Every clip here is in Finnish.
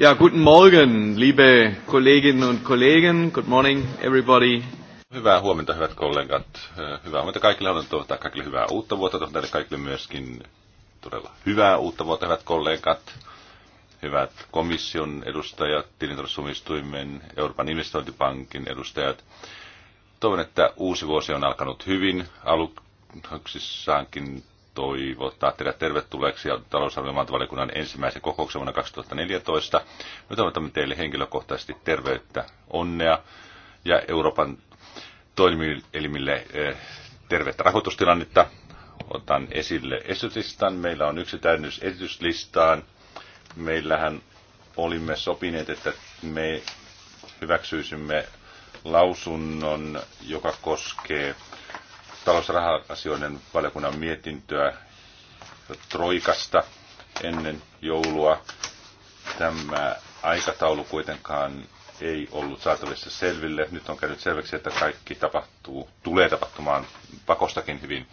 Ja, guten Morgen, liebe Kolleginnen und Kollegen. Good morning, everybody. Hyvää huomenta, hyvät kollegat. Hyvää huomenta kaikille. Haluan toivottaa kaikille hyvää uutta vuotta. Toivon teille kaikille myöskin todella hyvää uutta vuotta, hyvät kollegat. Hyvät komission edustajat, tilintarvitsumistuimen, Euroopan investointipankin edustajat. Toivon, että uusi vuosi on alkanut hyvin. Aluksissaankin toivottaa teidät tervetulleeksi ja talousarviomantavaliokunnan ensimmäisen kokouksen vuonna 2014. Me toivotamme teille henkilökohtaisesti terveyttä, onnea ja Euroopan toimielimille eh, tervettä rahoitustilannetta. Otan esille esityslistan. Meillä on yksi täydennys esityslistaan. Meillähän olimme sopineet, että me hyväksyisimme lausunnon, joka koskee talousraha-asioiden valiokunnan mietintöä Troikasta ennen joulua. Tämä aikataulu kuitenkaan ei ollut saatavissa selville. Nyt on käynyt selväksi, että kaikki tapahtuu, tulee tapahtumaan pakostakin hyvin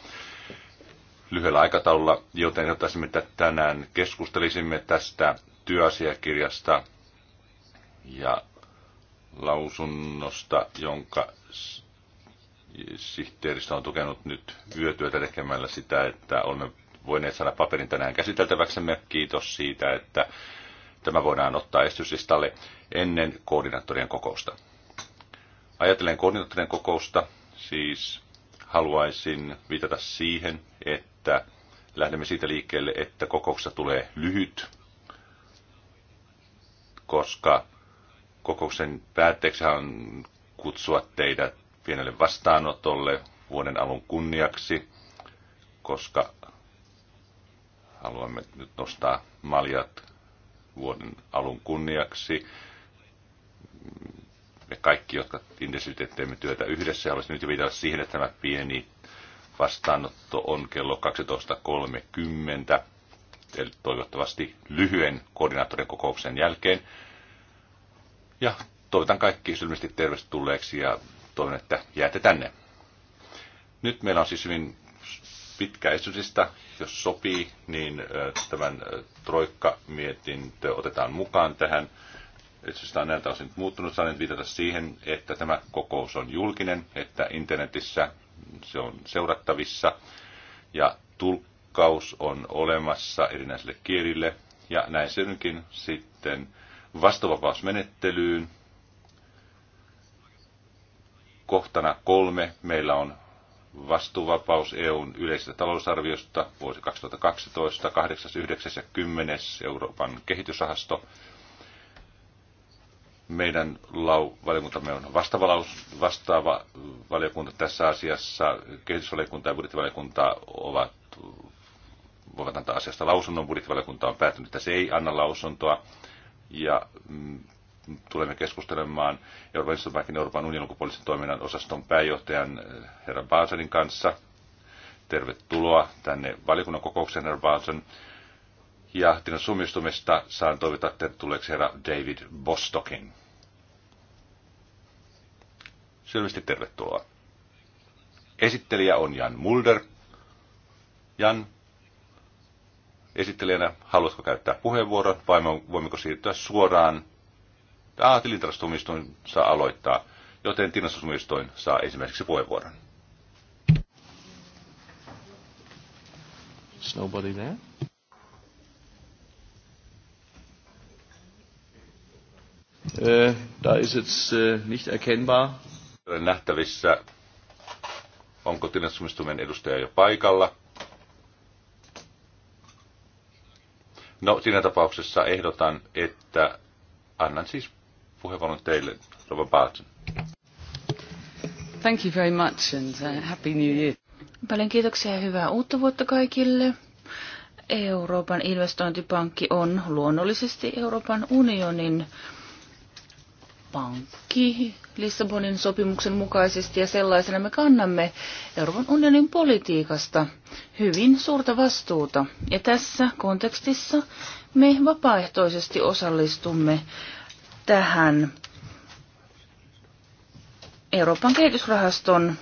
lyhyellä aikataululla, joten ottaisimme, että tänään keskustelisimme tästä työasiakirjasta ja lausunnosta, jonka sihteeristä on tukenut nyt yötyötä tekemällä sitä, että olemme voineet saada paperin tänään käsiteltäväksemme. Kiitos siitä, että tämä voidaan ottaa estyslistalle ennen koordinaattorien kokousta. Ajatellen koordinaattorien kokousta, siis haluaisin viitata siihen, että lähdemme siitä liikkeelle, että kokouksessa tulee lyhyt, koska kokouksen päätteeksi on kutsua teidät pienelle vastaanotolle vuoden alun kunniaksi, koska haluamme nyt nostaa maljat vuoden alun kunniaksi. Me kaikki, jotka intensiviteetti työtä yhdessä, haluaisin nyt viitata siihen, että tämä pieni vastaanotto on kello 12.30, eli toivottavasti lyhyen koordinaattorin kokouksen jälkeen. Ja toivotan kaikki sylmästi tervetulleeksi ja toivon, että jäätte tänne. Nyt meillä on siis hyvin pitkä esitystä, Jos sopii, niin tämän Troikka-mietintö otetaan mukaan tähän. Esitystä on näiltä osin muuttunut. Saan viitata siihen, että tämä kokous on julkinen, että internetissä se on seurattavissa ja tulkkaus on olemassa erinäisille kielille. Ja näin se sitten vastuvapausmenettelyyn Kohtana kolme meillä on vastuuvapaus EUn yleisestä talousarviosta vuosi 2012, 8, 9 ja 10 Euroopan kehitysrahasto. Meidän lau- valiokuntamme on vastavalaus, vastaava valiokunta tässä asiassa. Kehitysvaliokunta ja budjettivaliokunta ovat, voivat antaa asiasta lausunnon. Budjettivaliokunta on päätynyt, että se ei anna lausuntoa. Ja mm, tulemme keskustelemaan Euroopan instituutin Euroopan unionin ulkopuolisen toiminnan osaston pääjohtajan eh, herra Baaselin kanssa. Tervetuloa tänne valiokunnan kokoukseen, herra Baasel. Ja Tinan sumistumista saan toivottaa tervetulleeksi herra David Bostokin. Selvästi tervetuloa. Esittelijä on Jan Mulder. Jan, esittelijänä haluatko käyttää puheenvuoron vai voimmeko siirtyä suoraan Ah, tilintarkastustuomioistuin saa aloittaa, joten tilintarastumistoin saa esimerkiksi puheenvuoron. Is nobody there? Äh, da ist jetzt äh, nicht erkennbar. Nähtävissä, onko tilintarastumistoimen edustaja jo paikalla. No, siinä tapauksessa ehdotan, että annan siis puheenvuoron teille, Rova Barton. Thank you very much and uh, happy new year. Paljon kiitoksia ja hyvää uutta vuotta kaikille. Euroopan investointipankki on luonnollisesti Euroopan unionin pankki Lissabonin sopimuksen mukaisesti ja sellaisena me kannamme Euroopan unionin politiikasta hyvin suurta vastuuta. Ja tässä kontekstissa me vapaaehtoisesti osallistumme tähän Euroopan kehitysrahaston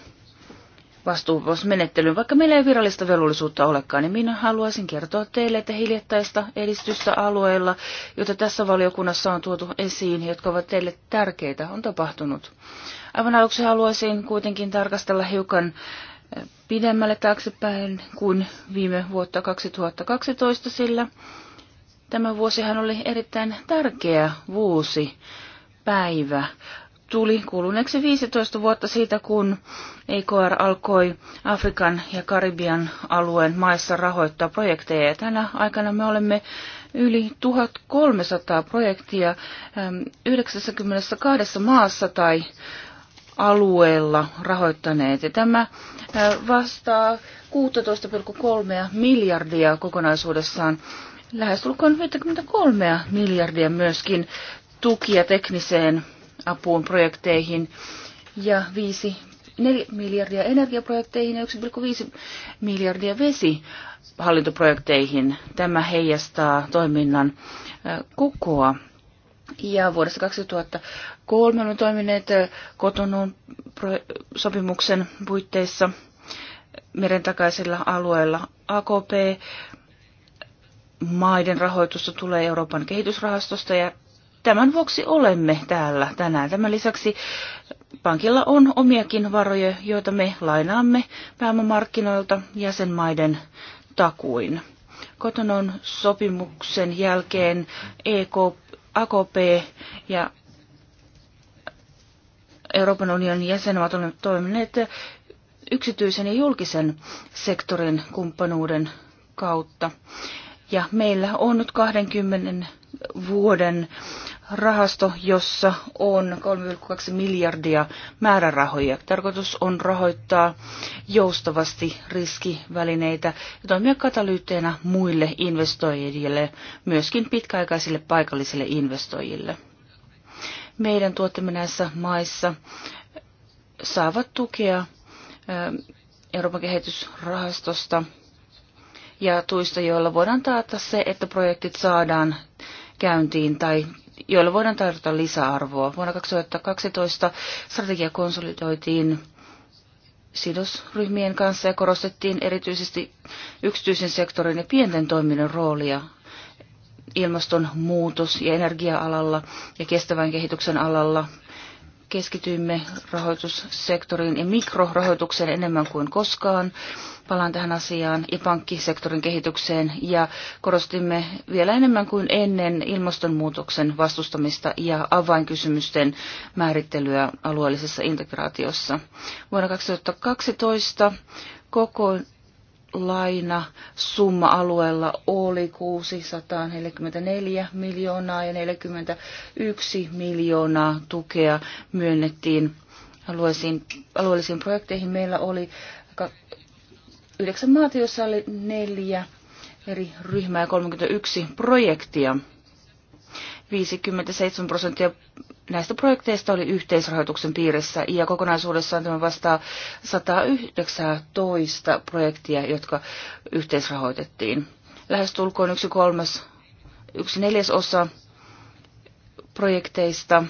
vastuuvausmenettelyyn. Vaikka meillä ei virallista velvollisuutta olekaan, niin minä haluaisin kertoa teille, että hiljattaista edistystä alueilla, jota tässä valiokunnassa on tuotu esiin, jotka ovat teille tärkeitä, on tapahtunut. Aivan aluksi haluaisin kuitenkin tarkastella hiukan eh, pidemmälle taaksepäin kuin viime vuotta 2012, sillä Tämä vuosihan oli erittäin tärkeä vuosi, päivä. Tuli kuluneeksi 15 vuotta siitä, kun EKR alkoi Afrikan ja Karibian alueen maissa rahoittaa projekteja. Ja tänä aikana me olemme yli 1300 projektia 92 maassa tai alueella rahoittaneet. Ja tämä vastaa 16,3 miljardia kokonaisuudessaan lähestulkoon 53 miljardia myöskin tukia tekniseen apuun projekteihin ja 5 4 miljardia energiaprojekteihin ja 1,5 miljardia vesihallintoprojekteihin. Tämä heijastaa toiminnan kokoa. Ja vuodesta 2003 olemme toimineet kotonun sopimuksen puitteissa merentakaisilla alueilla AKP maiden rahoitusta tulee Euroopan kehitysrahastosta ja tämän vuoksi olemme täällä tänään. Tämän lisäksi pankilla on omiakin varoja, joita me lainaamme pääomamarkkinoilta jäsenmaiden takuin. Kotonon sopimuksen jälkeen EK, AKP ja Euroopan unionin jäsenmaat ovat toimineet yksityisen ja julkisen sektorin kumppanuuden kautta. Ja meillä on nyt 20 vuoden rahasto, jossa on 3,2 miljardia määrärahoja. Tarkoitus on rahoittaa joustavasti riskivälineitä ja toimia katalyytteenä muille investoijille, myöskin pitkäaikaisille paikallisille investoijille. Meidän tuottamme näissä maissa saavat tukea Euroopan kehitysrahastosta – ja tuista, joilla voidaan taata se, että projektit saadaan käyntiin tai joilla voidaan tarjota lisäarvoa. Vuonna 2012 strategia konsolidoitiin sidosryhmien kanssa ja korostettiin erityisesti yksityisen sektorin ja pienten toiminnan roolia ilmastonmuutos- ja energia-alalla ja kestävän kehityksen alalla. Keskityimme rahoitussektoriin ja mikrorahoitukseen enemmän kuin koskaan Palaan tähän asiaan ja pankkisektorin kehitykseen ja korostimme vielä enemmän kuin ennen ilmastonmuutoksen vastustamista ja avainkysymysten määrittelyä alueellisessa integraatiossa. Vuonna 2012 koko laina summa alueella oli 644 miljoonaa ja 41 miljoonaa tukea myönnettiin alueellisiin, alueellisiin projekteihin. Meillä oli yhdeksän maata, joissa oli neljä eri ryhmää ja 31 projektia. 57 prosenttia näistä projekteista oli yhteisrahoituksen piirissä ja kokonaisuudessaan tämä vastaa 119 projektia, jotka yhteisrahoitettiin. Lähestulkoon yksi kolmas, yksi neljäsosa projekteista –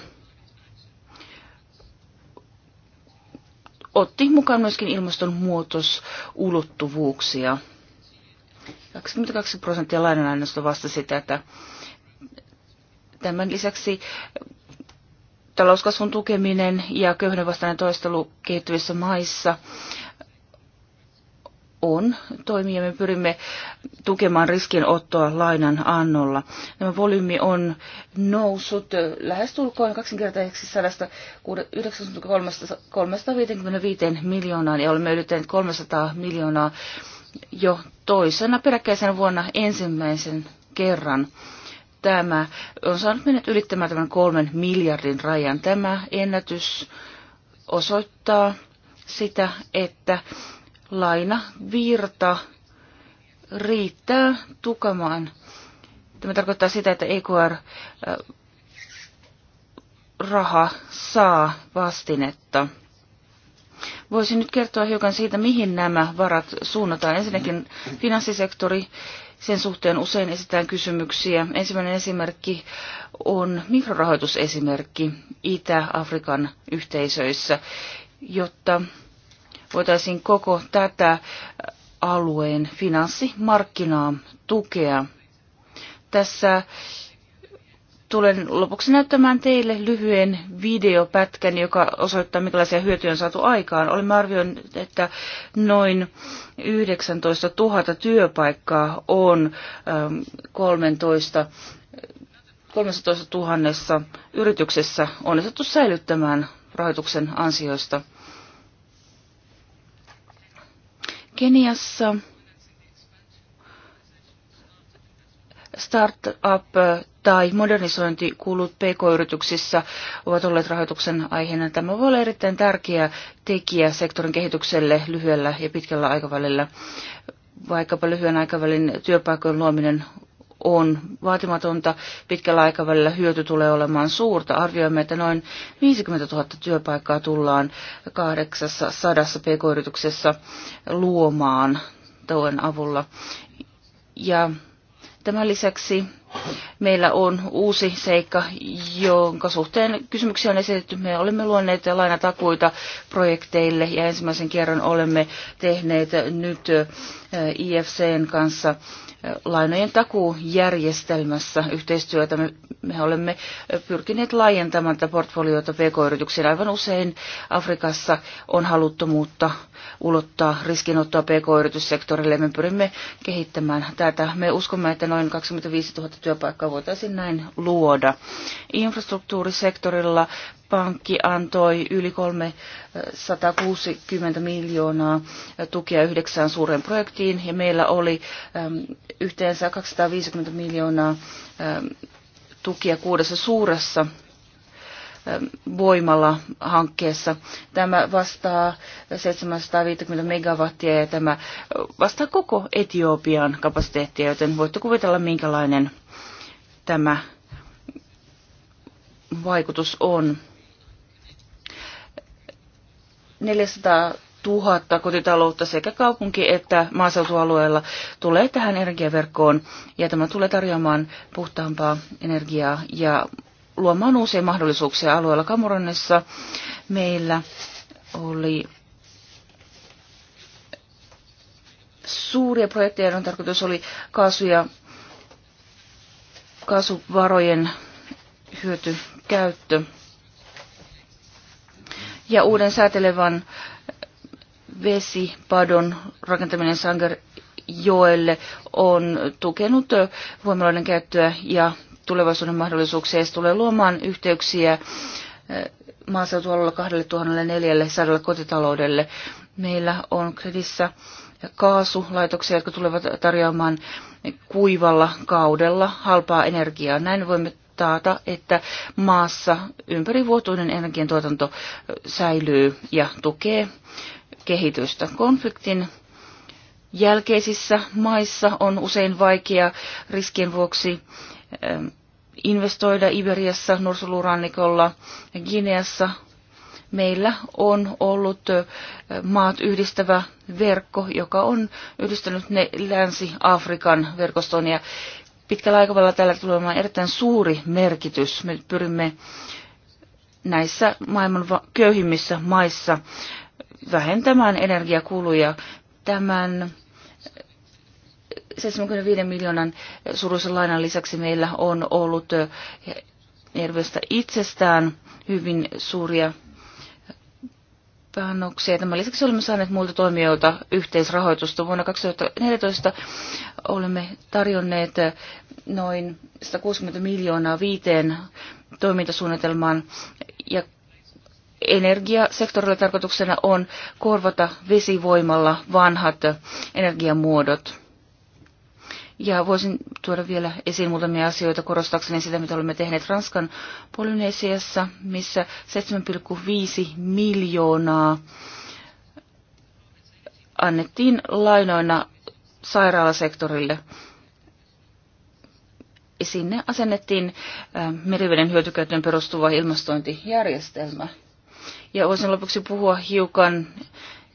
otti mukaan myöskin ilmastonmuutosulottuvuuksia. 22 prosenttia lainanainnosta vastasi tätä. Tämän lisäksi talouskasvun tukeminen ja köyhyyden vastainen toistelu kehittyvissä maissa on toimia. Me pyrimme tukemaan riskinottoa lainan annolla. Tämä volyymi on noussut lähestulkoon kaksinkertaiseksi 193-355 miljoonaan ja olemme ylittäneet 300 miljoonaa jo toisena peräkkäisenä vuonna ensimmäisen kerran. Tämä on saanut menet ylittämään tämän kolmen miljardin rajan. Tämä ennätys osoittaa sitä, että laina, virta, riittää tukemaan. Tämä tarkoittaa sitä, että EQR-raha saa vastinetta. Voisin nyt kertoa hiukan siitä, mihin nämä varat suunnataan. Ensinnäkin finanssisektori, sen suhteen usein esitään kysymyksiä. Ensimmäinen esimerkki on mikrorahoitusesimerkki Itä-Afrikan yhteisöissä, jotta voitaisiin koko tätä alueen finanssimarkkinaa tukea. Tässä tulen lopuksi näyttämään teille lyhyen videopätkän, joka osoittaa, millaisia hyötyjä on saatu aikaan. Olemme arvioineet, että noin 19 000 työpaikkaa on 13 13 000 yrityksessä onnistuttu säilyttämään rahoituksen ansioista. Keniassa startup tai modernisointikulut PK-yrityksissä ovat olleet rahoituksen aiheena. Tämä voi olla erittäin tärkeä tekijä sektorin kehitykselle lyhyellä ja pitkällä aikavälillä. Vaikkapa lyhyen aikavälin työpaikojen luominen on vaatimatonta. Pitkällä aikavälillä hyöty tulee olemaan suurta. Arvioimme, että noin 50 000 työpaikkaa tullaan 800 pk-yrityksessä luomaan tuen avulla. Ja tämän lisäksi meillä on uusi seikka, jonka suhteen kysymyksiä on esitetty. Me olemme luonneet lainatakuita projekteille ja ensimmäisen kerran olemme tehneet nyt IFCn kanssa lainojen takuujärjestelmässä yhteistyötä. Me, me olemme pyrkineet laajentamaan tätä portfolioita pk-yrityksiin. Aivan usein Afrikassa on haluttomuutta ulottaa riskinottoa pk-yrityssektorille. Me pyrimme kehittämään tätä. Me uskomme, että noin 25 000 työpaikkaa voitaisiin näin luoda. Infrastruktuurisektorilla pankki antoi yli 360 miljoonaa tukea yhdeksään suureen projektiin ja meillä oli yhteensä 250 miljoonaa tukia kuudessa suuressa voimalla hankkeessa. Tämä vastaa 750 megawattia ja tämä vastaa koko Etiopian kapasiteettia, joten voitte kuvitella minkälainen tämä vaikutus on. 400 000 kotitaloutta sekä kaupunki- että maaseutualueella tulee tähän energiaverkkoon ja tämä tulee tarjoamaan puhtaampaa energiaa ja luomaan uusia mahdollisuuksia alueella. Kamerunissa meillä oli suuria projekteja, joiden tarkoitus oli kaasu- ja kaasuvarojen hyötykäyttö. Ja uuden säätelevän vesipadon rakentaminen Sangerjoelle on tukenut voimaloiden käyttöä ja tulevaisuuden mahdollisuuksia. Se tulee luomaan yhteyksiä eh, maaseutualueella 2400 kotitaloudelle. Meillä on kredissä kaasulaitoksia, jotka tulevat tarjoamaan kuivalla kaudella halpaa energiaa. Näin voimme taata, että maassa ympärivuotuinen energiantuotanto säilyy ja tukee kehitystä. Konfliktin jälkeisissä maissa on usein vaikea riskien vuoksi eh, investoida Iberiassa, Norsulurannikolla, Gineassa, meillä on ollut maat yhdistävä verkko, joka on yhdistänyt ne Länsi-Afrikan verkoston ja pitkällä aikavälillä tällä tulee olemaan erittäin suuri merkitys. Me pyrimme näissä maailman köyhimmissä maissa vähentämään energiakuluja tämän 75 miljoonan suruisen lainan lisäksi meillä on ollut Ervestä itsestään hyvin suuria panoksia. Tämän lisäksi olemme saaneet muilta toimijoilta yhteisrahoitusta. Vuonna 2014 olemme tarjonneet noin 160 miljoonaa viiteen toimintasuunnitelmaan ja energiasektorilla tarkoituksena on korvata vesivoimalla vanhat energiamuodot. Ja voisin tuoda vielä esiin muutamia asioita korostakseni sitä, mitä olemme tehneet Ranskan Polynesiassa, missä 7,5 miljoonaa annettiin lainoina sairaalasektorille. Sinne asennettiin meriveden hyötykäyttöön perustuva ilmastointijärjestelmä. Ja voisin lopuksi puhua hiukan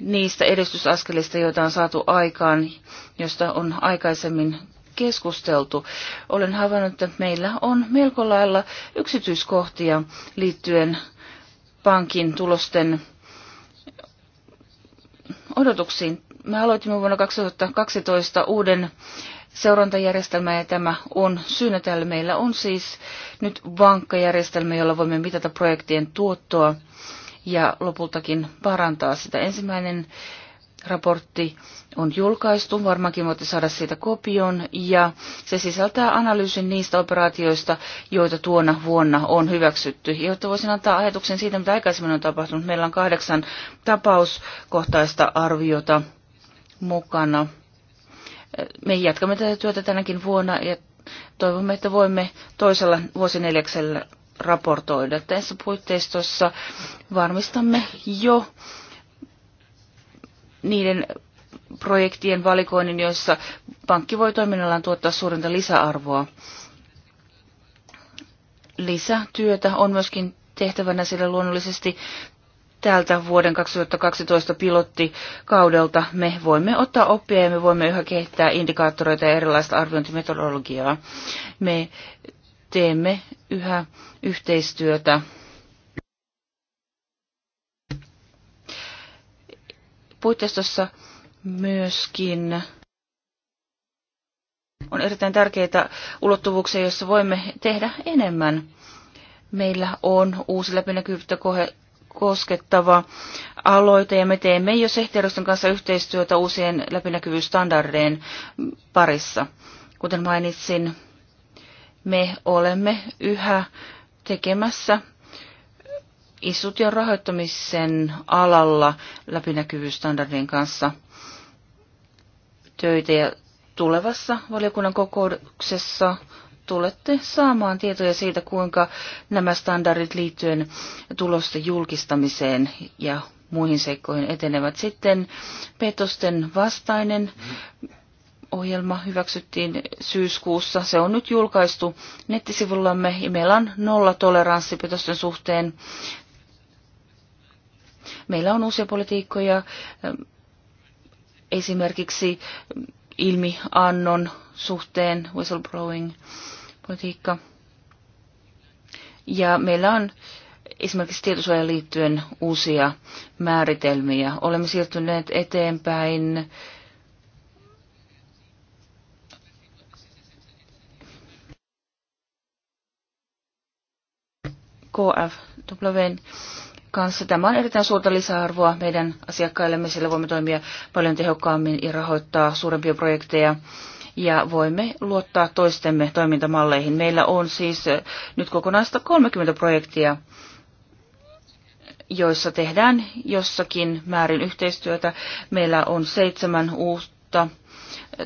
niistä edistysaskelista, joita on saatu aikaan, josta on aikaisemmin keskusteltu. Olen havainnut, että meillä on melko lailla yksityiskohtia liittyen pankin tulosten odotuksiin. Me aloitimme vuonna 2012 uuden seurantajärjestelmä ja tämä on syynä täällä. Meillä on siis nyt vankkajärjestelmä, jolla voimme mitata projektien tuottoa ja lopultakin parantaa sitä. Ensimmäinen raportti on julkaistu, varmaankin voitte saada siitä kopion, ja se sisältää analyysin niistä operaatioista, joita tuona vuonna on hyväksytty. Jotta voisin antaa ajatuksen siitä, mitä aikaisemmin on tapahtunut, meillä on kahdeksan tapauskohtaista arviota mukana. Me jatkamme tätä työtä tänäkin vuonna ja toivomme, että voimme toisella vuosineljäksellä raportoida. Tässä puitteistossa varmistamme jo niiden projektien valikoinnin, joissa pankki voi toiminnallaan tuottaa suurinta lisäarvoa. Lisätyötä on myöskin tehtävänä sillä luonnollisesti tältä vuoden 2012 pilottikaudelta me voimme ottaa oppia ja me voimme yhä kehittää indikaattoreita ja erilaista arviointimetodologiaa. Me teemme yhä yhteistyötä. Puitteistossa myöskin on erittäin tärkeitä ulottuvuuksia, joissa voimme tehdä enemmän. Meillä on uusi läpinäkyvyyttä koskettava aloite ja me teemme jo sehteeristön kanssa yhteistyötä uusien läpinäkyvyysstandardeen parissa. Kuten mainitsin, me olemme yhä tekemässä ja rahoittamisen alalla läpinäkyvyysstandardin kanssa töitä ja tulevassa valiokunnan kokouksessa tulette saamaan tietoja siitä, kuinka nämä standardit liittyen tulosten julkistamiseen ja muihin seikkoihin etenevät. Sitten petosten vastainen ohjelma hyväksyttiin syyskuussa. Se on nyt julkaistu nettisivullamme ja meillä on nolla toleranssi petosten suhteen. Meillä on uusia politiikkoja, esimerkiksi ilmiannon suhteen, whistleblowing-politiikka. Ja meillä on esimerkiksi tietosuojan liittyen uusia määritelmiä. Olemme siirtyneet eteenpäin KFWn kanssa. Tämä on erittäin suurta lisäarvoa meidän asiakkaillemme, sillä voimme toimia paljon tehokkaammin ja rahoittaa suurempia projekteja ja voimme luottaa toistemme toimintamalleihin. Meillä on siis eh, nyt kokonaista 30 projektia, joissa tehdään jossakin määrin yhteistyötä. Meillä on seitsemän uutta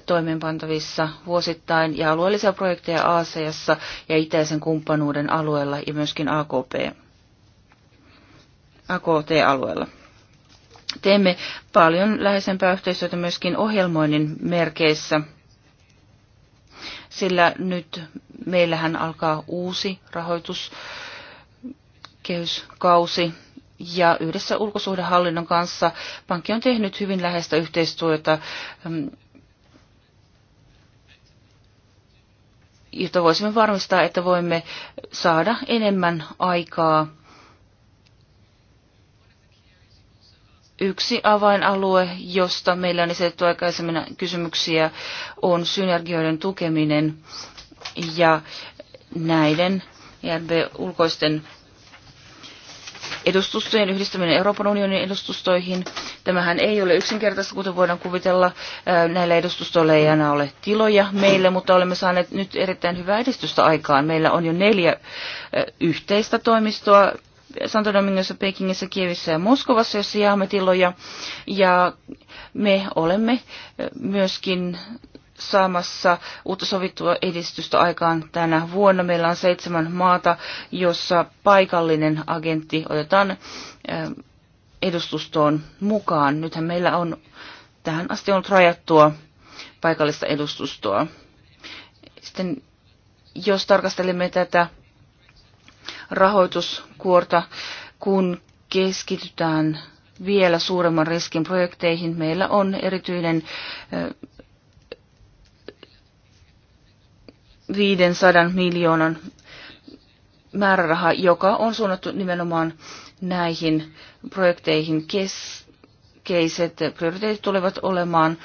toimeenpantavissa vuosittain ja alueellisia projekteja Aasiassa ja itäisen kumppanuuden alueella ja myöskin AKP, AKT-alueella. Teemme paljon läheisempää yhteistyötä myöskin ohjelmoinnin merkeissä, sillä nyt meillähän alkaa uusi rahoituskehyskausi ja yhdessä ulkosuhdehallinnon kanssa pankki on tehnyt hyvin läheistä yhteistyötä mm, jotta voisimme varmistaa, että voimme saada enemmän aikaa. Yksi avainalue, josta meillä on esitetty aikaisemmin kysymyksiä, on synergioiden tukeminen ja näiden ERB-ulkoisten edustustojen yhdistäminen Euroopan unionin edustustoihin. Tämähän ei ole yksinkertaista, kuten voidaan kuvitella. Näillä edustustoilla ei aina ole tiloja meille, mutta olemme saaneet nyt erittäin hyvää edistystä aikaan. Meillä on jo neljä yhteistä toimistoa Santo Domingossa, Pekingissä, Kievissä ja Moskovassa, jossa jaamme tiloja. Ja me olemme myöskin saamassa uutta sovittua edistystä aikaan tänä vuonna. Meillä on seitsemän maata, jossa paikallinen agentti otetaan ähm, edustustoon mukaan. Nythän meillä on tähän asti ollut rajattua paikallista edustustoa. Sitten jos tarkastelemme tätä rahoituskuorta, kun keskitytään vielä suuremman riskin projekteihin, meillä on erityinen äh, 500 miljoonan määräraha, joka on suunnattu nimenomaan näihin projekteihin. Keskeiset prioriteetit tulevat olemaan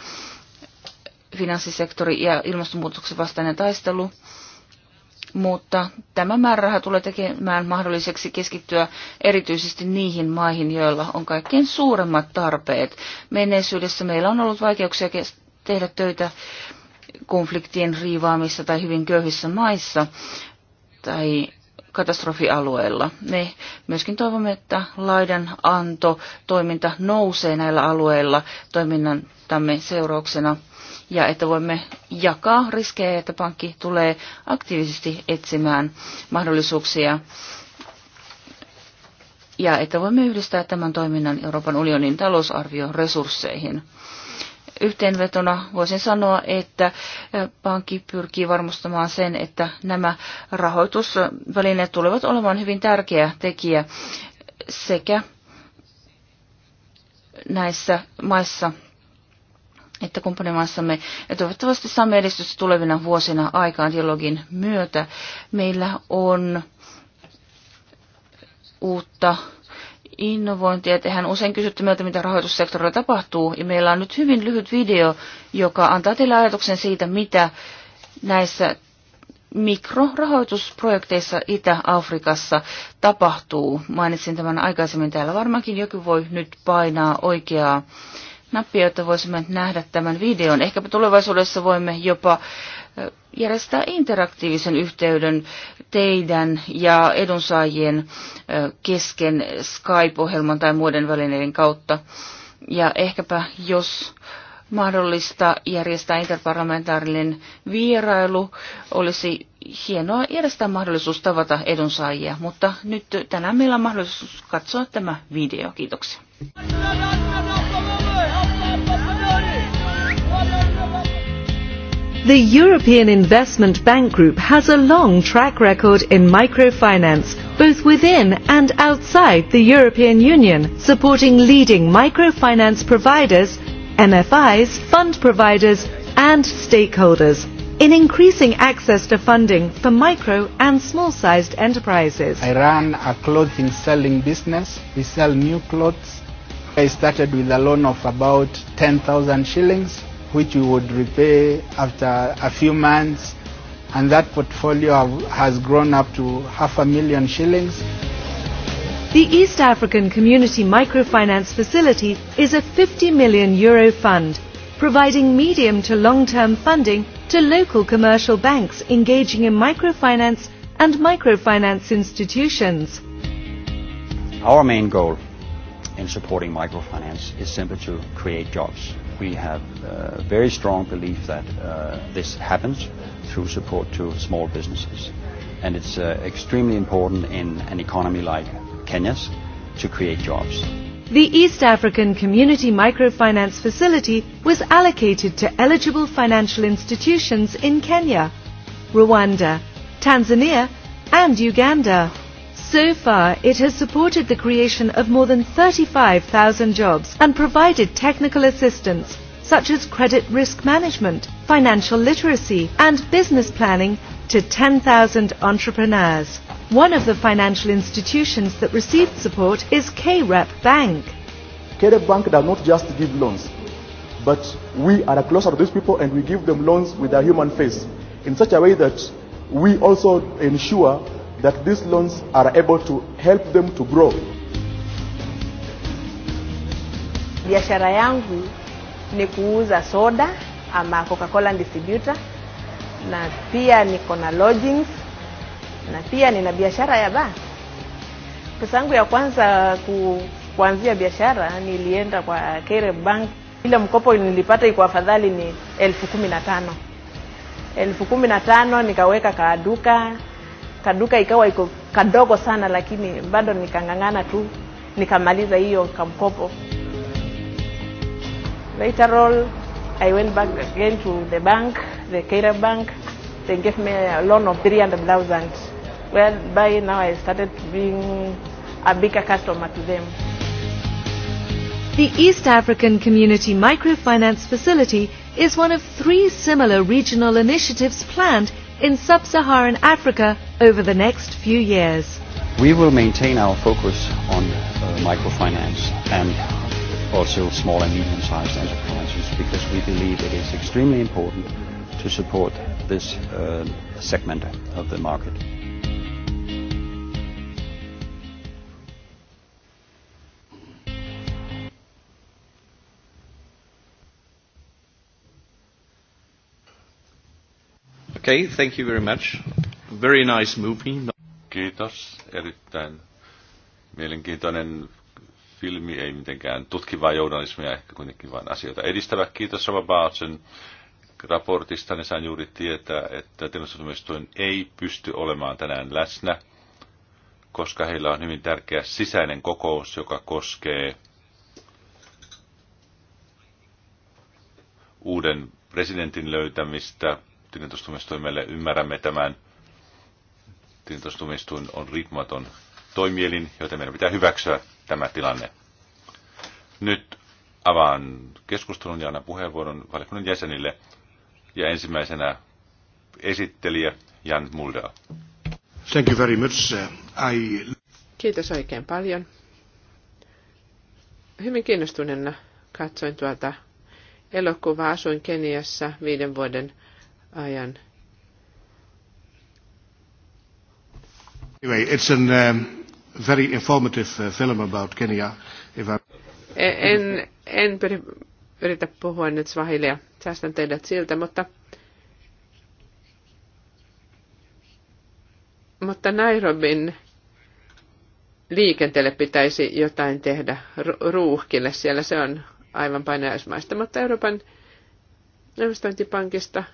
finanssisektori ja ilmastonmuutoksen vastainen taistelu, mutta tämä määräraha tulee tekemään mahdolliseksi keskittyä erityisesti niihin maihin, joilla on kaikkein suuremmat tarpeet. Menneisyydessä meillä on ollut vaikeuksia tehdä töitä konfliktien riivaamissa tai hyvin köyhissä maissa tai katastrofialueilla. Me myöskin toivomme, että laidan anto toiminta nousee näillä alueilla toiminnan tämän seurauksena ja että voimme jakaa riskejä, että pankki tulee aktiivisesti etsimään mahdollisuuksia ja että voimme yhdistää tämän toiminnan Euroopan unionin talousarvioresursseihin. resursseihin. Yhteenvetona voisin sanoa, että pankki pyrkii varmistamaan sen, että nämä rahoitusvälineet tulevat olemaan hyvin tärkeä tekijä sekä näissä maissa että kumppanimaissamme. Ja toivottavasti saamme edistystä tulevina vuosina aikaan dialogin myötä. Meillä on uutta innovointia. Tehän usein kysytte meiltä, mitä rahoitussektorilla tapahtuu, ja meillä on nyt hyvin lyhyt video, joka antaa teille ajatuksen siitä, mitä näissä mikrorahoitusprojekteissa Itä-Afrikassa tapahtuu. Mainitsin tämän aikaisemmin täällä. Varmaankin joku voi nyt painaa oikeaa nappia, jotta voisimme nähdä tämän videon. Ehkäpä tulevaisuudessa voimme jopa järjestää interaktiivisen yhteyden teidän ja edunsaajien kesken Skype-ohjelman tai muiden välineiden kautta. Ja ehkäpä jos mahdollista järjestää interparlamentaarinen vierailu, olisi hienoa järjestää mahdollisuus tavata edunsaajia, mutta nyt tänään meillä on mahdollisuus katsoa tämä video. Kiitoksia. The European Investment Bank Group has a long track record in microfinance, both within and outside the European Union, supporting leading microfinance providers, MFIs, fund providers and stakeholders in increasing access to funding for micro and small-sized enterprises. I run a clothing selling business. We sell new clothes. I started with a loan of about 10,000 shillings which we would repay after a few months, and that portfolio has grown up to half a million shillings. The East African Community Microfinance Facility is a 50 million euro fund, providing medium to long-term funding to local commercial banks engaging in microfinance and microfinance institutions. Our main goal in supporting microfinance is simply to create jobs we have a uh, very strong belief that uh, this happens through support to small businesses. And it's uh, extremely important in an economy like Kenya's to create jobs. The East African Community Microfinance Facility was allocated to eligible financial institutions in Kenya, Rwanda, Tanzania, and Uganda. So far, it has supported the creation of more than 35,000 jobs and provided technical assistance such as credit risk management, financial literacy and business planning to 10,000 entrepreneurs. One of the financial institutions that received support is KREP Bank. KREP Bank does not just give loans, but we are closer to these people and we give them loans with a human face in such a way that we also ensure that these loans are able to help them to grow. Biashara yangu ni kuuza soda ama Coca-Cola distributor, na pia niko na lodgings na pia nina biashara ya baa. Pesa yangu ya kwanza ku, kuanzia biashara nilienda kwa Kere Bank. Ile mkopo nilipata iko afadhali ni elfu kumi na tano elfu kumi na tano nikaweka kaduka kaduka ikawa iko kadogo sana lakini bado nikang'ang'ana tu nikamaliza hiyo kamkopo later on, i went back again to the bank the Kera bank they gave me a loan of 300000 by now i started being a bigger customer to them the East African Community Microfinance Facility is one of three similar regional initiatives planned in sub-Saharan Africa over the next few years. We will maintain our focus on uh, microfinance and also small and medium-sized enterprises because we believe it is extremely important to support this uh, segment of the market. Okay, thank you very much. Very nice movie. Kiitos. Erittäin mielenkiintoinen filmi, ei mitenkään tutkivaa journalismia, ehkä kuitenkin vain asioita edistävä. Kiitos Rova Baatsen raportista. Ne sain juuri tietää, että tilastotumistoin ei pysty olemaan tänään läsnä, koska heillä on hyvin tärkeä sisäinen kokous, joka koskee uuden presidentin löytämistä tilintostumistoimelle. Ymmärrämme tämän. Tilintostumistuin on riippumaton toimielin, joten meidän pitää hyväksyä tämä tilanne. Nyt avaan keskustelun ja annan puheenvuoron valiokunnan jäsenille. Ja ensimmäisenä esittelijä Jan Mulder. Thank you very much. I... Kiitos oikein paljon. Hyvin kiinnostuneena katsoin tuota elokuvaa. Asuin Keniassa viiden vuoden ajan. Anyway, it's an um, very informative uh, film about Kenya. If I... E-, en, en pyri, yritä puhua nyt svahilia, säästän teidät siltä, mutta, mutta Nairobin liikenteelle pitäisi jotain tehdä ruuhkille. Siellä se on aivan painajaismaista, mutta Euroopan investointipankista –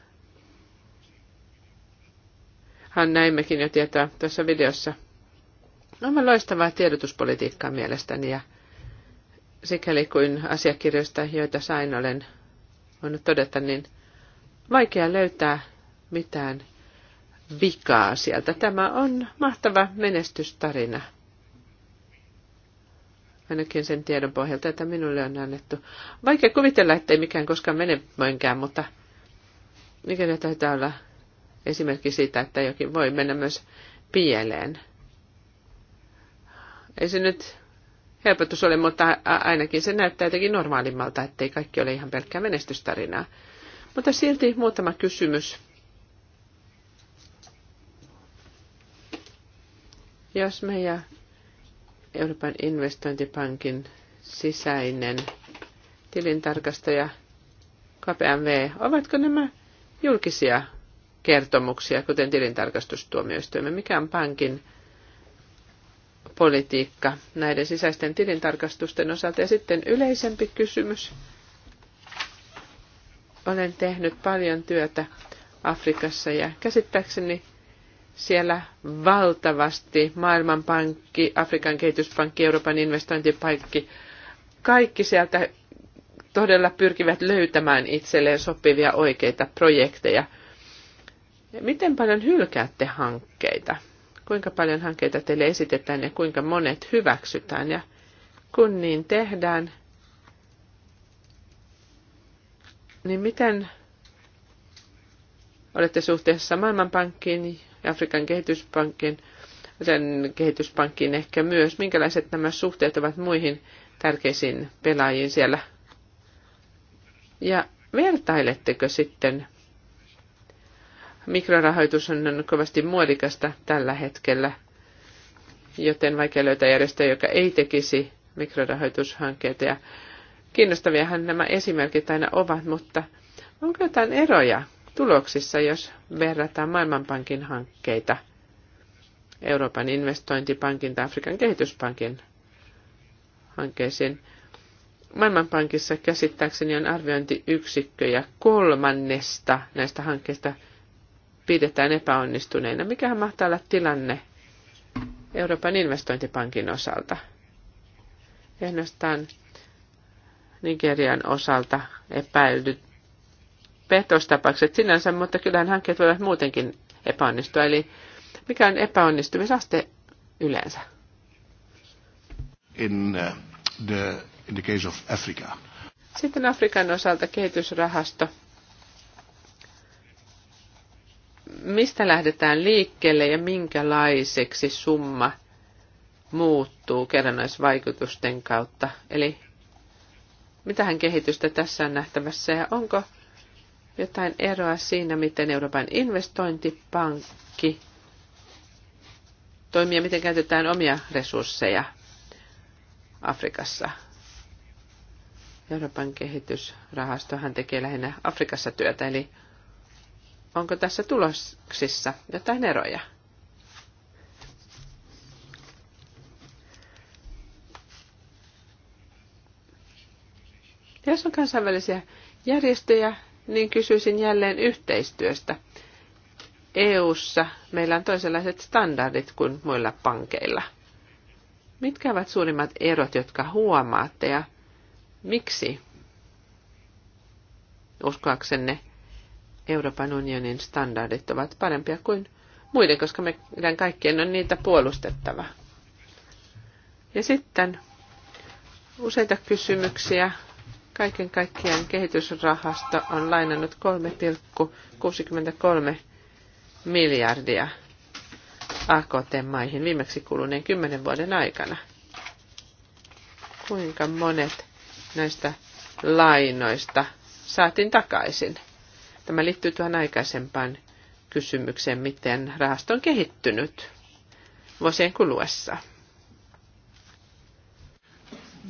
hän näimmekin jo tietää tässä videossa. No, on loistavaa tiedotuspolitiikkaa mielestäni ja sikäli kuin asiakirjoista, joita sain, olen voinut todeta, niin vaikea löytää mitään vikaa sieltä. Tämä on mahtava menestystarina. Ainakin sen tiedon pohjalta, että minulle on annettu. Vaikea kuvitella, ettei mikään koskaan mene moinkään, mutta mikä taitaa olla esimerkki siitä, että jokin voi mennä myös pieleen. Ei se nyt helpotus ole, mutta ainakin se näyttää jotenkin normaalimmalta, ettei kaikki ole ihan pelkkää menestystarinaa. Mutta silti muutama kysymys. Jos me ja Euroopan investointipankin sisäinen tilintarkastaja KPMV, ovatko nämä julkisia kertomuksia, kuten tilintarkastustuomioistuimen. Mikä on pankin politiikka näiden sisäisten tilintarkastusten osalta? Ja sitten yleisempi kysymys. Olen tehnyt paljon työtä Afrikassa ja käsittääkseni siellä valtavasti Maailmanpankki, Afrikan kehityspankki, Euroopan investointipankki, kaikki sieltä todella pyrkivät löytämään itselleen sopivia oikeita projekteja – Miten paljon hylkäätte hankkeita? Kuinka paljon hankkeita teille esitetään ja kuinka monet hyväksytään? Ja kun niin tehdään, niin miten olette suhteessa Maailmanpankkiin ja Afrikan kehityspankkiin, sen kehityspankkiin ehkä myös, minkälaiset nämä suhteet ovat muihin tärkeisiin pelaajiin siellä. Ja vertailetteko sitten Mikrorahoitus on kovasti muodikasta tällä hetkellä, joten vaikea löytää järjestöä, joka ei tekisi mikrorahoitushankkeita. Ja kiinnostaviahan nämä esimerkit aina ovat, mutta onko jotain eroja tuloksissa, jos verrataan Maailmanpankin hankkeita Euroopan investointipankin tai Afrikan kehityspankin hankkeisiin? Maailmanpankissa käsittääkseni on arviointiyksikkö ja kolmannesta näistä hankkeista pidetään epäonnistuneina. Mikähän mahtaa olla tilanne Euroopan investointipankin osalta? Ehdostaan Nigerian osalta epäilty petostapaukset sinänsä, mutta kyllähän hankkeet voivat muutenkin epäonnistua. Eli mikä on epäonnistumisaste yleensä? In, uh, the, in the case of Africa. Sitten Afrikan osalta kehitysrahasto mistä lähdetään liikkeelle ja minkälaiseksi summa muuttuu kerrannaisvaikutusten kautta. Eli mitähän kehitystä tässä on nähtävässä ja onko jotain eroa siinä, miten Euroopan investointipankki toimii ja miten käytetään omia resursseja Afrikassa. Euroopan kehitysrahastohan tekee lähinnä Afrikassa työtä, eli Onko tässä tuloksissa jotain eroja? Jos on kansainvälisiä järjestöjä, niin kysyisin jälleen yhteistyöstä. EU:ssa meillä on toisenlaiset standardit kuin muilla pankeilla. Mitkä ovat suurimmat erot, jotka huomaatte ja miksi uskoaksenne Euroopan unionin standardit ovat parempia kuin muiden, koska meidän kaikkien on niitä puolustettava. Ja sitten useita kysymyksiä. Kaiken kaikkiaan kehitysrahasto on lainannut 3,63 miljardia AKT-maihin viimeksi kuluneen kymmenen vuoden aikana. Kuinka monet näistä lainoista saatiin takaisin? Tämä liittyy tuohon aikaisempaan kysymykseen, miten rahasto on kehittynyt vuosien kuluessa.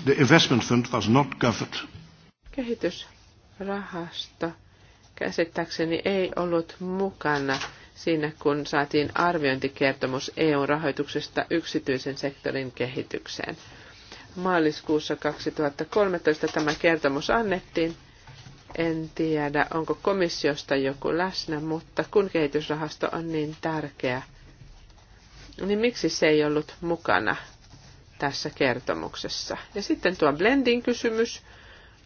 The investment fund was not covered. Kehitysrahasto käsittääkseni ei ollut mukana siinä, kun saatiin arviointikertomus EU-rahoituksesta yksityisen sektorin kehitykseen. Maaliskuussa 2013 tämä kertomus annettiin en tiedä, onko komissiosta joku läsnä, mutta kun kehitysrahasto on niin tärkeä, niin miksi se ei ollut mukana tässä kertomuksessa? Ja sitten tuo blending kysymys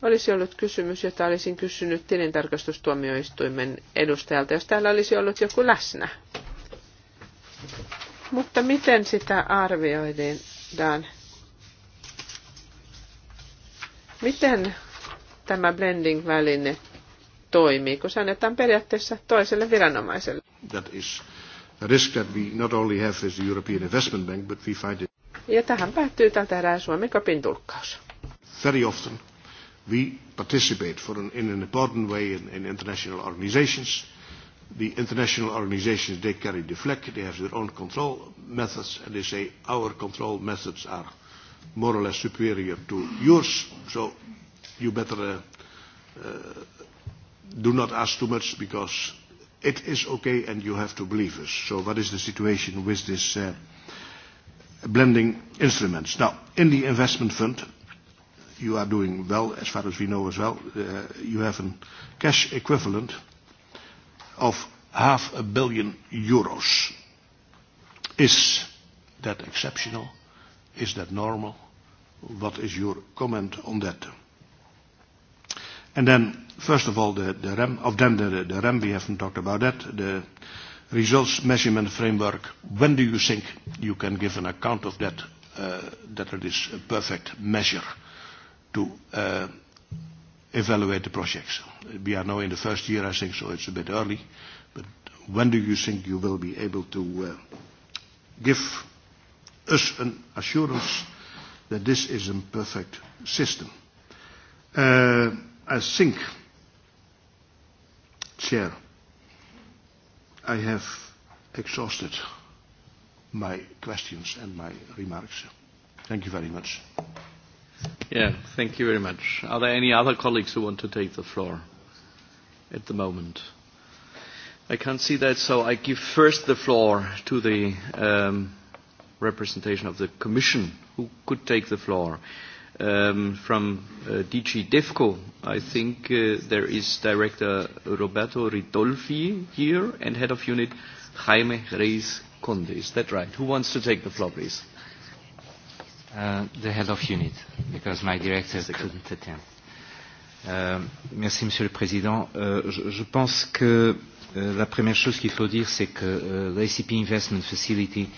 olisi ollut kysymys, jota olisin kysynyt tilintarkastustuomioistuimen edustajalta, jos täällä olisi ollut joku läsnä. Mutta miten sitä arvioidaan? Miten tämä blending-väline toimii, kun se annetaan periaatteessa toiselle viranomaiselle. That is a risk that we not only have as the European Investment Bank, but we find it... Ja tähän päättyy tältä erää Suomen kapin tulkkaus. Very often we participate for an, in an important way in, in international organizations. The international organizations, they carry the flag, they have their own control methods, and they say our control methods are more or less superior to yours, so you better uh, uh, do not ask too much because it is okay and you have to believe us. So what is the situation with this uh, blending instruments? Now, in the investment fund, you are doing well as far as we know as well. Uh, you have a cash equivalent of half a billion euros. Is that exceptional? Is that normal? What is your comment on that? And then, first of all, the, the REM, of then the, the REM, we haven't talked about that, the results measurement framework. When do you think you can give an account of that, uh, that it is a perfect measure to uh, evaluate the projects? We are now in the first year, I think, so it's a bit early. But when do you think you will be able to uh, give us an assurance that this is a perfect system? Uh, a sink Chair, I have exhausted my questions and my remarks. Thank you very much. Yeah, thank you very much. Are there any other colleagues who want to take the floor at the moment? I can't see that, so I give first the floor to the um, representation of the Commission. Who could take the floor? um, from uh, DG DEFCO. I think uh, there is Director Roberto Ridolfi here and Head of Unit Jaime Reis Conde. Is that right? Who wants to take the floor, please? Uh, the head of unit, because my director couldn't attend. Uh, merci, Monsieur le Président. Uh, je, je pense que uh, la première chose qu'il faut dire, c'est que uh, l'ACP Investment Facility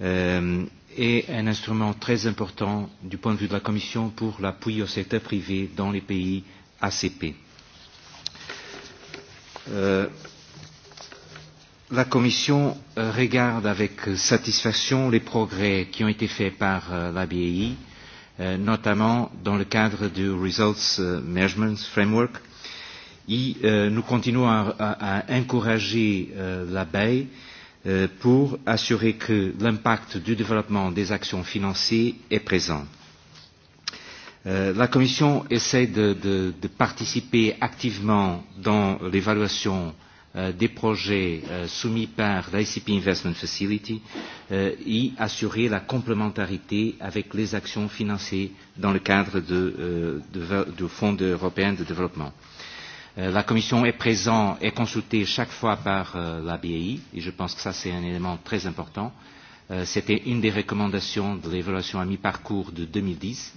um, est un instrument très important du point de vue de la Commission pour l'appui au secteur privé dans les pays ACP. Euh, la Commission euh, regarde avec euh, satisfaction les progrès qui ont été faits par euh, la BEI, notamment dans le cadre du Results Measurement Framework. Et nous continuons à, à, à encourager la BEI Euh, pour assurer que l'impact du développement des actions financées est présent. Euh, la Commission essaie de, de, de participer activement dans l'évaluation euh, des projets soumis par l'ICP Investment Facility et assurer la complémentarité avec les actions financées dans le cadre du de, de, de Fonds européen de développement. Euh, la Commission est présente et consultée chaque fois par euh, la BEI, et je pense que ça c'est un élément très important. Euh, C'était une des recommandations de l'évaluation à mi-parcours de 2010.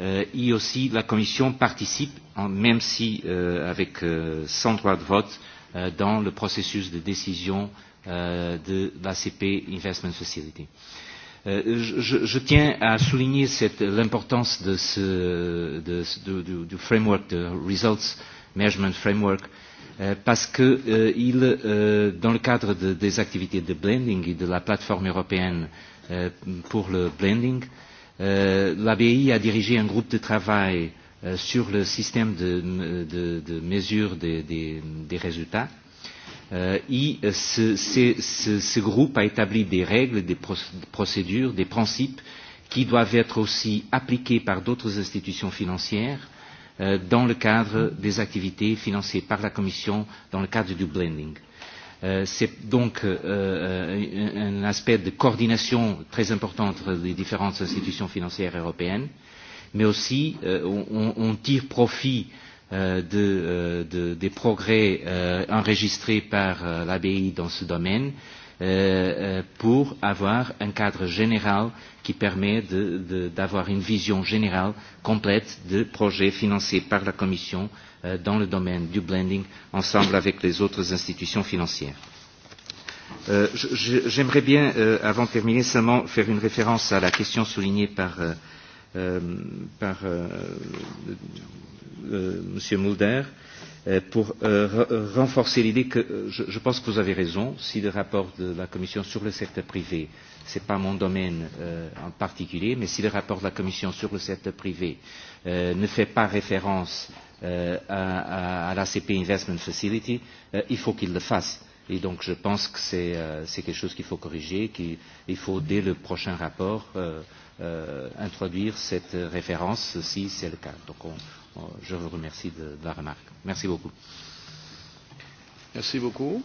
Euh, et aussi, la Commission participe, en, même si euh, avec euh, 100 droits de vote, euh, dans le processus de décision euh, de l'ACP Investment Facility. Euh, je, je tiens à souligner l'importance de ce, de, de, du, du framework de results euh, Management Framework, eh, parce que eh, il, eh, dans le cadre de, des activités de blending et de la plateforme européenne pour le blending, l'ABI a dirigé un groupe de travail sur le système de, de, de mesure des, des, des résultats. Euh, et ce, ce, ce, ce groupe a établi des règles, des procédures, des principes qui doivent être aussi appliqués par d'autres institutions financières Euh, dans le cadre des activités financées par la Commission dans le cadre du blending. Euh, c'est donc euh, un aspect de coordination très important entre les différentes institutions financières européennes, mais aussi on, tire profit de, de, des progrès enregistrés par l'ABI dans ce domaine Euh, euh, pour avoir un cadre général qui permet d'avoir une vision générale complète de projets financés par la Commission euh, dans le domaine du blending ensemble avec les autres institutions financières. Euh, J'aimerais bien, euh, avant de terminer, seulement faire une référence à la question soulignée par, euh, euh par euh, euh, M. Mulder. Euh, Euh, pour euh, euh, renforcer l'idée que euh, je, je pense que vous avez raison, si le rapport de la Commission sur le secteur privé, ce n'est pas mon domaine euh, en particulier, mais si le rapport de la Commission sur le secteur privé euh, ne fait pas référence euh, à, à, à CP Investment Facility, euh, il faut qu'il le fasse. Et donc je pense que c'est euh, quelque chose qu'il faut corriger, qu'il faut dès le prochain rapport euh, euh, introduire cette référence si c'est le cas. Donc on, je vous remercie de, de la remarque. Merci beaucoup. Merci beaucoup.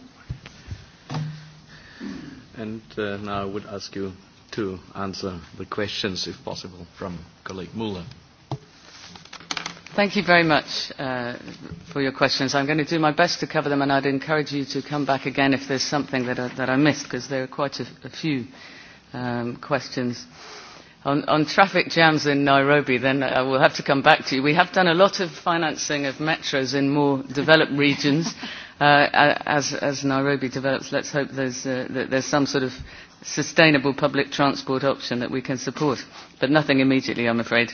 And uh, now I would ask you to answer the questions, if possible, from colleague Muller. Thank you very much uh, for your questions. I'm going to do my best to cover them, and I'd encourage you to come back again if there's something that I, that I missed, because there are quite a, a few um, questions on, on traffic jams in Nairobi, then I uh, will have to come back to you. We have done a lot of financing of metros in more developed regions. Uh, as, as Nairobi develops, let's hope there's, uh, that there's some sort of sustainable public transport option that we can support, but nothing immediately, I'm afraid.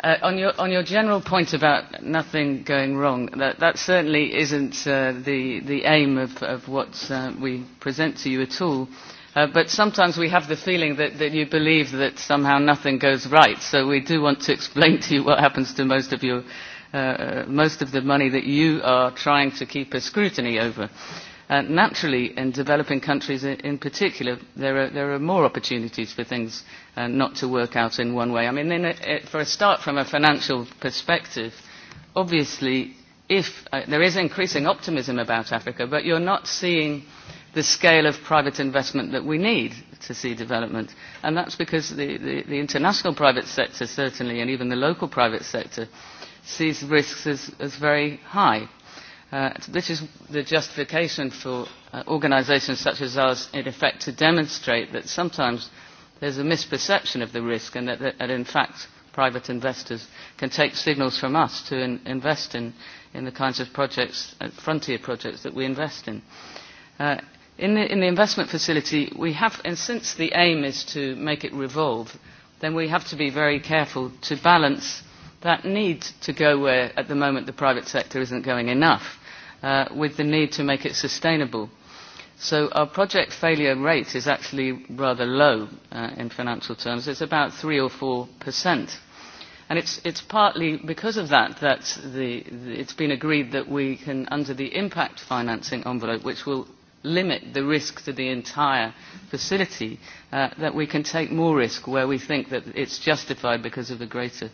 Uh, on, your, on your general point about nothing going wrong, that, that certainly isn't uh, the, the aim of, of what uh, we present to you at all. Uh, Uh, but sometimes we have the feeling that, that you believe that somehow nothing goes right. So we do want to explain to you what happens to most of, your, uh, uh, most of the money that you are trying to keep a scrutiny over. Uh, naturally, in developing countries in, in particular, there are, there are more opportunities for things uh, not to work out in one way. I mean, in a, a, for a start, from a financial perspective, obviously, if uh, there is increasing optimism about Africa, but you're not seeing the scale of private investment that we need to see development. And that's because the, the, the international private sector, certainly, and even the local private sector, sees risks as, as very high. Uh, this is the justification for uh, organisations such as ours, in effect, to demonstrate that sometimes there's a misperception of the risk and that, that, that in fact, private investors can take signals from us to in, invest in, in the kinds of projects, uh, frontier projects that we invest in. Uh, in the, investment facility, we have, and since the aim is to make it revolve, then we have to be very careful to balance that need to go where at the moment the private sector isn't going enough uh, with the need to make it sustainable. So our project failure rate is actually rather low uh, in financial terms. It's about 3 or 4 percent. And it's, it's partly because of that that the, the, it's been agreed that we can, under the impact financing envelope, which will limit the risk to the entire facility, uh, that we can take more risk where we think that it's justified because of the greater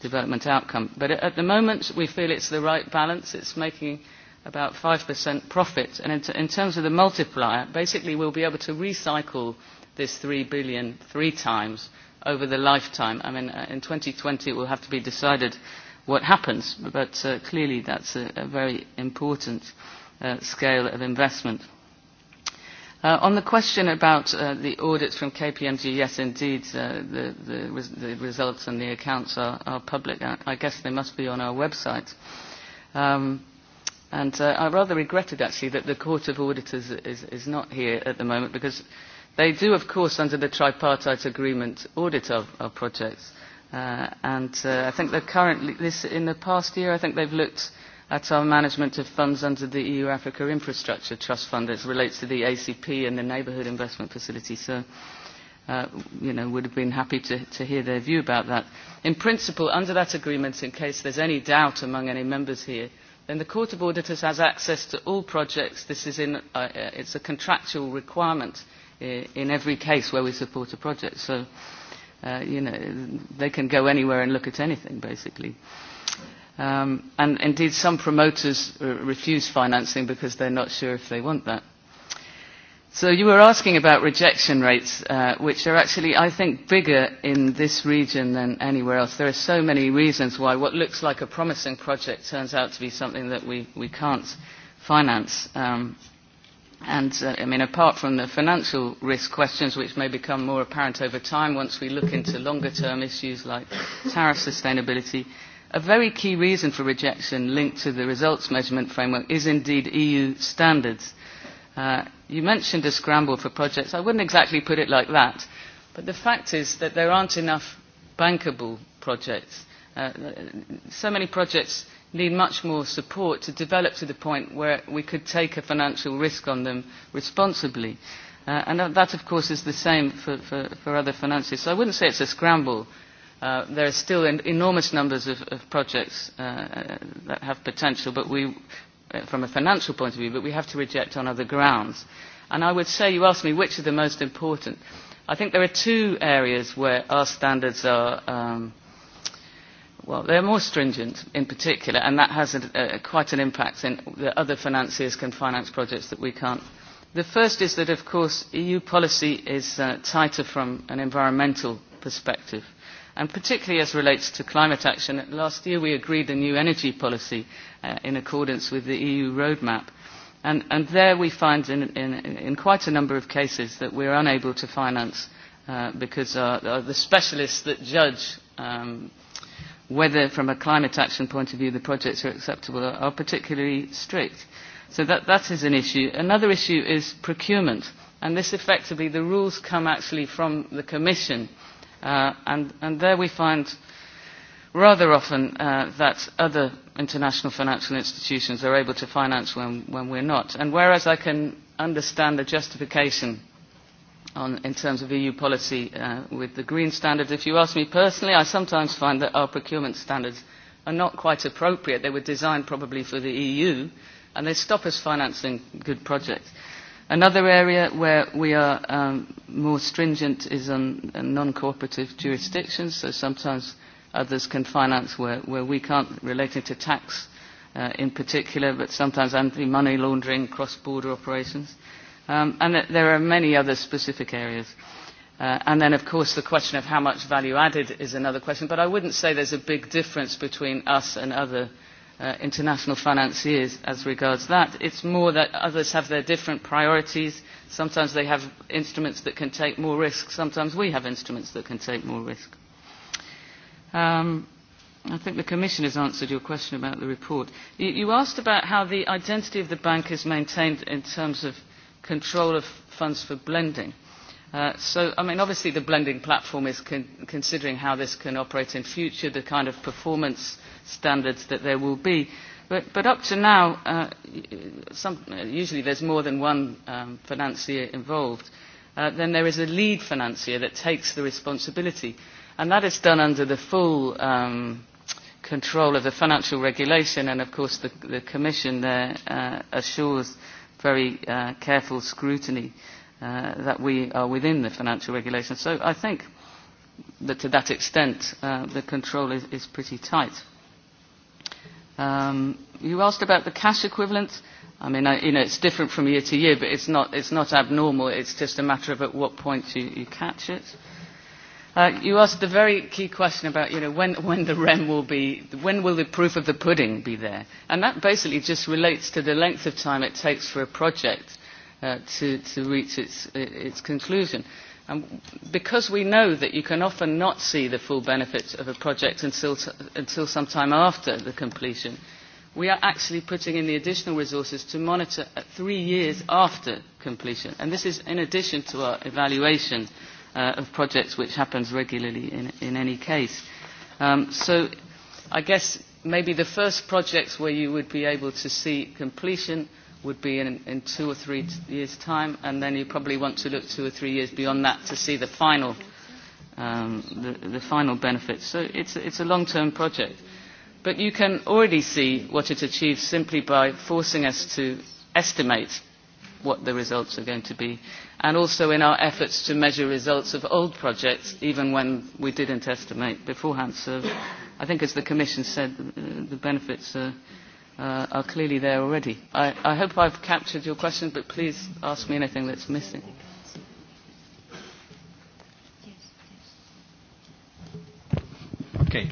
development outcome. But at the moment, we feel it's the right balance. It's making about 5% profit. And in, in terms of the multiplier, basically we'll be able to recycle this 3 billion three times over the lifetime. I mean, uh, in 2020, it will have to be decided what happens, but uh, clearly that's a, a very important uh, scale of investment. Uh, on the question about uh, the audits from KPMG, yes, indeed, uh, the, the, res the results and the accounts are, are public. I, I guess they must be on our website. Um, and uh, I rather regretted, actually, that the Court of Auditors is, is not here at the moment because they do, of course, under the tripartite agreement, audit our, our projects. Uh, and uh, I think they're currently, this, in the past year, I think they've looked at our management of funds under the EU Africa Infrastructure Trust Fund as relates to the ACP and the Neighbourhood Investment Facility. So, uh, you know, would have been happy to, to hear their view about that. In principle, under that agreement, in case there's any doubt among any members here, then the Court of Auditors has access to all projects. This is in, uh, uh it's a contractual requirement uh, in every case where we support a project. So, uh, you know, they can go anywhere and look at anything, basically. Um, and indeed, some promoters uh, refuse financing because they're not sure if they want that. So you were asking about rejection rates, uh, which are actually, I think, bigger in this region than anywhere else. There are so many reasons why what looks like a promising project turns out to be something that we, we can't finance. Um, and, uh, I mean, apart from the financial risk questions, which may become more apparent over time once we look into longer-term issues like tariff sustainability, A very key reason for rejection linked to the results measurement framework is indeed EU standards. Uh, you mentioned a scramble for projects. I wouldn't exactly put it like that. But the fact is that there aren't enough bankable projects. Uh, so many projects need much more support to develop to the point where we could take a financial risk on them responsibly. Uh, and that, of course, is the same for, for, for other finances. So I wouldn't say it's a scramble. Uh, there are still en enormous numbers of, of projects uh, that have potential, but we, uh, from a financial point of view, but we have to reject on other grounds. And I would say, you asked me which are the most important. I think there are two areas where our standards are, um, well, they're more stringent in particular, and that has a, a, quite an impact in that other financiers can finance projects that we can't. The first is that, of course, EU policy is uh, tighter from an environmental perspective and particularly as relates to climate action. Last year we agreed a new energy policy uh, in accordance with the EU roadmap. And, and there we find in, in, in quite a number of cases that we're unable to finance uh, because uh, the specialists that judge um, whether from a climate action point of view the projects are acceptable are, are particularly strict. So that, that is an issue. Another issue is procurement. And this effectively, the rules come actually from the Commission. Uh, Uh, and, and there we find rather often uh, that other international financial institutions are able to finance when, when we're not. And whereas I can understand the justification on, in terms of EU policy uh, with the green standards, if you ask me personally, I sometimes find that our procurement standards are not quite appropriate. They were designed probably for the EU, and they stop us financing good projects. Another area where we are um, more stringent is on non-cooperative jurisdictions, so sometimes others can finance where, where we can't, relating to tax uh, in particular, but sometimes anti-money laundering, cross-border operations. Um, and th there are many other specific areas. Uh, and then, of course, the question of how much value added is another question, but I wouldn't say there's a big difference between us and other uh, uh, international financiers as regards that. It's more that others have their different priorities. Sometimes they have instruments that can take more risk. Sometimes we have instruments that can take more risk. Um, I think the Commission has answered your question about the report. You, you asked about how the identity of the bank is maintained in terms of control of funds for blending. Uh, so, I mean, obviously the blending platform is considering how this can operate in future, the kind of performance standards that there will be. But, but up to now, uh, some, usually there's more than one um, financier involved. Uh, then there is a lead financier that takes the responsibility. And that is done under the full um, control of the financial regulation. And of course, the, the Commission there uh, assures very uh, careful scrutiny uh, that we are within the financial regulation. So I think that to that extent uh, the control is, is pretty tight. Um, you asked about the cash equivalent. I mean, I, you know, it's different from year to year, but it's not, it's not abnormal. It's just a matter of at what point you, you catch it. Uh, you asked the very key question about, you know, when, when the REM will be, when will the proof of the pudding be there? And that basically just relates to the length of time it takes for a project Uh, to, to reach its, its conclusion. And because we know that you can often not see the full benefits of a project until, until some time after the completion, we are actually putting in the additional resources to monitor at three years after completion. And this is in addition to our evaluation uh, of projects, which happens regularly in, in any case. Um, so I guess maybe the first projects where you would be able to see completion would be in, in two or three years' time, and then you probably want to look two or three years beyond that to see the final, um, the, the final benefits. So it's, it's a long-term project. But you can already see what it achieves simply by forcing us to estimate what the results are going to be, and also in our efforts to measure results of old projects, even when we didn't estimate beforehand. So I think, as the Commission said, the benefits are uh, are clearly there already. I, I hope I've captured your question, but please ask me anything that's missing. Okay.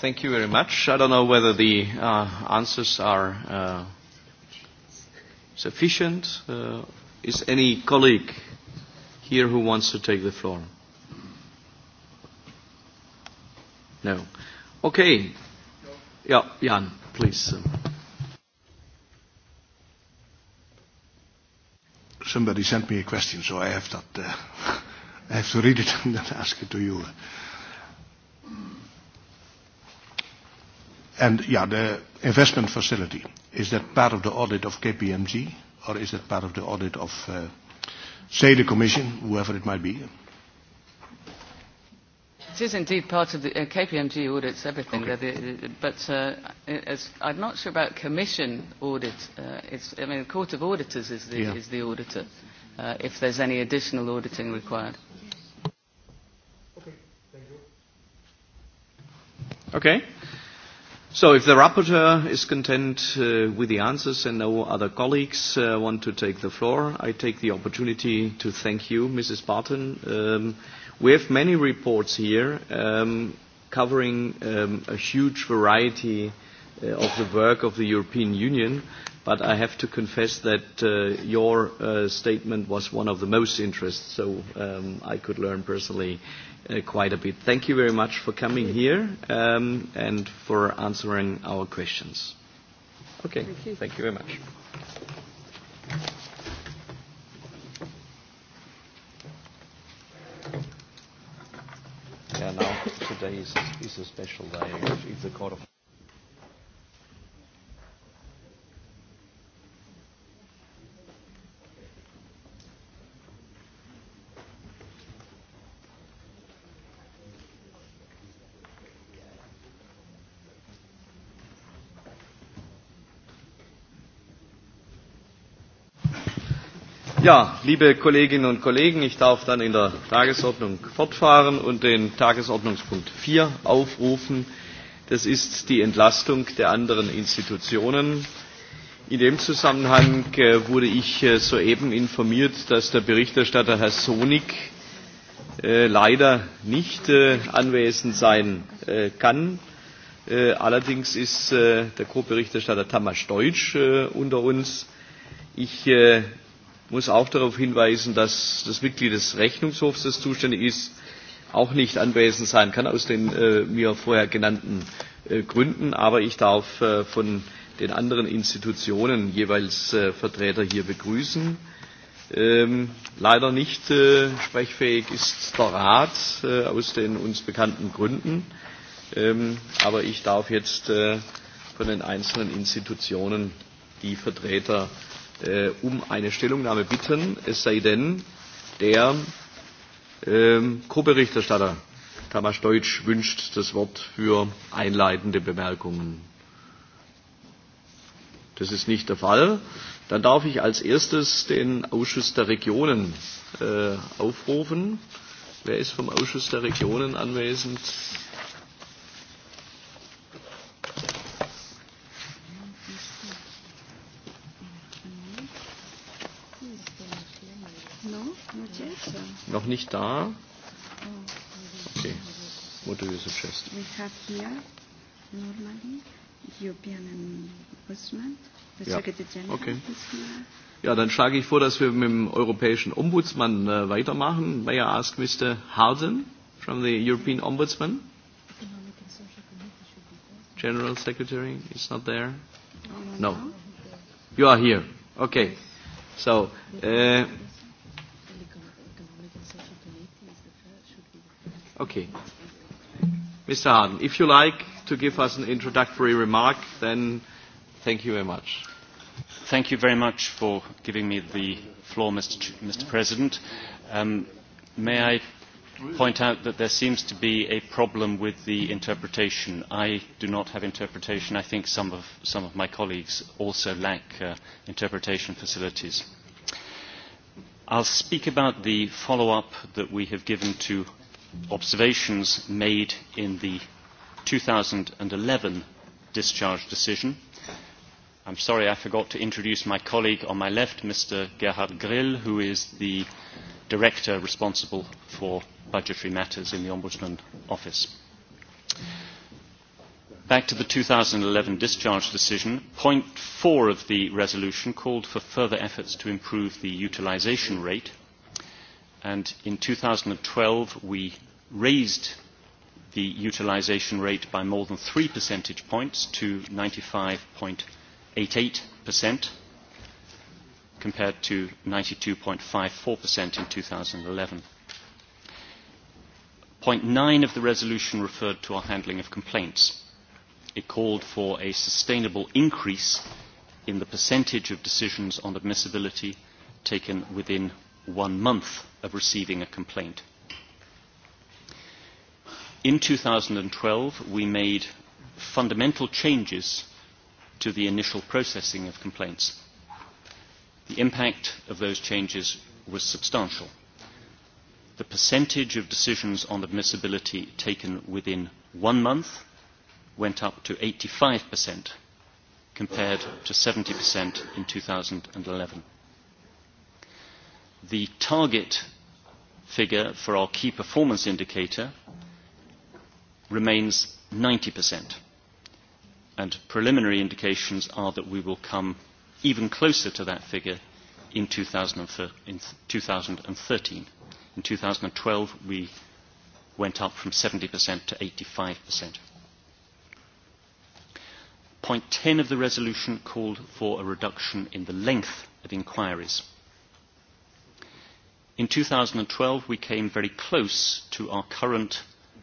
Thank you very much. I don't know whether the uh, answers are uh, sufficient. Uh, is any colleague here who wants to take the floor? No. Okay. Yeah, Jan please. Somebody sent me a question, so I have that. Uh, I have to read it and then ask it to you. And yeah, the investment facility, is that part of the audit of KPMG or is that part of the audit of, uh, say, the Commission, whoever it might be? It is indeed part of the uh, KPMG audits everything, okay. that it, but uh, as I'm not sure about commission audits. Uh, it's, I mean, the Court of Auditors is the, yeah. is the auditor, uh, if there's any additional auditing required. Okay. So if the rapporteur is content uh, with the answers and no other colleagues uh, want to take the floor, I take the opportunity to thank you, Mrs. Barton. Um, We have many reports here um, covering um, a huge variety uh, of the work of the European Union, but I have to confess that uh, your uh, statement was one of the most interest, so um, I could learn personally uh, quite a bit. Thank you very much for coming here um, and for answering our questions. Okay, thank you, thank you very much. now today is, is a special day. It's a court of Ja, liebe Kolleginnen und Kollegen, ich darf dann in der Tagesordnung fortfahren und den Tagesordnungspunkt 4 aufrufen. Das ist die Entlastung der anderen Institutionen. In dem Zusammenhang äh, wurde ich äh, soeben informiert, dass der Berichterstatter Herr Sonik äh, leider nicht anwesend sein kann. Allerdings ist der Co-Berichterstatter Tamas Deutsch unter uns. Ich muss auch darauf hinweisen, dass das Mitglied des Rechnungshofs, das zuständig ist, auch nicht anwesend sein kann, aus den äh, mir vorher genannten äh, Gründen. Aber ich darf äh, von den anderen Institutionen jeweils äh, Vertreter hier begrüßen. Ähm, leider nicht äh, sprechfähig ist der Rat äh, aus den uns bekannten Gründen. Ähm, aber ich darf jetzt äh, von den einzelnen Institutionen die Vertreter äh, um eine Stellungnahme bitten, es sei denn, der äh, Co-Berichterstatter Tamas Deutsch wünscht das Wort für einleitende Bemerkungen. Das ist nicht der Fall. Dann darf ich als erstes den Ausschuss der Regionen äh, aufrufen. Wer ist vom Ausschuss der Regionen anwesend? Noch nicht da? Okay. What do you suggest? We have here normally European Ombudsman, the ja. okay. Ja, dann schlage ich vor, dass wir mit dem europäischen Ombudsmann äh, weitermachen. May I ask Mr. Harden from the European Ombudsman? General Secretary is not there. No. no. You are here. Okay. So, uh, Okay. Mr. Harden, if you like to give us an introductory remark, then thank you very much. Thank you very much for giving me the floor, Mr. Ch Mr. President. Um, may I point out that there seems to be a problem with the interpretation. I do not have interpretation. I think some of, some of my colleagues also lack uh, interpretation facilities. I'll speak about the follow-up that we have given to observations made in the 2011 discharge decision. I'm sorry I forgot to introduce my colleague on my left, Mr. Gerhard Grill, who is the director responsible for budgetary matters in the Ombudsman office. Back to the 2011 discharge decision, point four of the resolution called for further efforts to improve the utilisation rate and in 2012 we raised the utilisation rate by more than three percentage points to 95.88% compared to 92.54% in 2011. Point nine of the resolution referred to our handling of complaints. It called for a sustainable increase in the percentage of decisions on admissibility taken within one month of receiving a complaint. In 2012, we made fundamental changes to the initial processing of complaints. The impact of those changes was substantial. The percentage of decisions on admissibility taken within one month went up to 85% compared to 70% in 2011 the target figure for our key performance indicator remains 90%, and preliminary indications are that we will come even closer to that figure in 2013. In 2012, we went up from 70% to 85%. Point 10 of the resolution called for a reduction in the length of inquiries. In 2012, we came very close to our current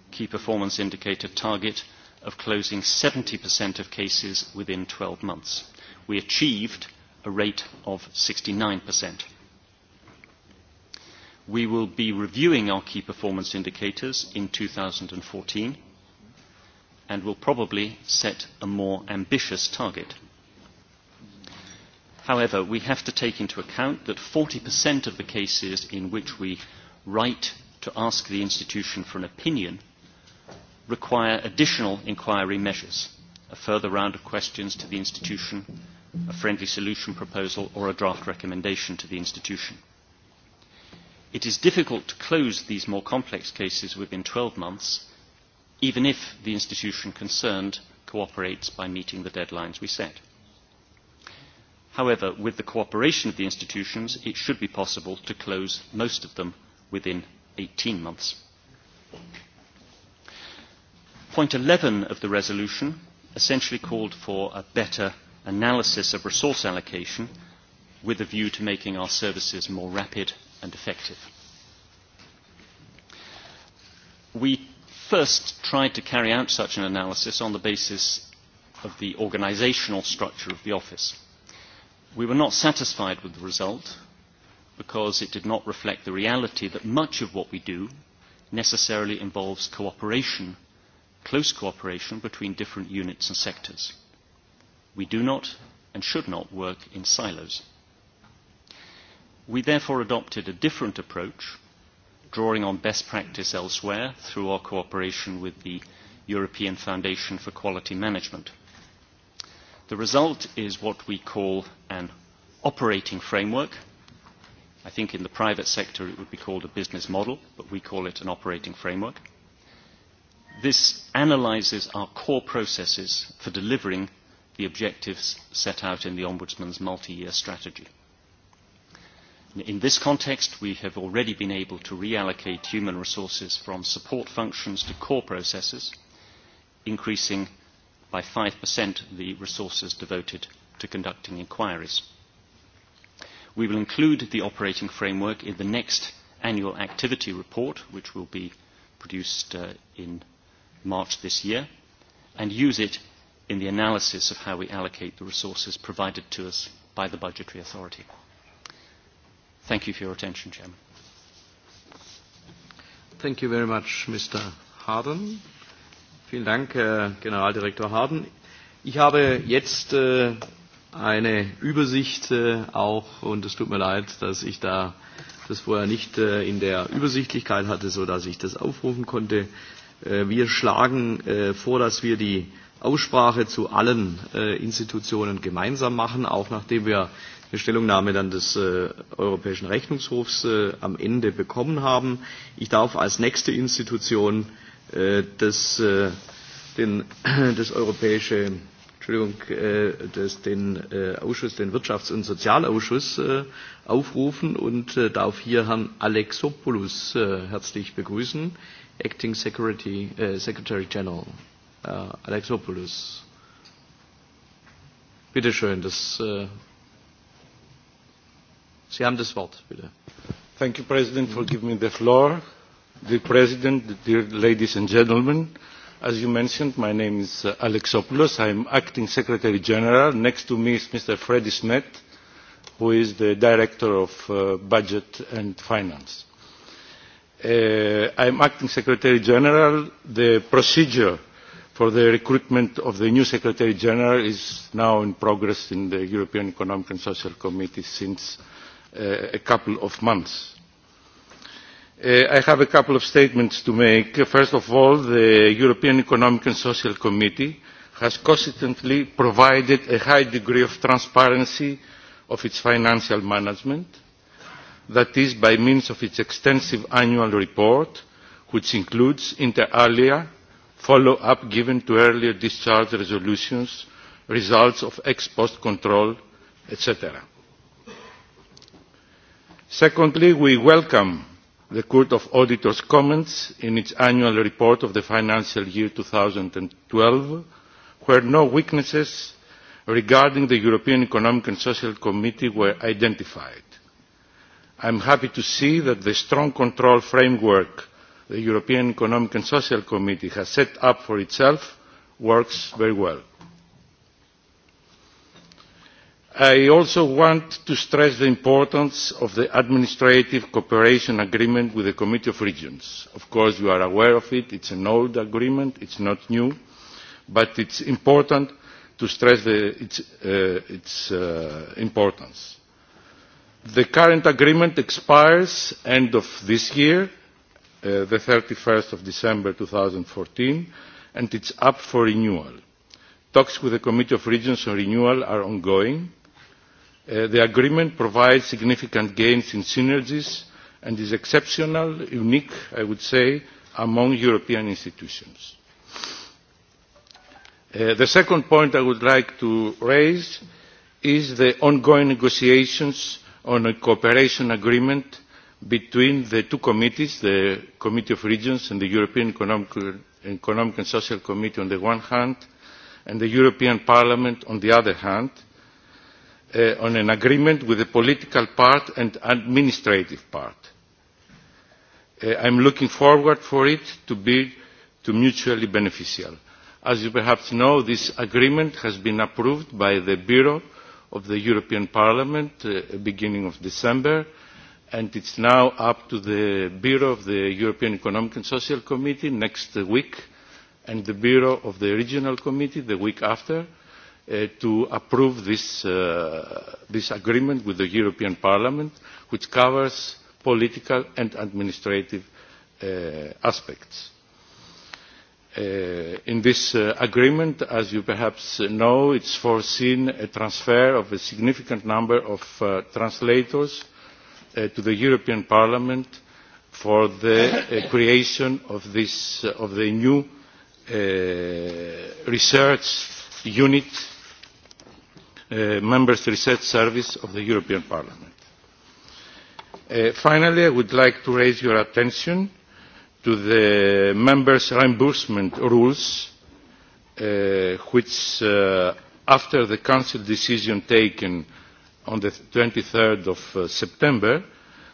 key performance indicator target of closing 70% of cases within twelve months. We achieved a rate of 69%. We will be reviewing our key performance indicators in 2014 and will probably set a more ambitious target However, we have to take into account that 40% of the cases in which we write to ask the institution for an opinion require additional inquiry measures, a further round of questions to the institution, a friendly solution proposal or a draft recommendation to the institution. It is difficult to close these more complex cases within 12 months, even if the institution concerned cooperates by meeting the deadlines we set. However, with the cooperation of the institutions, it should be possible to close most of them within 18 months. Point 11 of the resolution essentially called for a better analysis of resource allocation with a view to making our services more rapid and effective. We first tried to carry out such an analysis on the basis of the organisational structure of the office. We were not satisfied with the result because it did not reflect the reality that much of what we do necessarily involves cooperation, close cooperation between different units and sectors. We do not and should not work in silos. We therefore adopted a different approach, drawing on best practice elsewhere through our cooperation with the European Foundation for Quality Management – The result is what we call an operating framework. I think in the private sector it would be called a business model, but we call it an operating framework. This analyses our core processes for delivering the objectives set out in the Ombudsman's multi-year strategy. In this context, we have already been able to reallocate human resources from support functions to core processes, increasing by 5% the resources devoted to conducting inquiries. We will include the operating framework in the next annual activity report, which will be produced uh, in March this year, and use it in the analysis of how we allocate the resources provided to us by the budgetary authority. Thank you for your attention, Chairman. Thank you very much, Mr. Harden. Vielen Dank, Herr äh, Generaldirektor Harden. Ich habe jetzt äh, eine Übersicht äh, auch, und es tut mir leid, dass ich da das vorher nicht in der Übersichtlichkeit hatte, sodass ich das aufrufen konnte. wir schlagen vor, dass wir die Aussprache zu allen Institutionen gemeinsam machen, auch nachdem wir eine Stellungnahme dann des Europäischen Rechnungshofs am Ende bekommen haben. Ich darf als nächste Institution Äh, dass äh, den, das europäische Entschuldigung, äh, das, den Ausschuss, den Wirtschafts- und Sozialausschuss aufrufen und darf hier Herrn Alexopoulos herzlich begrüßen, Acting Security, äh, Secretary General. Äh, Alexopoulos. Bitte schön, das, äh, Sie haben das Wort, bitte. Thank you, President, for giving me the floor. Dear President, dear ladies and gentlemen, as you mentioned, my name is uh, Alexopoulos. I am Acting Secretary General. Next to me is Mr. Freddy Smet, who is the Director of uh, Budget and Finance. Uh, I am Acting Secretary General. The procedure for the recruitment of the new Secretary General is now in progress in the European Economic and Social Committee since uh, a couple of months Uh, I have a couple of statements to make. First of all, the European Economic and Social Committee has consistently provided a high degree of transparency of its financial management, that is, by means of its extensive annual report, which includes, inter alia, follow-up given to earlier discharge resolutions, results of ex-post control, etc. Secondly, we welcome the court of auditors' comments in its annual report of the financial year two thousand and twelve where no weaknesses regarding the european economic and social committee were identified. i am happy to see that the strong control framework the european economic and social committee has set up for itself works very well i also want to stress the importance of the administrative cooperation agreement with the committee of the regions. of course you are aware of it it is an old agreement it is not new but it is important to stress its, uh, uh, importance. the current agreement expires at the end of this year uh, thirty one december two thousand and fourteen and it is up for renewal. talks with the committee of the regions on renewal are ongoing Uh, the agreement provides significant gains in synergies and is exceptional unique i would say among european institutions. Uh, the second point i would like to raise is the ongoing negotiations on a cooperation agreement between the two committees the committee of regions and the european economic and social committee on the one hand and the european parliament on the other hand Uh, on an agreement with the political part and administrative part. Uh, I am looking forward for it to be to mutually beneficial. As you perhaps know, this agreement has been approved by the Bureau of the European Parliament at uh, the beginning of December, and it's now up to the Bureau of the European Economic and Social Committee next week, and the Bureau of the Regional Committee the week after, Uh, to approve this, uh, this agreement with the european parliament which covers political and administrative uh, aspects. Uh, in this uh, agreement as you perhaps know it is foreseen a transfer of a significant number of translators to the european parliament for the creation of, this, of the new research unit Uh, members' research service of the european parliament. Uh, finally i would like to raise your attention to the members' reimbursement rules uh, which after the council decision taken on twenty three september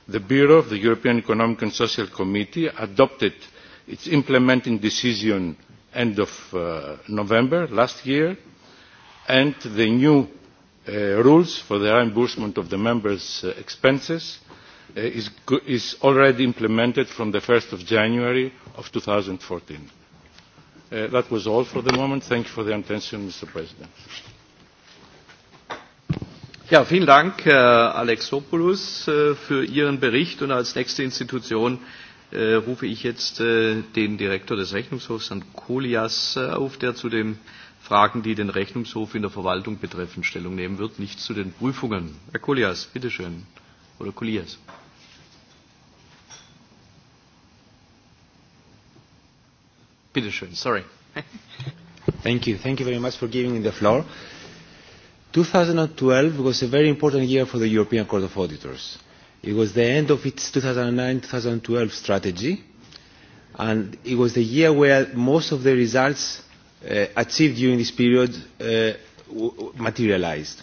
the bureau of the european economic and social committee adopted its implementing decision at the end of november last year and the new Uh, rules for the reimbursement of the members' uh, expenses uh, is, already implemented from one january. two thousand and fourteen that was all for the moment. thank you for your attention mr president. Ja, vielen Dank, Herr Alexopoulos, für Ihren Bericht. Und als nächste Institution rufe ich jetzt den Direktor des Rechnungshofs, Herrn Kolias, auf, der zu dem Fragen, die den Rechnungshof in der Verwaltung betreffen, Stellung nehmen wird, nicht zu den Prüfungen. Herr Kulias, bitteschön. Oder Kulias. Bitteschön, sorry. Thank you. Thank you very much for giving me the floor. 2012 was a very important year for the European Court of Auditors. It was the end of its 2009-2012 strategy, and it was the year where most of the results uh, achieved during this period uh, w materialized.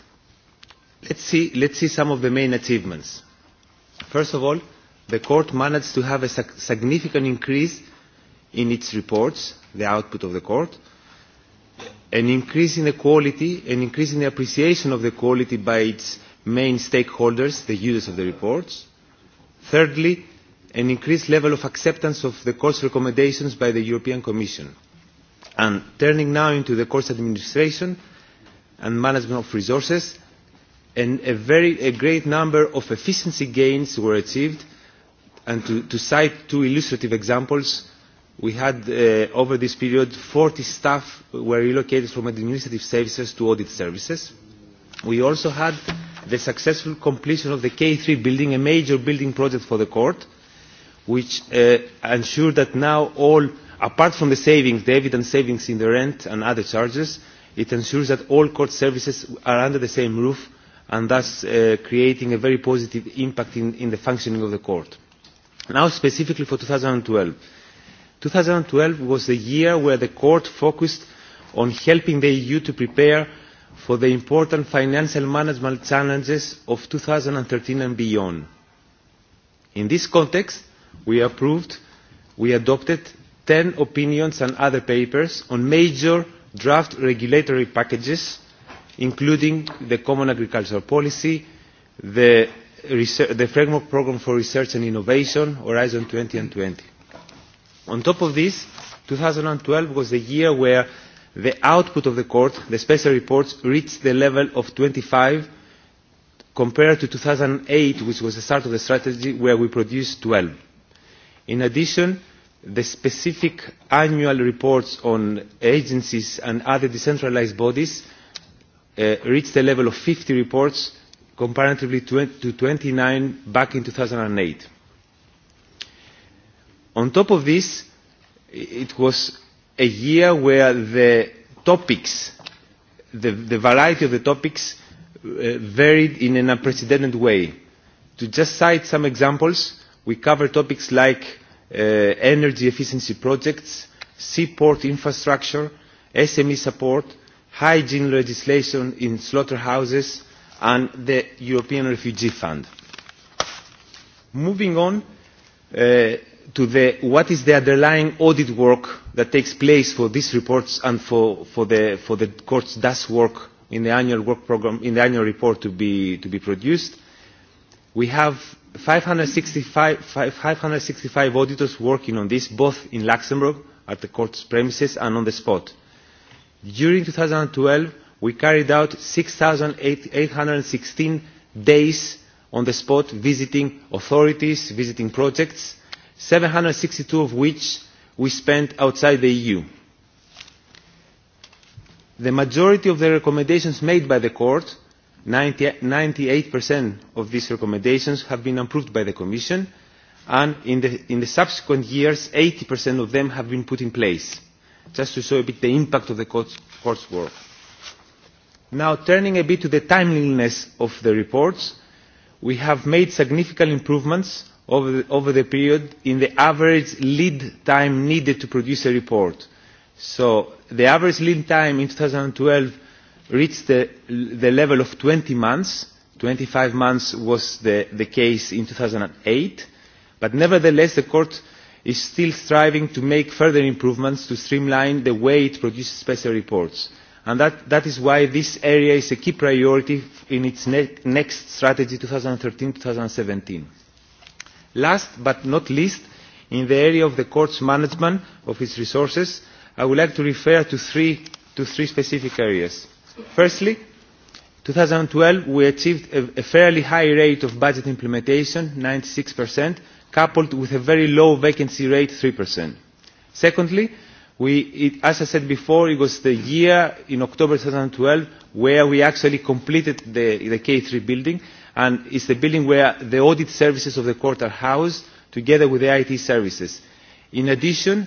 Let's see, let's see some of the main achievements. First of all, the court managed to have a significant increase in its reports, the output of the court, an increase in the quality, an increase in the appreciation of the quality by its main stakeholders, the users of the reports. Thirdly, an increased level of acceptance of the court's recommendations by the European Commission. And turning now into the course administration and management of resources, and a, very, a great number of efficiency gains were achieved. And to, to cite two illustrative examples, we had uh, over this period 40 staff were relocated from administrative services to audit services. We also had the successful completion of the K3 building, a major building project for the court, which uh, ensured that now all apart from the savings the evident savings in the rent and other charges it ensures that all court services are under the same roof and thus uh, creating a very positive impact in, in the functioning of the court. Now specifically for 2012. 2012 was the year where the court focused on helping the EU to prepare for the important financial management challenges of 2013 and beyond. In this context, we approved, we adopted ten opinions and other papers on major draft regulatory packages including the common agricultural policy the, framework programme for research and innovation horizon two thousand and twenty on top of this two thousand and twelve was the year where the output of the court the special reports reached the level of twenty five compared to two thousand and eight which was the start of the strategy where we produced twelve. in addition the specific annual reports on agencies and other decentralised bodies uh, reached the level of 50 reports comparatively to 29 back in 2008. On top of this, it was a year where the topics, the, the variety of the topics uh, varied in an unprecedented way. To just cite some examples, we cover topics like Uh, energy efficiency projects, seaport infrastructure, SME support, hygiene legislation in slaughterhouses, and the European Refugee Fund. Moving on uh, to the, what is the underlying audit work that takes place for these reports and for, for, the, for the court's dust work in the annual work program, in the annual report to be, to be produced. We have 565, auditors working on this, both in Luxembourg, at the court's premises, and on the spot. During 2012, we carried out 6,816 days on the spot visiting authorities, visiting projects, 762 of which we spent outside the EU. The majority of the recommendations made by the court ninety eight of these recommendations have been approved by the commission and in the, subsequent years eighty of them have been put in place just to show a bit the impact of the court's, work. now turning a bit to the timeliness of the reports we have made significant improvements over the, over the period in the average lead time needed to produce a report. so the average lead time in two thousand and twelve reached the, the level of 20 months. 25 months was the, the case in 2008. But nevertheless, the Court is still striving to make further improvements to streamline the way it produces special reports. And that, that is why this area is a key priority in its ne next strategy 2013-2017. Last but not least, in the area of the Court's management of its resources, I would like to refer to three, to three specific areas firstly in two thousand and twelve we achieved a fairly high rate of budget implementation ninety six coupled with a very low vacancy rate. three secondly we, it, as i said before it was the year in october two thousand and twelve where we actually completed the, the k three building and it is the building where the audit services of the court are housed together with the it services. in addition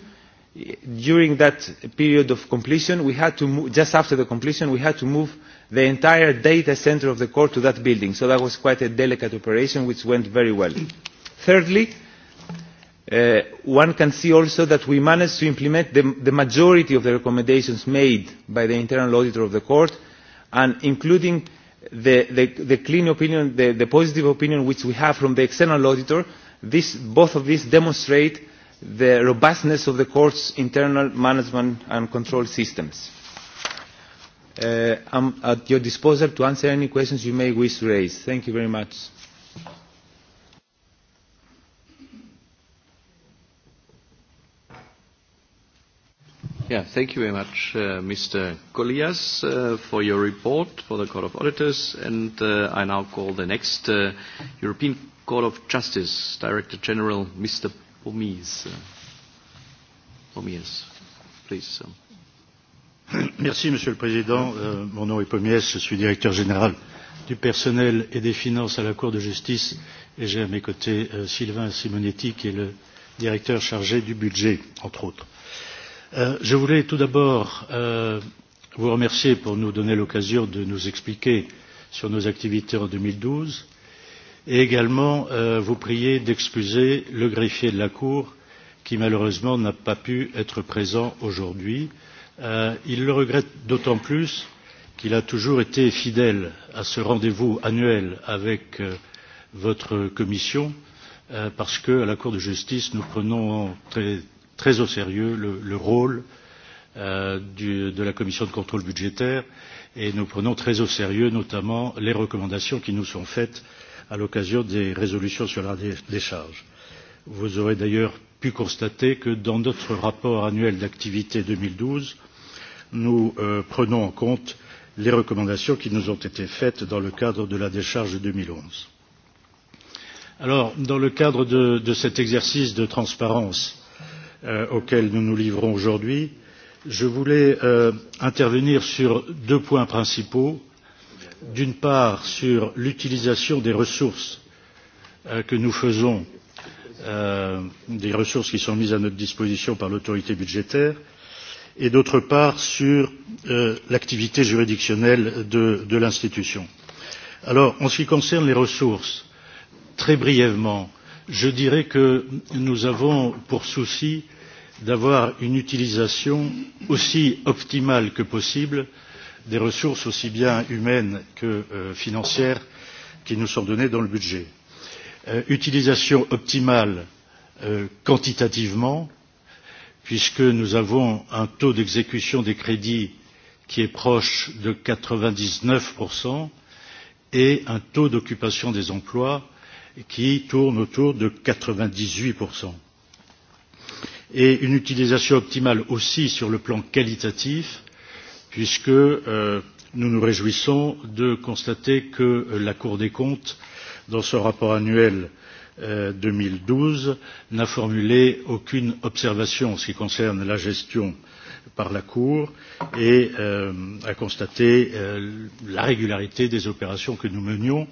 during that period of completion, we had to move, just after the completion, we had to move the entire data center of the court to that building. So that was quite a delicate operation, which went very well. Thirdly, uh, one can see also that we managed to implement the, the majority of the recommendations made by the internal auditor of the court, and including the, the, the clean opinion, the, the positive opinion which we have from the external auditor, this, both of these demonstrate the robustness of the court's internal management and control systems. Uh, I'm at your disposal to answer any questions you may wish to raise. Thank you very much. Yeah, thank you very much, uh, Mr. Golias, uh, for your report for the Court of Auditors. And uh, I now call the next uh, European Court of Justice Director General, Mr. Omise. Omise, please. Merci, Monsieur le Président. Euh, mon nom est Pommiès, je suis directeur général du personnel et des finances à la Cour de justice et j'ai à mes côtés euh, Sylvain Simonetti qui est le directeur chargé du budget, entre autres. Euh, je voulais tout d'abord euh, vous remercier pour nous donner l'occasion de nous expliquer sur nos activités en 2012 et également euh, vous prier d'excuser le greffier de la Cour qui malheureusement n'a pas pu être présent aujourd'hui. Euh, il le regrette d'autant plus qu'il a toujours été fidèle à ce rendez-vous annuel avec euh, votre commission parce que à la Cour de justice nous prenons très, très au sérieux le, le rôle euh, du, de la commission de contrôle budgétaire et nous prenons très au sérieux notamment les recommandations qui nous sont faites à l'occasion des résolutions sur la décharge. Vous aurez d'ailleurs pu constater que dans notre rapport annuel d'activité 2012, nous euh, prenons en compte les recommandations qui nous ont été faites dans le cadre de la décharge 2011. Alors, dans le cadre de, de cet exercice de transparence euh, auquel nous nous livrons aujourd'hui, je voulais euh, intervenir sur deux points principaux d'une part sur l'utilisation des ressources euh, que nous faisons euh, des ressources qui sont mises à notre disposition par l'autorité budgétaire et d'autre part sur euh, l'activité juridictionnelle de, de l'institution. Alors, en ce qui concerne les ressources, très brièvement, je dirais que nous avons pour souci d'avoir une utilisation aussi optimale que possible euh, des ressources aussi bien humaines que euh, financières qui nous sont données dans le budget. Euh, utilisation optimale euh, quantitativement, puisque nous avons un taux d'exécution des crédits qui est proche de 99% et un taux d'occupation des emplois qui tourne autour de 98%. Et une utilisation optimale aussi sur le plan qualitatif, puisque euh, nous nous réjouissons de constater que la Cour des comptes, dans son rapport annuel euh, deux mille douze, n'a formulé aucune observation en ce qui concerne la gestion par la Cour et euh, a constaté euh, la régularité des opérations que nous menions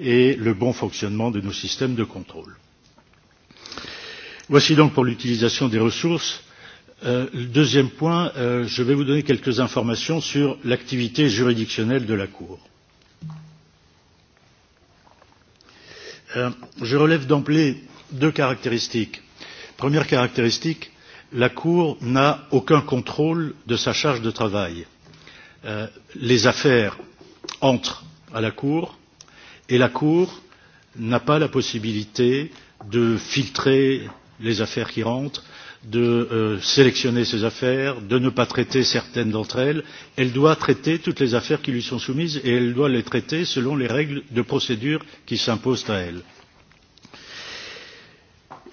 et le bon fonctionnement de nos systèmes de contrôle. Voici donc pour l'utilisation des ressources Euh, deuxième point, euh, je vais vous donner quelques informations sur l'activité juridictionnelle de la Cour. Euh, je relève d'emblée deux caractéristiques. Première caractéristique, la Cour n'a aucun contrôle de sa charge de travail. Euh, les affaires entrent à la Cour et la Cour n'a pas la possibilité de filtrer les affaires qui rentrent de euh, sélectionner ses affaires, de ne pas traiter certaines d'entre elles. Elle doit traiter toutes les affaires qui lui sont soumises et elle doit les traiter selon les règles de procédure qui s'imposent à elle.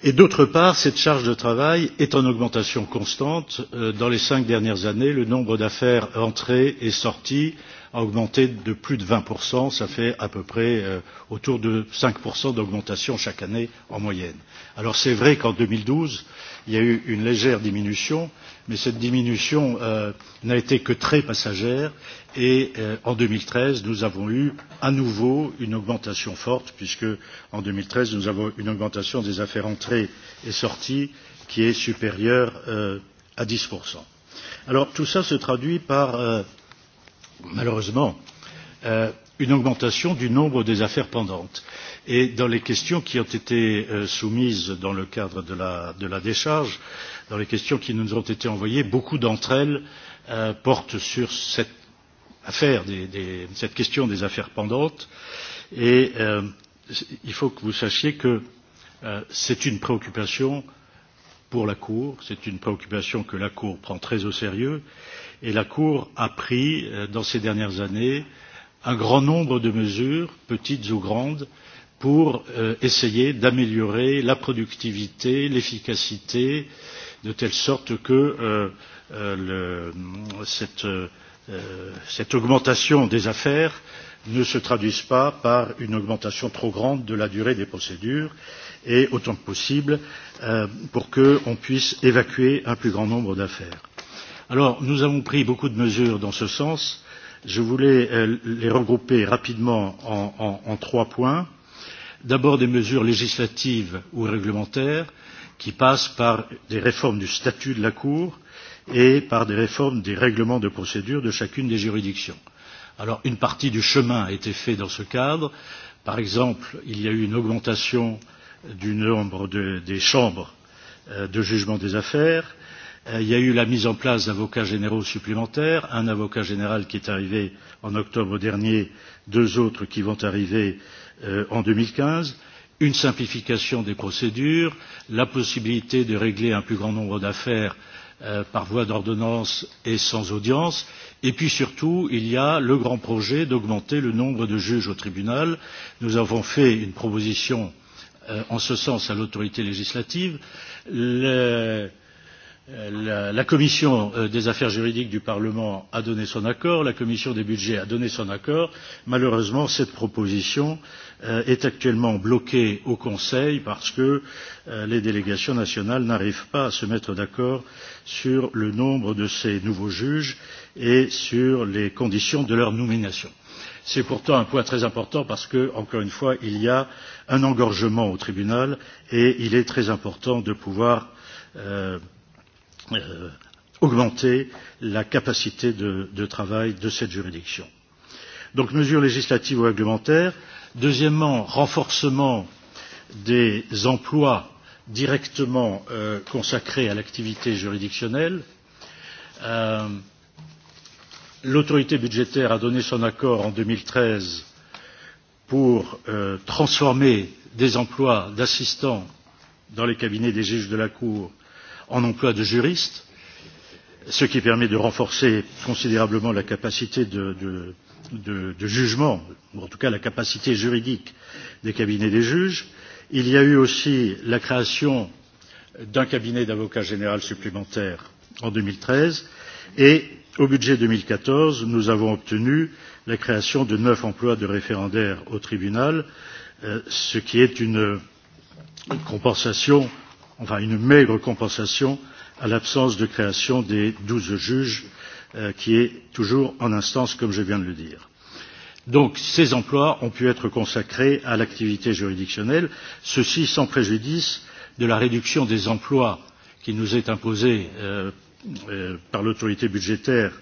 Et d'autre part, cette charge de travail est en augmentation constante. Euh, dans les cinq dernières années, le nombre d'affaires entrées et sorties a augmenté de plus de 20%. Ça fait à peu près euh, autour de 5% d'augmentation chaque année en moyenne. Alors c'est vrai qu'en 2012, il y a eu une légère diminution, mais cette diminution euh, n'a été que très passagère et euh, en 2013, nous avons eu à nouveau une augmentation forte, puisque en 2013, nous avons une augmentation des affaires entrées et sorties qui est supérieure euh, à 10%. Alors tout ça se traduit par, euh, malheureusement, euh, une augmentation du nombre des affaires pendantes. Et dans les questions qui ont été euh, soumises dans le cadre de la, de la décharge, dans les questions qui nous ont été envoyées, beaucoup d'entre elles euh, portent sur cette, affaire des, des, cette question des affaires pendantes. Et euh, il faut que vous sachiez que euh, c'est une préoccupation pour la Cour, c'est une préoccupation que la Cour prend très au sérieux. Et la Cour a pris, euh, dans ces dernières années, euh, un grand nombre de mesures, petites ou grandes, pour euh, essayer d'améliorer la productivité, l'efficacité, de telle sorte que euh, euh, le, cette, euh, cette augmentation des affaires ne se traduise pas par une augmentation trop grande de la durée des procédures et, autant que possible, euh, pour qu'on puisse évacuer un plus grand nombre d'affaires. Alors, nous avons pris beaucoup de mesures dans ce sens euh, Je voulais euh, les regrouper rapidement en, en, en trois points. D'abord des mesures législatives ou réglementaires qui passent par des réformes du statut de la Cour et par des réformes des règlements de procédure de chacune des juridictions. Alors une partie du chemin a été fait dans ce cadre. Par exemple, il y a eu une augmentation du nombre de, des chambres euh, de jugement des affaires. Euh, il y a eu la mise en place d'avocats généraux supplémentaires, un avocat général qui est arrivé en octobre dernier, deux autres qui vont arriver euh, en 2015, une simplification des procédures, la possibilité de régler un plus grand nombre d'affaires euh, par voie d'ordonnance et sans audience, et puis surtout, il y a le grand projet d'augmenter le nombre de juges au tribunal. Nous avons fait une proposition euh, en ce sens à l'autorité législative. Les la, commission euh, des affaires juridiques du Parlement a donné son accord, la commission des budgets a donné son accord. Malheureusement, cette proposition euh, est actuellement bloquée au Conseil parce que euh, les délégations nationales n'arrivent pas à se mettre d'accord sur le nombre de ces nouveaux juges et sur les conditions de leur nomination. C'est pourtant un point très important parce que, encore une fois, il y a un engorgement au tribunal et il est très important de pouvoir euh, euh, augmenter la capacité de, de travail de cette juridiction. Donc mesures législatives ou réglementaires. Deuxièmement, renforcement des emplois directement euh, consacrés à l'activité juridictionnelle. Euh, L'autorité budgétaire a donné son accord en 2013 pour euh, transformer des emplois d'assistants dans les cabinets des juges de la Cour en emploi de juristes, ce qui permet de renforcer considérablement la capacité de, de, de, de jugement, ou en tout cas la capacité juridique des cabinets des juges. Il y a eu aussi la création d'un cabinet d'avocat général supplémentaire en 2013 et au budget 2014, nous avons obtenu la création de neuf emplois de référendaires au tribunal, euh, ce qui est une compensation enfin une maigre compensation à l'absence de création des douze juges euh, qui est toujours en instance comme je viens de le dire. Donc ces emplois ont pu être consacrés à l'activité juridictionnelle, ceci sans préjudice de la réduction des emplois qui nous est imposée euh, euh, par l'autorité budgétaire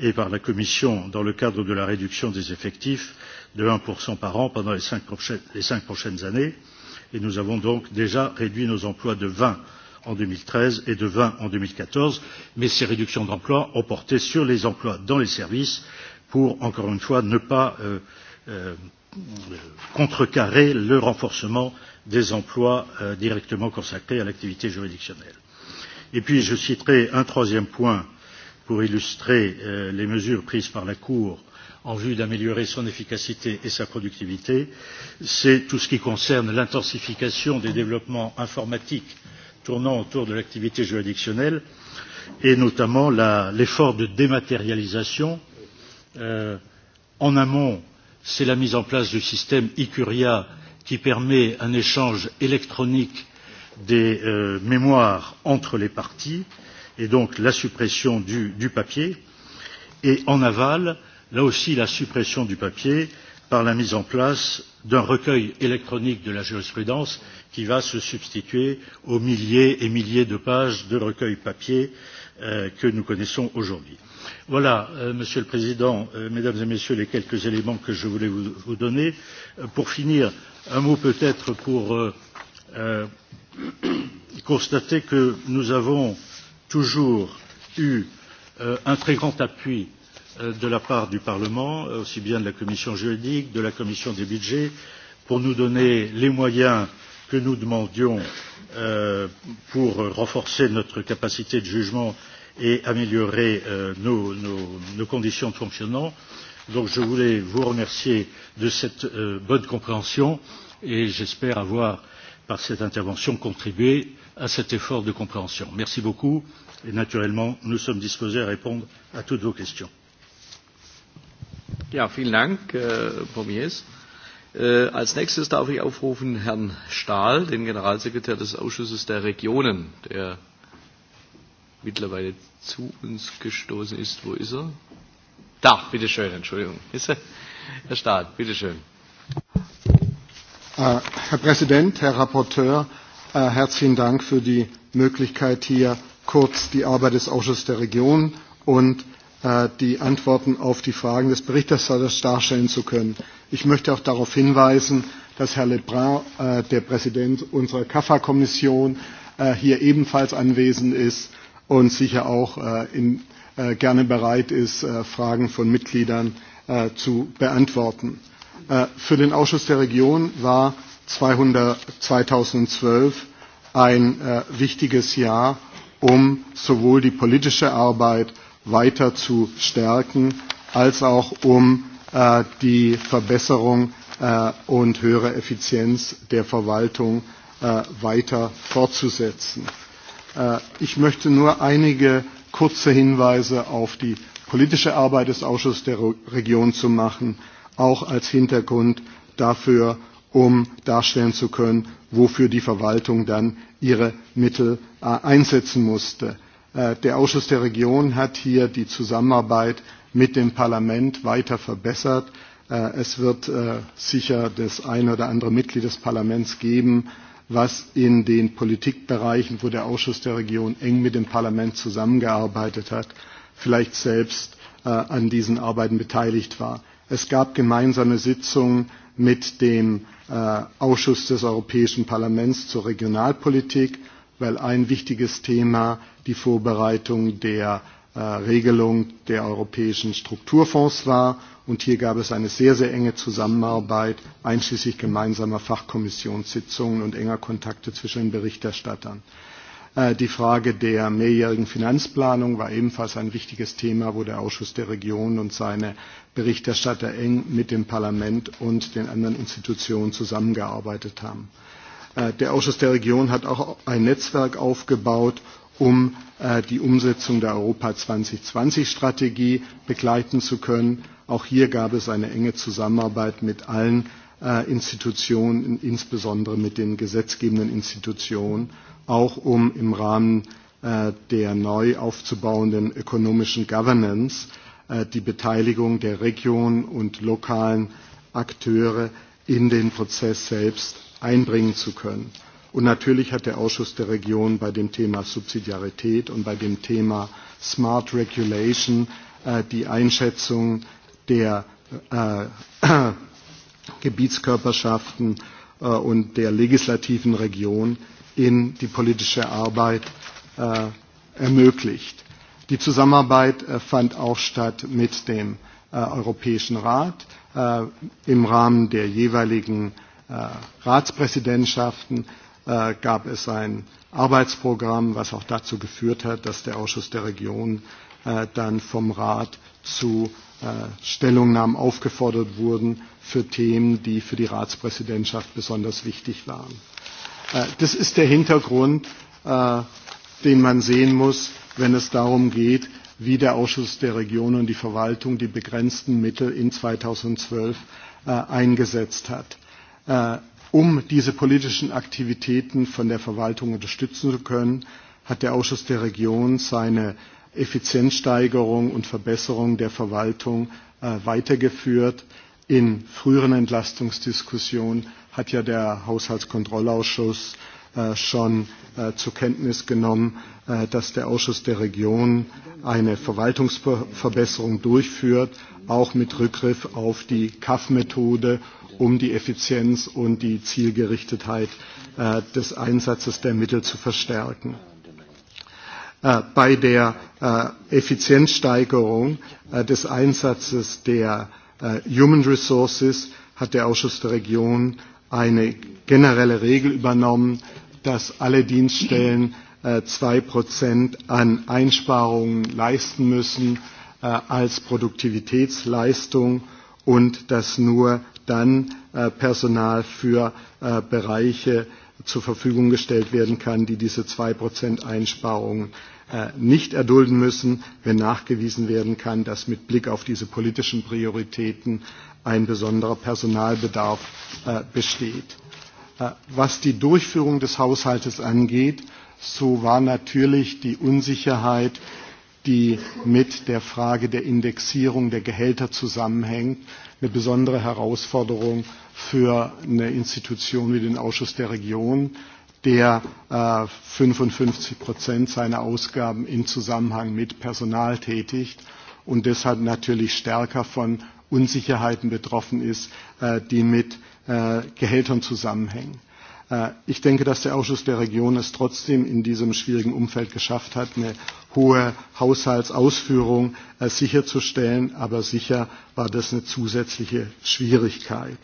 et par la Commission dans le cadre de la réduction des effectifs de 1% par an pendant les cinq prochaines, les cinq prochaines années. Euh, et nous avons donc déjà réduit nos emplois de vingt en deux mille treize et de vingt en deux mille quatorze mais ces réductions d'emplois ont porté sur les emplois dans les services pour, encore une fois, ne pas euh, euh, contrecarrer le renforcement des emplois euh, directement consacrés à l'activité juridictionnelle. Et puis, je citerai un troisième point pour illustrer euh, les mesures prises par la Cour en vue d'améliorer son efficacité et sa productivité. C'est tout ce qui concerne l'intensification des développements informatiques tournant autour de l'activité juridictionnelle et notamment l'effort de dématérialisation. Euh, en amont, c'est la mise en place du système ICURIA qui permet un échange électronique des euh, mémoires entre les parties et donc la suppression du, du papier. Et en aval, euh, là aussi la suppression du papier par la mise en place d'un recueil électronique de la jurisprudence qui va se substituer aux milliers et milliers de pages de recueil papier euh, que nous connaissons aujourd'hui. Voilà, euh, Monsieur le Président, euh, Mesdames et Messieurs, les quelques éléments que je voulais vous, vous donner. Euh, pour finir, un mot peut-être pour euh, euh, constater que nous avons toujours eu euh, un très grand appui euh, Euh, de la part du Parlement, euh, aussi bien de la commission juridique, de la commission des budgets, pour nous donner les moyens que nous demandions euh, pour renforcer notre capacité de jugement et améliorer euh, nos, nos, nos conditions de fonctionnement. Donc je voulais vous remercier de cette euh, bonne compréhension et j'espère avoir, par cette intervention, contribué à cet effort de compréhension. Merci beaucoup et naturellement, nous sommes disposés à répondre à toutes vos questions. Ja, vielen Dank, äh, Pomies. Äh, als nächstes darf ich aufrufen Herrn Stahl, den Generalsekretär des Ausschusses der Regionen, der mittlerweile zu uns gestoßen ist. Wo ist er? Da, bitteschön, Entschuldigung. Ist er? Herr Stahl, bitteschön. Äh, Herr Präsident, Herr Rapporteur, äh, herzlichen Dank für die Möglichkeit, hier kurz die Arbeit des Ausschusses der Regionen und Äh, die Antworten auf die Fragen des Berichterstatters darstellen zu können. Ich möchte auch darauf hinweisen, dass Herr Lebrun, äh, der Präsident unserer KAFA-Kommission, äh, hier ebenfalls anwesend ist und sicher auch in, gerne bereit ist, Fragen von Mitgliedern zu beantworten. für den Ausschuss der Region war 2012 ein wichtiges Jahr, um sowohl die politische Arbeit weiter zu stärken, als auch um äh, die Verbesserung äh, und höhere Effizienz der Verwaltung äh, weiter fortzusetzen. Äh, ich möchte nur einige kurze Hinweise auf die politische Arbeit des Ausschusses der Region zu machen, auch als Hintergrund dafür, um darstellen zu können, wofür die Verwaltung dann ihre Mittel äh, einsetzen musste. Äh, der Ausschuss der Region hat hier die Zusammenarbeit mit dem Parlament weiter verbessert. Äh, es wird äh, sicher das eine oder andere Mitglied des Parlaments geben, was in den Politikbereichen, wo der Ausschuss der Region eng mit dem Parlament zusammengearbeitet hat, vielleicht selbst an diesen Arbeiten beteiligt war. Es gab gemeinsame Sitzungen mit dem Ausschuss des Europäischen Parlaments zur Regionalpolitik weil ein wichtiges Thema die Vorbereitung der äh, Regelung der europäischen Strukturfonds war. Und hier gab es eine sehr, sehr enge Zusammenarbeit, einschließlich gemeinsamer Fachkommissionssitzungen und enger Kontakte zwischen den Berichterstattern. Äh, die Frage der mehrjährigen Finanzplanung war ebenfalls ein wichtiges Thema, wo der Ausschuss der Regionen und seine Berichterstatter eng mit dem Parlament und den anderen Institutionen zusammengearbeitet haben. Äh, der Ausschuss der Region hat auch ein Netzwerk aufgebaut, um äh, die Umsetzung der Europa 2020-Strategie begleiten zu können. Auch hier gab es eine enge Zusammenarbeit mit allen äh, Institutionen, insbesondere mit den gesetzgebenden Institutionen, auch um im Rahmen der neu aufzubauenden ökonomischen Governance die Beteiligung der Regionen und lokalen Akteure in den Prozess selbst einbringen zu können. Und natürlich hat der Ausschuss der Region bei dem Thema Subsidiarität und bei dem Thema Smart Regulation äh, die Einschätzung der äh, äh, Gebietskörperschaften äh, und der legislativen Region in die politische Arbeit äh, ermöglicht. Die Zusammenarbeit äh, fand auch statt mit dem äh, Europäischen Rat äh, im Rahmen der jeweiligen äh, Äh, Ratspräsidentschaften äh, gab es ein Arbeitsprogramm, was auch dazu geführt hat, dass der Ausschuss der Region äh, dann vom Rat zu Stellungnahmen aufgefordert wurden für Themen, die für die Ratspräsidentschaft besonders wichtig waren. Das ist der Hintergrund, den man sehen muss, wenn es darum geht, wie der Ausschuss der Region und die Verwaltung die begrenzten Mittel in 2012 eingesetzt hat äh, um diese politischen Aktivitäten von der Verwaltung unterstützen zu können, hat der Ausschuss der Region seine Effizienzsteigerung und Verbesserung der Verwaltung äh, weitergeführt. In früheren Entlastungsdiskussionen hat ja der Haushaltskontrollausschuss äh, Äh, schon äh, zur Kenntnis genommen, äh, dass der Ausschuss der Region eine Verwaltungsverbesserung durchführt, auch mit Rückgriff auf die CAF-Methode, um die Effizienz und die Zielgerichtetheit des Einsatzes der Mittel zu verstärken. Bei der Effizienzsteigerung des Einsatzes der Human Resources hat der Ausschuss der Region eine generelle Regel übernommen, dass alle Dienststellen äh, zwei Prozent an Einsparungen leisten müssen äh, als Produktivitätsleistung und dass nur dann äh, Personal für Bereiche zur Verfügung gestellt werden kann, die diese zwei Prozent Einsparungen nicht erdulden müssen, wenn nachgewiesen werden kann, dass mit Blick auf diese politischen Prioritäten ein besonderer Personalbedarf besteht. Äh, was die Durchführung des Haushaltes angeht, so war natürlich die Unsicherheit, die mit der Frage der Indexierung der Gehälter zusammenhängt, eine besondere Herausforderung für eine Institution wie den Ausschuss der Region, der äh, 55 Prozent seiner Ausgaben im Zusammenhang mit Personal tätigt und deshalb natürlich stärker von Unsicherheiten betroffen ist, äh, die mit äh, Gehältern zusammenhängen. Äh, Ich denke, dass der Ausschuss der Region es trotzdem in diesem schwierigen Umfeld geschafft hat, eine hohe Haushaltsausführung äh, sicherzustellen. Aber sicher war das eine zusätzliche Schwierigkeit,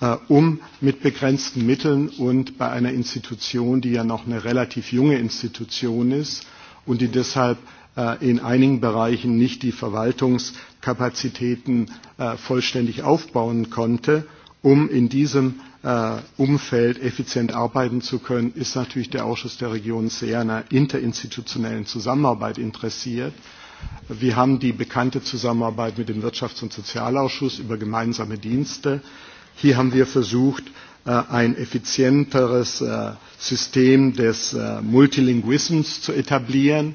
äh, um mit begrenzten Mitteln und bei einer Institution, die ja noch eine relativ junge Institution ist und die deshalb äh, in einigen Bereichen nicht die Verwaltungskapazitäten äh, vollständig aufbauen konnte, um in diesem äh, Umfeld effizient arbeiten zu können, ist natürlich der Ausschuss der Region sehr an einer interinstitutionellen Zusammenarbeit interessiert. Wir haben die bekannte Zusammenarbeit mit dem Wirtschafts- und Sozialausschuss über gemeinsame Dienste. Hier haben wir versucht, äh, ein effizienteres äh, System des Multilinguismus zu etablieren.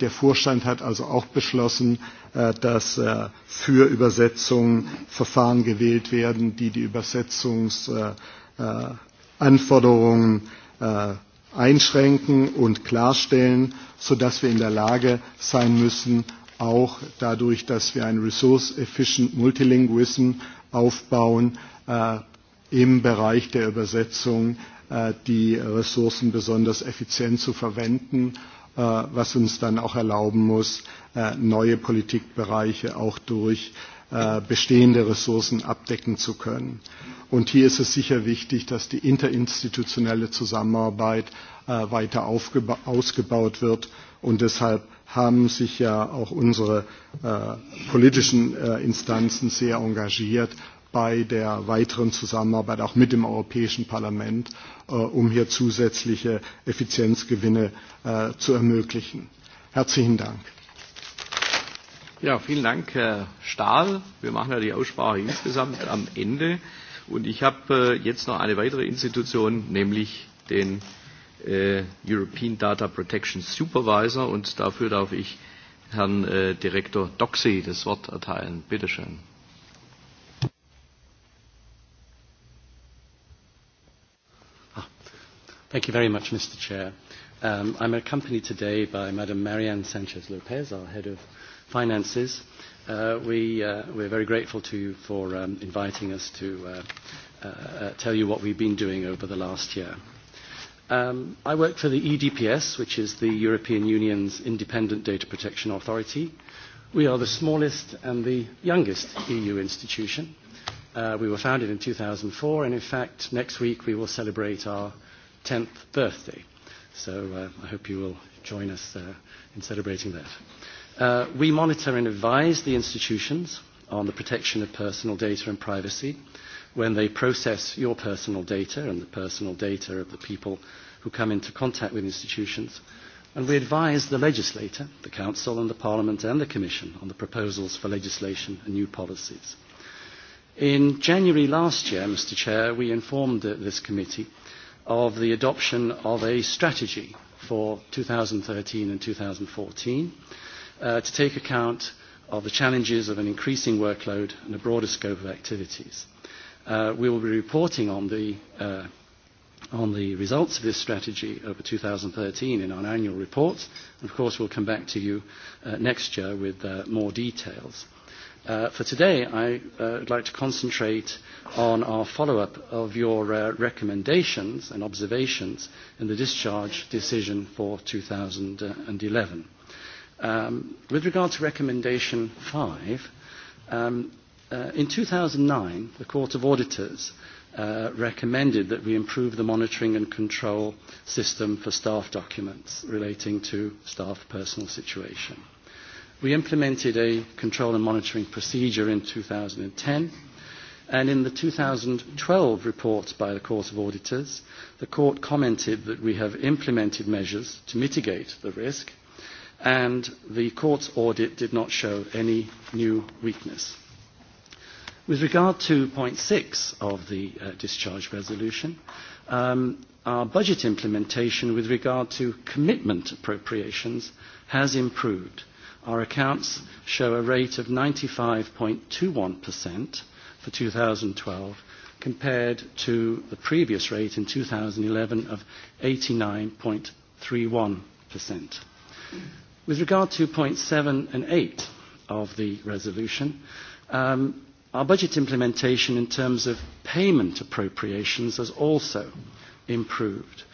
Der Vorstand hat also auch beschlossen, Äh, dass äh, für Übersetzungen Verfahren gewählt werden, die die Übersetzungsanforderungen äh, einschränken und klarstellen, sodass wir in der Lage sein müssen, auch dadurch, dass wir ein resource-efficient Multilinguism aufbauen, im Bereich der Übersetzung die Ressourcen besonders effizient zu verwenden, was uns dann auch erlauben muss, Äh, neue Politikbereiche auch durch äh, bestehende Ressourcen abdecken zu können. Und hier ist es sicher wichtig, dass die interinstitutionelle Zusammenarbeit äh, weiter ausgebaut wird. Und deshalb haben sich ja auch unsere politischen Instanzen sehr engagiert bei der weiteren Zusammenarbeit auch mit dem Europäischen Parlament, um hier zusätzliche Effizienzgewinne zu ermöglichen. Herzlichen Dank. Ja, vielen Dank, Herr Stahl. Wir machen ja die Aussprache insgesamt am Ende. Und ich habe äh, jetzt noch eine weitere Institution, nämlich den äh, European Data Protection Supervisor. Und dafür darf ich Herrn äh, Direktor Doxy das Wort erteilen. Bitte schön. Ah, thank you very much, Mr. Chair. Um, I'm accompanied today by Madam Marianne Sanchez-Lopez, our head of finances. Uh, we, uh, we're very grateful to you for um, inviting us to uh, uh, uh, tell you what we've been doing over the last year. Um, I work for the EDPS, which is the European Union's Independent Data Protection Authority. We are the smallest and the youngest EU institution. Uh, we were founded in 2004, and in fact, next week we will celebrate our 10th birthday. So uh, I hope you will join us uh, in celebrating that. Uh, we monitor and advise the institutions on the protection of personal data and privacy when they process your personal data and the personal data of the people who come into contact with institutions. And we advise the legislator, the Council and the Parliament and the Commission on the proposals for legislation and new policies. In January last year, Mr Chair, we informed this committee of the adoption of a strategy for 2013 and 2014 uh, to take account of the challenges of an increasing workload and a broader scope of activities. Uh, we will be reporting on the, uh, on the results of this strategy over 2013 in our annual report. And of course, we'll come back to you uh, next year with uh, more details. Uh, for today, I uh, would like to concentrate on our follow-up of your uh, recommendations and observations in the discharge decision for 2011. Um, with regard to recommendation five, um, uh, in 2009, the Court of Auditors uh, recommended that we improve the monitoring and control system for staff documents relating to staff personal situation. We implemented a control and monitoring procedure in 2010, and in the 2012 report by the Court of Auditors, the Court commented that we have implemented measures to mitigate the risk – and the court's audit did not show any new weakness. With regard to point six of the uh, discharge resolution, um, our budget implementation with regard to commitment appropriations has improved. Our accounts show a rate of 95.21% for 2012 compared to the previous rate in 2011 of 89.31%. With regard to points seven and eight of the resolution, um, our budget implementation in terms of payment appropriations has also improved.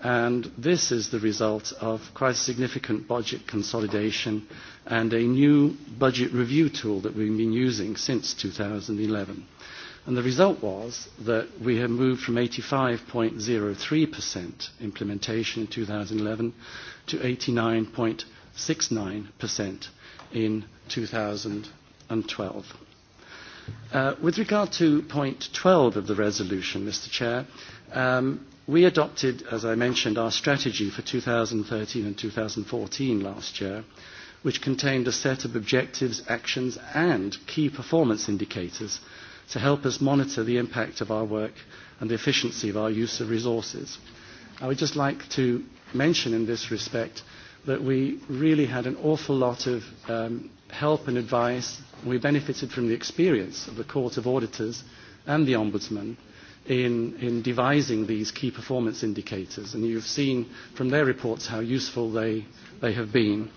And this is the result of quite significant budget consolidation and a new budget review tool that we've been using since 2011. And the result was that we have moved from 85.03% implementation in 2011 to 89.02% 0.69% in 2012. Uh, with regard to point 12 of the resolution, Mr. Chair, um, we adopted, as I mentioned, our strategy for 2013 and 2014 last year, which contained a set of objectives, actions, and key performance indicators to help us monitor the impact of our work and the efficiency of our use of resources. I would just like to mention in this respect that we really had an awful lot of um, help and advice. We benefited from the experience of the Court of Auditors and the Ombudsman in, in devising these key performance indicators. And you've seen from their reports how useful they, they have been.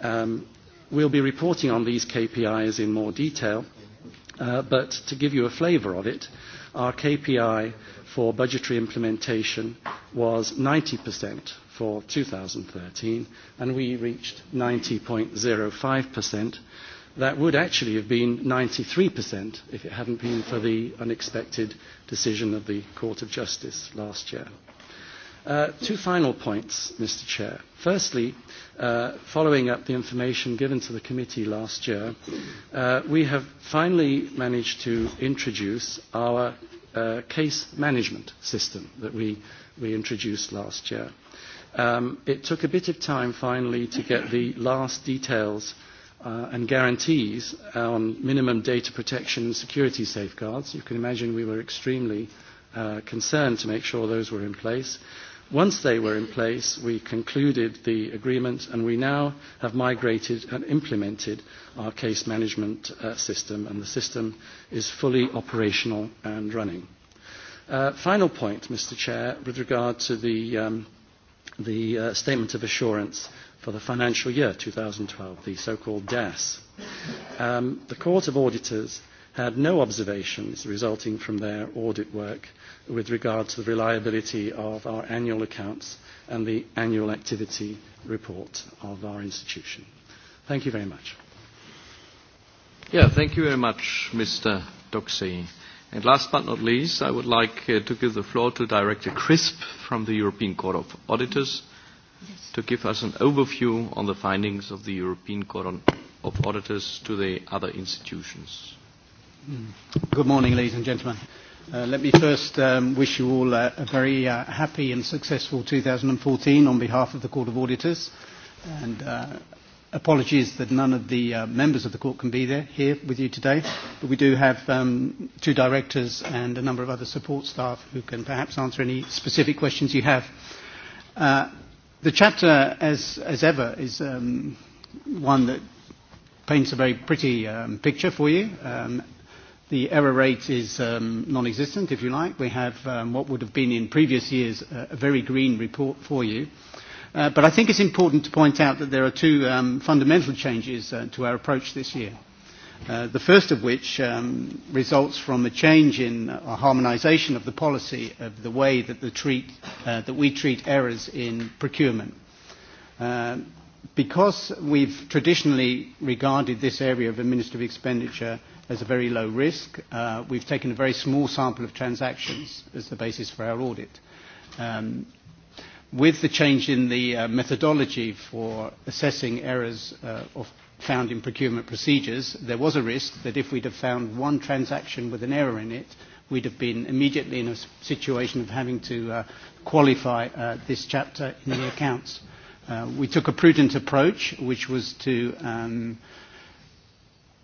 Um, we'll be reporting on these KPIs in more detail, uh, but to give you a flavour of it, our KPI for budgetary implementation was 90%, for 2013, and we reached 90.05%. That would actually have been 93% if it hadn't been for the unexpected decision of the Court of Justice last year. Uh, two final points, Mr. Chair. Firstly, uh, following up the information given to the committee last year, uh, we have finally managed to introduce our uh, case management system that we, we introduced last year. Um, it took a bit of time finally to get the last details uh, and guarantees on minimum data protection and security safeguards. You can imagine we were extremely uh, concerned to make sure those were in place. Once they were in place, we concluded the agreement and we now have migrated and implemented our case management uh, system and the system is fully operational and running. Uh, final point, Mr. Chair, with regard to the um, the uh, Statement of Assurance for the financial year 2012, the so-called DAS. Um, the Court of Auditors had no observations resulting from their audit work with regard to the reliability of our annual accounts and the annual activity report of our institution. Thank you very much. Yeah, thank you very much, Mr. Doxey. And last but not least, I would like uh, to give the floor to Director Crisp from the European Court of Auditors yes. to give us an overview on the findings of the European Court of Auditors to the other institutions. Mm. Good morning, ladies and gentlemen. Uh, let me first um, wish you all a, a very uh, happy and successful 2014 on behalf of the Court of Auditors. And uh, Apologies that none of the uh, members of the court can be there here with you today, but we do have um, two directors and a number of other support staff who can perhaps answer any specific questions you have. Uh, the chapter, as, as ever, is um, one that paints a very pretty um, picture for you. Um, the error rate is um, non-existent, if you like. We have um, what would have been in previous years a, a very green report for you. Uh, Uh, but I think it's important to point out that there are two um, fundamental changes uh, to our approach this year. Uh, the first of which um, results from a change in uh, a uh, harmonisation of the policy of the way that, the treat, uh, that we treat errors in procurement. Uh, because we've traditionally regarded this area of administrative expenditure as a very low risk, uh, we've taken a very small sample of transactions as the basis for our audit. Um, with the change in the uh, methodology for assessing errors uh, of found in procurement procedures, there was a risk that if we'd have found one transaction with an error in it, we'd have been immediately in a situation of having to uh, qualify uh, this chapter in the accounts. Uh, we took a prudent approach, which was to um, uh,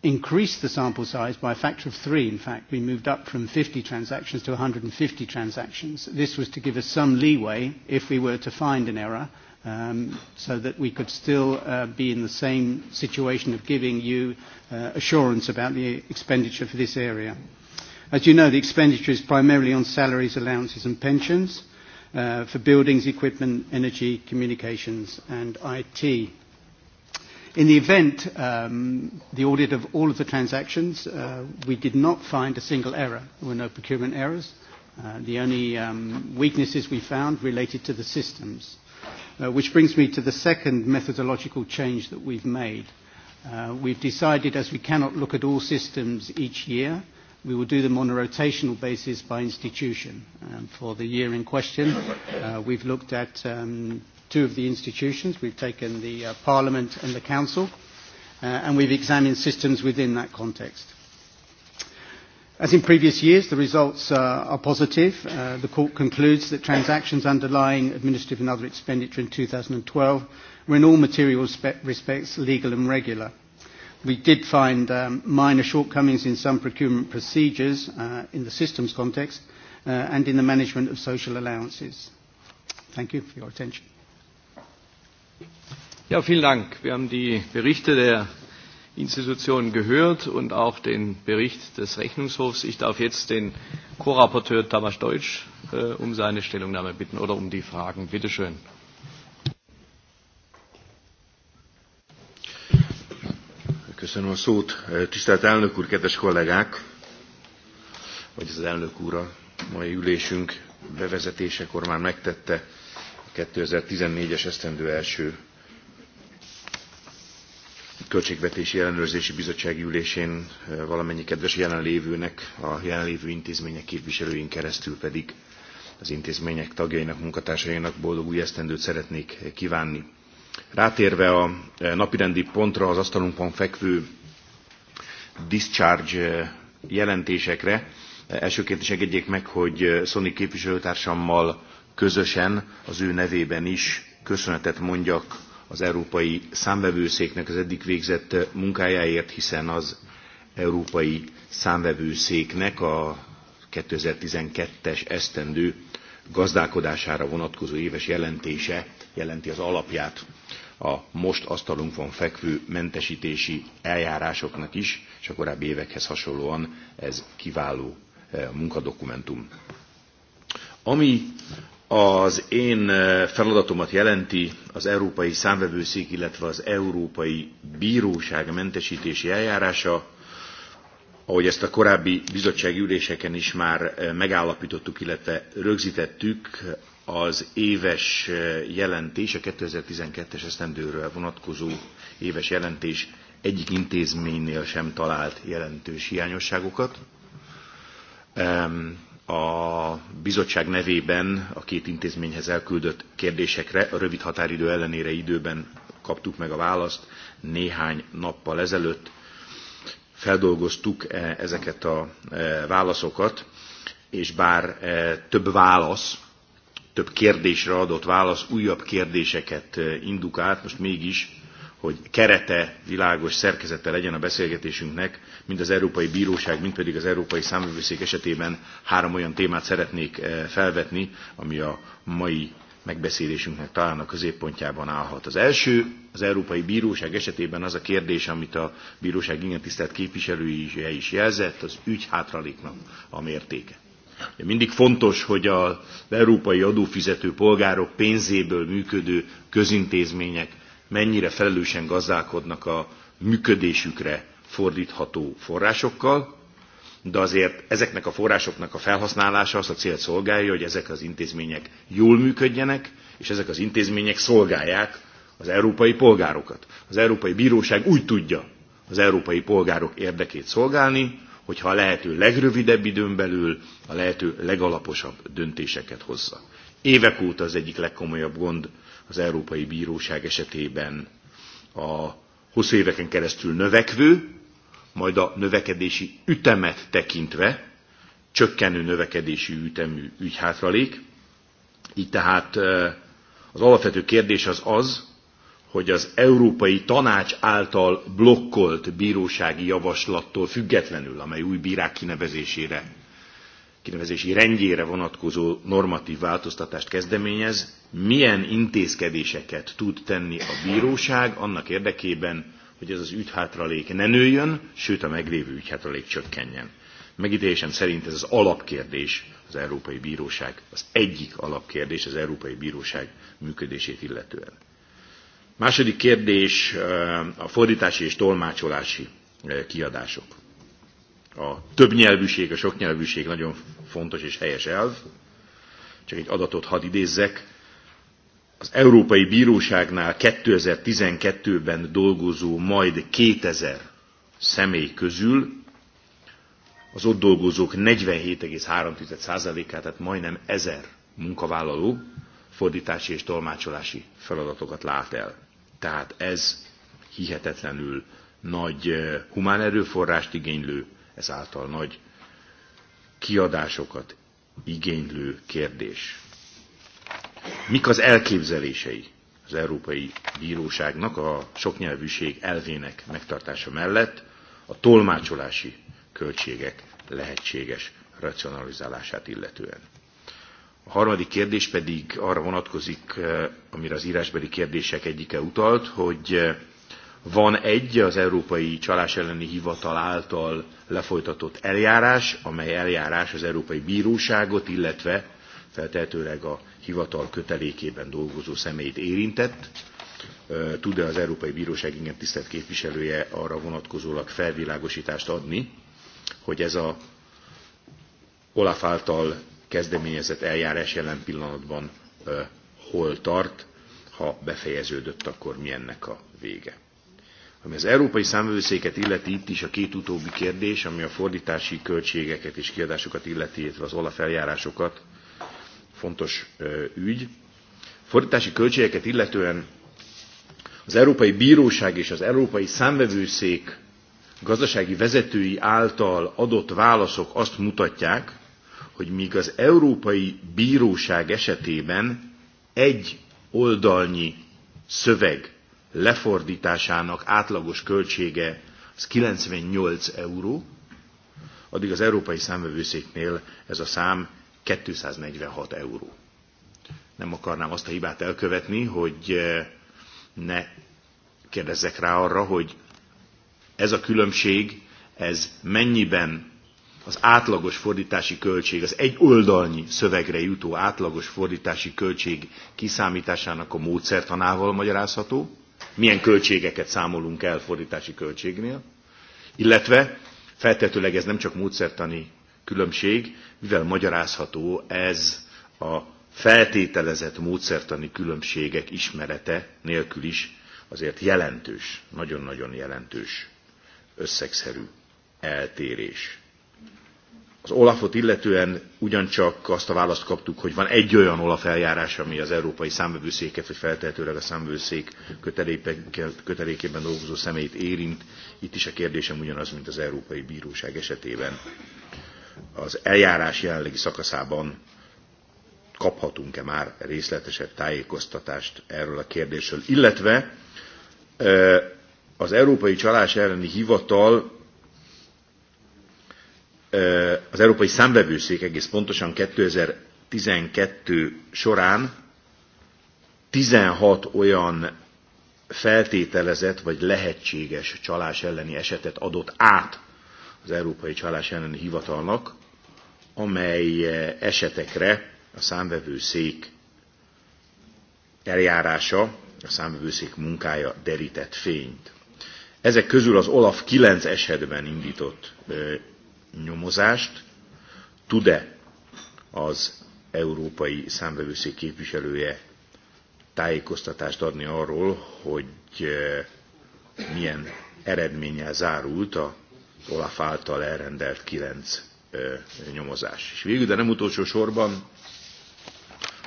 increased the sample size by a factor of three, in fact. We moved up from 50 transactions to 150 transactions. This was to give us some leeway if we were to find an error, um, so that we could still uh, be in the same situation of giving you uh, assurance about the expenditure for this area. As you know, the expenditure is primarily on salaries, allowances and pensions uh, for buildings, equipment, energy, communications and IT. In the event, um, the audit of all of the transactions, uh, we did not find a single error. There were no procurement errors. Uh, the only um, weaknesses we found related to the systems. Uh, which brings me to the second methodological change that we've made. we've decided, as we cannot look at all systems each year, we will do them on a rotational basis by institution. Um, for the year in question, we've looked at two of the institutions. We've taken the uh, Parliament and the Council, uh, and we've examined systems within that context. As in previous years, the results uh, are positive. Uh, the court concludes that transactions underlying administrative and other expenditure in 2012 were in all material respects legal and regular. We did find um, minor shortcomings in some procurement procedures uh, in the systems context uh, and in the management of social allowances. Thank you for your attention. Ja, vielen Dank. Wir haben die Berichte der Institutionen gehört und auch den Bericht des Rechnungshofs. Ich darf jetzt den Co-Rapporteur Tamas Deutsch äh, um seine Stellungnahme bitten oder um die Fragen. Bitte schön. Köszönöm a szót. Tisztelt elnök úr, kedves kollégák, vagy az elnök úr a mai ülésünk bevezetésekor már megtette a 2014-es esztendő első Költségvetési Ellenőrzési Bizottság Ülésén valamennyi kedves jelenlévőnek, a jelenlévő intézmények képviselőin keresztül pedig az intézmények tagjainak, munkatársainak boldog új esztendőt szeretnék kívánni. Rátérve a napirendi pontra, az asztalunkon fekvő discharge jelentésekre, elsőként is engedjék meg, hogy Szoni képviselőtársammal közösen az ő nevében is köszönetet mondjak az Európai Számvevőszéknek az eddig végzett munkájáért, hiszen az Európai Számvevőszéknek a 2012-es esztendő gazdálkodására vonatkozó éves jelentése jelenti az alapját a most asztalunkon fekvő mentesítési eljárásoknak is, és a korábbi évekhez hasonlóan ez kiváló eh, munkadokumentum. Ami Az én eh, feladatomat jelenti az Európai Számvevőszék, illetve az Európai Bíróság mentesítési eljárása, ahogy ezt a korábbi bizottsági üléseken is már eh, megállapítottuk, illetve rögzítettük, az éves eh, jelentés, a 2012-es esztendőről vonatkozó éves jelentés egyik intézménynél sem talált jelentős hiányosságokat a bizottság nevében a két intézményhez elküldött kérdésekre a rövid határidő ellenére időben kaptuk meg a választ néhány nappal ezelőtt. Feldolgoztuk eh, ezeket a eh, válaszokat, és bár eh, több válasz, több kérdésre adott válasz újabb kérdéseket indukált, most mégis hogy kerete, világos szerkezete legyen a beszélgetésünknek, mind az Európai Bíróság, mind pedig az Európai Számvevőszék esetében három olyan témát szeretnék eh, felvetni, ami a mai megbeszélésünknek talán a középpontjában állhat. Az első, az Európai Bíróság esetében az a kérdés, amit a bíróság igen tisztelt képviselője is jelzett, az ügy hátraléknak a mértéke. Mindig fontos, hogy az európai adófizető polgárok pénzéből működő közintézmények mennyire felelősen gazdálkodnak a működésükre fordítható forrásokkal, de azért ezeknek a forrásoknak a felhasználása azt a célt szolgálja, hogy ezek az intézmények jól működjenek, és ezek az intézmények szolgálják az európai polgárokat. Az Európai Bíróság úgy tudja az európai polgárok érdekét szolgálni, hogyha a lehető legrövidebb időn belül a lehető legalaposabb döntéseket hozza. Évek óta az egyik legkomolyabb gond az Európai Bíróság esetében a hosszú éveken keresztül növekvő, majd a növekedési ütemet tekintve csökkenő növekedési ütemű ügyhátralék. Így tehát az alapvető kérdés az az, hogy az Európai Tanács által blokkolt bírósági javaslattól függetlenül, amely új bírák kinevezésére kinevezési rendjére vonatkozó normatív változtatást kezdeményez, milyen intézkedéseket tud tenni a bíróság annak érdekében, hogy ez az ügyhátralék ne nőjön, sőt a meglévő ügyhátralék csökkenjen. Megítélésem szerint ez az alapkérdés az Európai Bíróság, az egyik alapkérdés az Európai Bíróság működését illetően. Második kérdés a fordítási és tolmácsolási kiadások a többnyelvűség, a soknyelvűség nagyon fontos és helyes elv. Csak egy adatot hadd idézzek. Az Európai Bíróságnál 2012-ben dolgozó majd 2000 személy közül az ott dolgozók 47,3%-át, tehát majdnem 1000 munkavállaló fordítási és tolmácsolási feladatokat lát el. Tehát ez hihetetlenül nagy eh, humán erőforrást igénylő, ezáltal nagy kiadásokat igénylő kérdés. Mik az elképzelései az Európai Bíróságnak a soknyelvűség elvének megtartása mellett a tolmácsolási költségek lehetséges racionalizálását illetően? A harmadik kérdés pedig arra vonatkozik, eh, amire az írásbeli kérdések egyike utalt, hogy eh, Van egy az Európai Csalás elleni Hivatal által lefolytatott eljárás, amely eljárás az Európai Bíróságot, illetve feltehetőleg a hivatal kötelékében dolgozó személyt érintett. Tud-e az Európai Bíróság ingyen tisztelt képviselője arra vonatkozólag felvilágosítást adni, hogy ez a Olaf által kezdeményezett eljárás jelen pillanatban hol tart, ha befejeződött, akkor mi ennek a vége? Ami az európai számvevőszéket illeti, itt is a két utóbbi kérdés, ami a fordítási költségeket és kiadásokat illeti, illetve az olaf eljárásokat, fontos ügy. Fordítási költségeket illetően az Európai Bíróság és az Európai Számvevőszék gazdasági vezetői által adott válaszok azt mutatják, hogy míg az Európai Bíróság esetében egy oldalnyi szöveg lefordításának átlagos költsége az 98 euró, addig az Európai Számvevőszéknél ez a szám 246 euró. Nem akarnám azt a hibát elkövetni, hogy eh, ne kérdezzek rá arra, hogy ez a különbség, ez mennyiben az átlagos fordítási költség, az egy oldalnyi szövegre jutó átlagos fordítási költség kiszámításának a módszertanával magyarázható, milyen költségeket számolunk el fordítási költségnél, illetve feltetőleg ez nem csak módszertani különbség, mivel magyarázható ez a feltételezett módszertani különbségek ismerete nélkül is azért jelentős, nagyon-nagyon jelentős összegszerű eltérés. Az Olafot illetően ugyancsak azt a választ kaptuk, hogy van egy olyan Olaf eljárás, ami az európai számvevőszéket, vagy feltehetőleg a számvevőszék kötelékében dolgozó személyt érint. Itt is a kérdésem ugyanaz, mint az Európai Bíróság esetében. Az eljárás jelenlegi szakaszában kaphatunk-e már részletesebb tájékoztatást erről a kérdésről, illetve az Európai Csalás elleni Hivatal az Európai Számvevőszék egész pontosan 2012 során 16 olyan feltételezett vagy lehetséges csalás elleni esetet adott át az Európai Csalás elleni Hivatalnak, amely esetekre a számvevőszék eljárása, a számvevőszék munkája derített fényt. Ezek közül az Olaf 9 esetben indított nyomozást, tud-e az európai számvevőszék képviselője tájékoztatást adni arról, hogy eh, milyen eredménnyel zárult a Olaf által elrendelt kilenc eh, nyomozás. És végül, de nem utolsó sorban,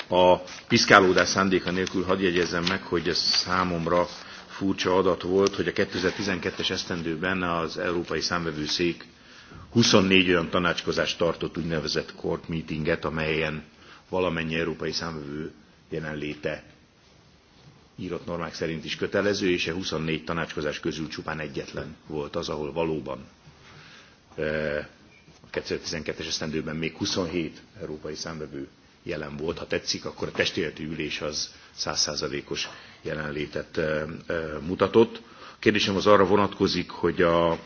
a piszkálódás szándéka nélkül hadd jegyezzem meg, hogy ez számomra furcsa adat volt, hogy a 2012-es esztendőben az Európai Számvevőszék 24 olyan tanácskozást tartott úgynevezett court meetinget, amelyen valamennyi európai számvevő jelenléte írott normák szerint is kötelező, és a e 24 tanácskozás közül csupán egyetlen volt az, ahol valóban e, a 2012-es esztendőben még 27 európai számvevő jelen volt. Ha tetszik, akkor a testéleti ülés az 100%-os jelenlétet e, mutatott. A kérdésem az arra vonatkozik, hogy a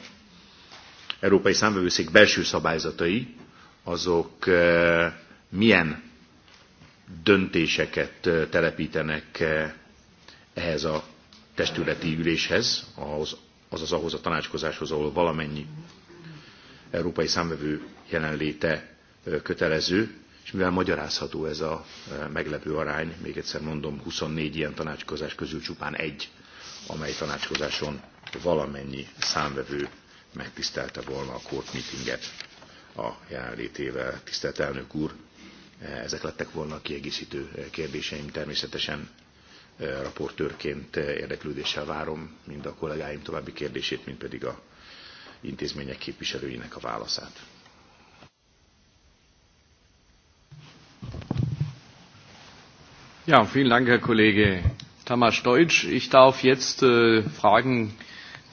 Európai Számvevőszék belső szabályzatai, azok eh, milyen döntéseket eh, telepítenek eh, ehhez a testületi üléshez, ahhoz, azaz ahhoz a tanácskozáshoz, ahol valamennyi európai számvevő jelenléte kötelező, és mivel magyarázható ez a meglepő arány, még egyszer mondom, 24 ilyen tanácskozás közül csupán egy, amely tanácskozáson valamennyi számvevő megtisztelte volna a court meetinget a jelenlétével. Tisztelt elnök úr, ezek lettek volna a kiegészítő kérdéseim. Természetesen raportőrként érdeklődéssel várom mind a kollégáim további kérdését, mint pedig a intézmények képviselőinek a válaszát. Ja, vielen Dank, Herr Kollege Tamás Deutsch. Ich darf jetzt äh, Fragen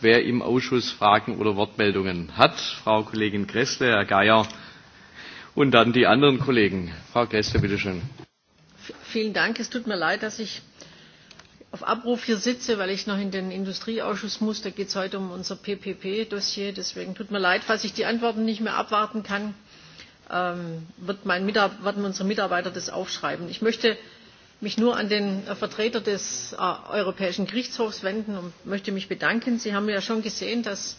wer im Ausschuss Fragen oder Wortmeldungen hat. Frau Kollegin Gressle, Herr Geier und dann die anderen Kollegen. Frau bitte schön. Vielen Dank. Es tut mir leid, dass ich auf Abruf hier sitze, weil ich noch in den Industrieausschuss muss. Da geht es heute um unser PPP-Dossier. Deswegen tut mir leid, falls ich die Antworten nicht mehr abwarten kann, ähm, wird mein Mitar werden unsere Mitarbeiter das aufschreiben. Ich möchte mich nur an den äh, Vertreter des äh, Europäischen Gerichtshofs wenden und möchte mich bedanken. Sie haben ja schon gesehen, dass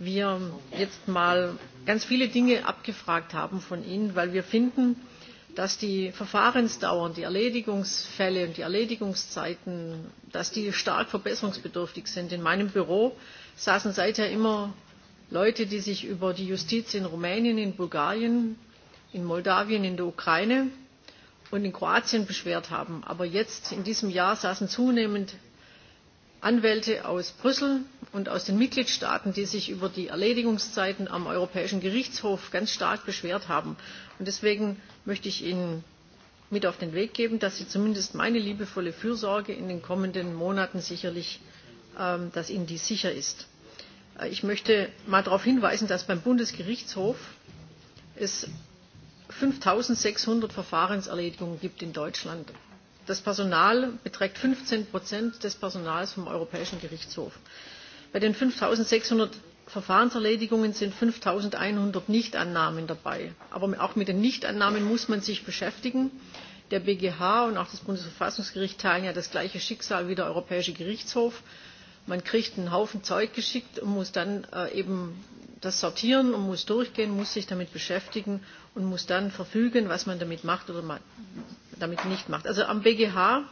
wir jetzt mal ganz viele Dinge abgefragt haben von Ihnen, weil wir finden, dass die Verfahrensdauern, die Erledigungsfälle und die Erledigungszeiten, dass die stark verbesserungsbedürftig sind. In meinem Büro saßen seither immer Leute, die sich über die Justiz in Rumänien, in Bulgarien, in Moldawien, in der Ukraine und in Kroatien beschwert haben. Aber jetzt in diesem Jahr saßen zunehmend Anwälte aus Brüssel und aus den Mitgliedstaaten, die sich über die Erledigungszeiten am Europäischen Gerichtshof ganz stark beschwert haben. Und deswegen möchte ich Ihnen mit auf den Weg geben, dass Sie zumindest meine liebevolle Fürsorge in den kommenden Monaten sicherlich, ähm, dass Ihnen die sicher ist. Äh, ich möchte mal darauf hinweisen, dass beim Bundesgerichtshof es 5.600 Verfahrenserledigungen gibt in Deutschland. Das Personal beträgt 15 Prozent des Personals vom Europäischen Gerichtshof. Bei den 5.600 Verfahrenserledigungen sind 5.100 Nichtannahmen dabei. Aber auch mit den Nichtannahmen muss man sich beschäftigen. Der BGH und auch das Bundesverfassungsgericht teilen ja das gleiche Schicksal wie der Europäische Gerichtshof. Man kriegt einen Haufen Zeug geschickt und muss dann äh, eben das sortieren und muss durchgehen, muss sich damit beschäftigen und muss dann verfügen, was man damit macht oder man damit nicht macht. Also am BGH,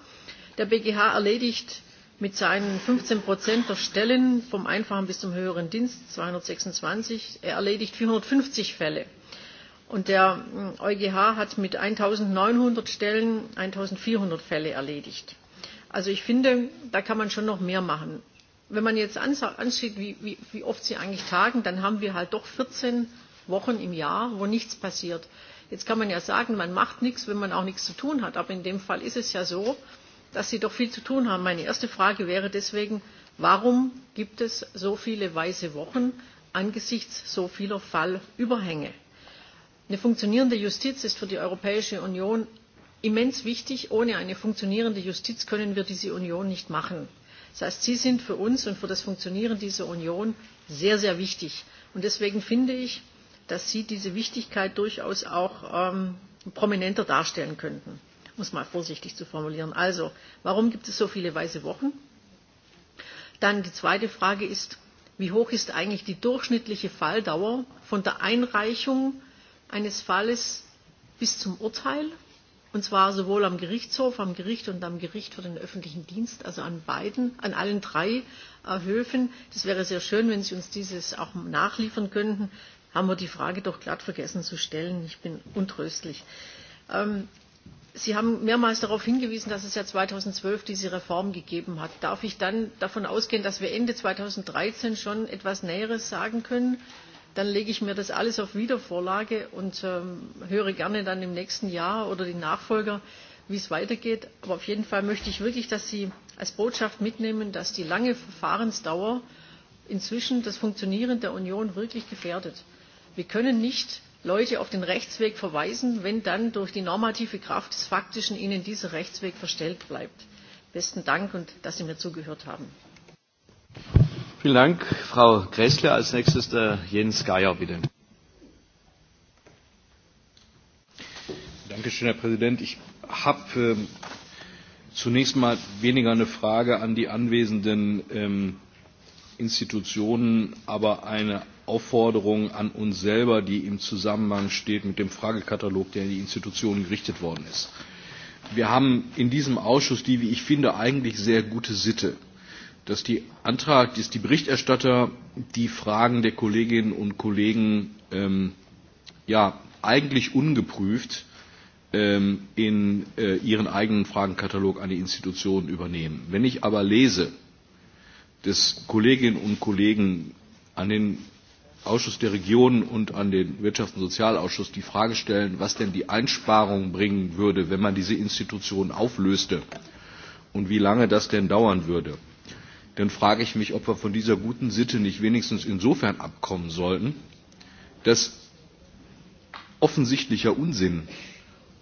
der BGH erledigt mit seinen 15 Prozent der Stellen vom einfachen bis zum höheren Dienst, 226, er erledigt 450 Fälle. Und der hm, EuGH hat mit 1900 Stellen 1400 Fälle erledigt. Also ich finde, da kann man schon noch mehr machen wenn man jetzt ansieht, wie, wie, wie oft sie eigentlich tagen, dann haben wir halt doch 14 Wochen im Jahr, wo nichts passiert. Jetzt kann man ja sagen, man macht nichts, wenn man auch nichts zu tun hat. Aber in dem Fall ist es ja so, dass sie doch viel zu tun haben. Meine erste Frage wäre deswegen, warum gibt es so viele weiße Wochen angesichts so vieler Fallüberhänge? Eine funktionierende Justiz ist für die Europäische Union immens wichtig. Ohne eine funktionierende Justiz können wir diese Union nicht machen. Das heißt, sie sind für uns und für das Funktionieren dieser Union sehr, sehr wichtig. Und deswegen finde ich, dass sie diese Wichtigkeit durchaus auch ähm, prominenter darstellen könnten, um es mal vorsichtig zu formulieren. Also, warum gibt es so viele weiße Wochen? Dann die zweite Frage ist, wie hoch ist eigentlich die durchschnittliche Falldauer von der Einreichung eines Falles bis zum Urteil? und zwar sowohl am Gerichtshof, am Gericht und am Gericht für den öffentlichen Dienst, also an beiden, an allen drei äh, Höfen. Das wäre sehr schön, wenn Sie uns dieses auch nachliefern könnten. Haben wir die Frage doch glatt vergessen zu stellen. Ich bin untröstlich. Ähm, Sie haben mehrmals darauf hingewiesen, dass es ja 2012 diese Reform gegeben hat. Darf ich dann davon ausgehen, dass wir Ende 2013 schon etwas Näheres sagen können? dann lege ich mir das alles auf Wiedervorlage und ähm, höre gerne dann im nächsten Jahr oder die Nachfolger, wie es weitergeht. Aber auf jeden Fall möchte ich wirklich, dass Sie als Botschaft mitnehmen, dass die lange Verfahrensdauer inzwischen das Funktionieren der Union wirklich gefährdet. Wir können nicht Leute auf den Rechtsweg verweisen, wenn dann durch die normative Kraft des Faktischen ihnen dieser Rechtsweg verstellt bleibt. Besten Dank und dass Sie mir zugehört haben. Vielen Dank, Frau Gressler. Als nächstes der äh, Jens Geier, bitte. Dankeschön, Herr Präsident. Ich habe äh, zunächst mal weniger eine Frage an die anwesenden ähm, Institutionen, aber eine Aufforderung an uns selber, die im Zusammenhang steht mit dem Fragekatalog, der in die Institutionen gerichtet worden ist. Wir haben in diesem Ausschuss die, wie ich finde, eigentlich sehr gute Sitte dass die Antrag, dass die Berichterstatter die Fragen der Kolleginnen und Kollegen ähm, ja eigentlich ungeprüft ähm, in äh, ihren eigenen Fragenkatalog an die Institutionen übernehmen. Wenn ich aber lese, dass Kolleginnen und Kollegen an den Ausschuss der Regionen und an den Wirtschafts- und Sozialausschuss die Frage stellen, was denn die Einsparung bringen würde, wenn man diese Institutionen auflöste und wie lange das denn dauern würde dann frage ich mich, ob wir von dieser guten Sitte nicht wenigstens insofern abkommen sollten, dass offensichtlicher Unsinn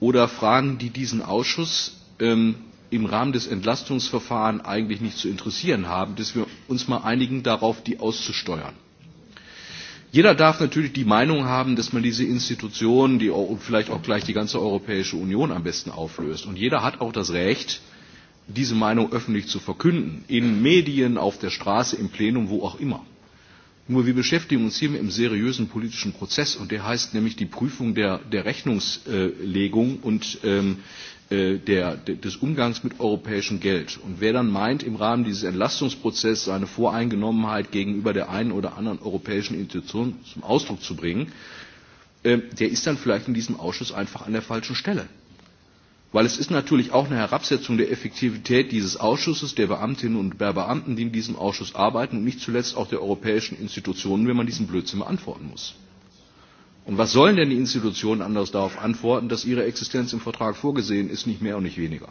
oder Fragen, die diesen Ausschuss ähm, im Rahmen des Entlastungsverfahrens eigentlich nicht zu interessieren haben, dass wir uns mal einigen darauf, die auszusteuern. Jeder darf natürlich die Meinung haben, dass man diese Institutionen, die vielleicht auch gleich die ganze Europäische Union am besten auflöst. Und jeder hat auch das Recht, äh, diese Meinung öffentlich zu verkünden, in Medien, auf der Straße, im Plenum, wo auch immer. Nur wir beschäftigen uns hier mit einem seriösen politischen Prozess und der heißt nämlich die Prüfung der, der Rechnungslegung und ähm, äh, der, des Umgangs mit europäischem Geld. Und wer dann meint, im Rahmen dieses Entlastungsprozesses seine Voreingenommenheit gegenüber der einen oder anderen europäischen Institution zum Ausdruck zu bringen, äh, der ist dann vielleicht in diesem Ausschuss einfach an der falschen Stelle. Weil es ist natürlich auch eine Herabsetzung der Effektivität dieses Ausschusses, der Beamtinnen und der Beamten, die in diesem Ausschuss arbeiten und nicht zuletzt auch der europäischen Institutionen, wenn man diesen Blödsinn beantworten muss. Und was sollen denn die Institutionen anders darauf antworten, dass ihre Existenz im Vertrag vorgesehen ist, nicht mehr und nicht weniger?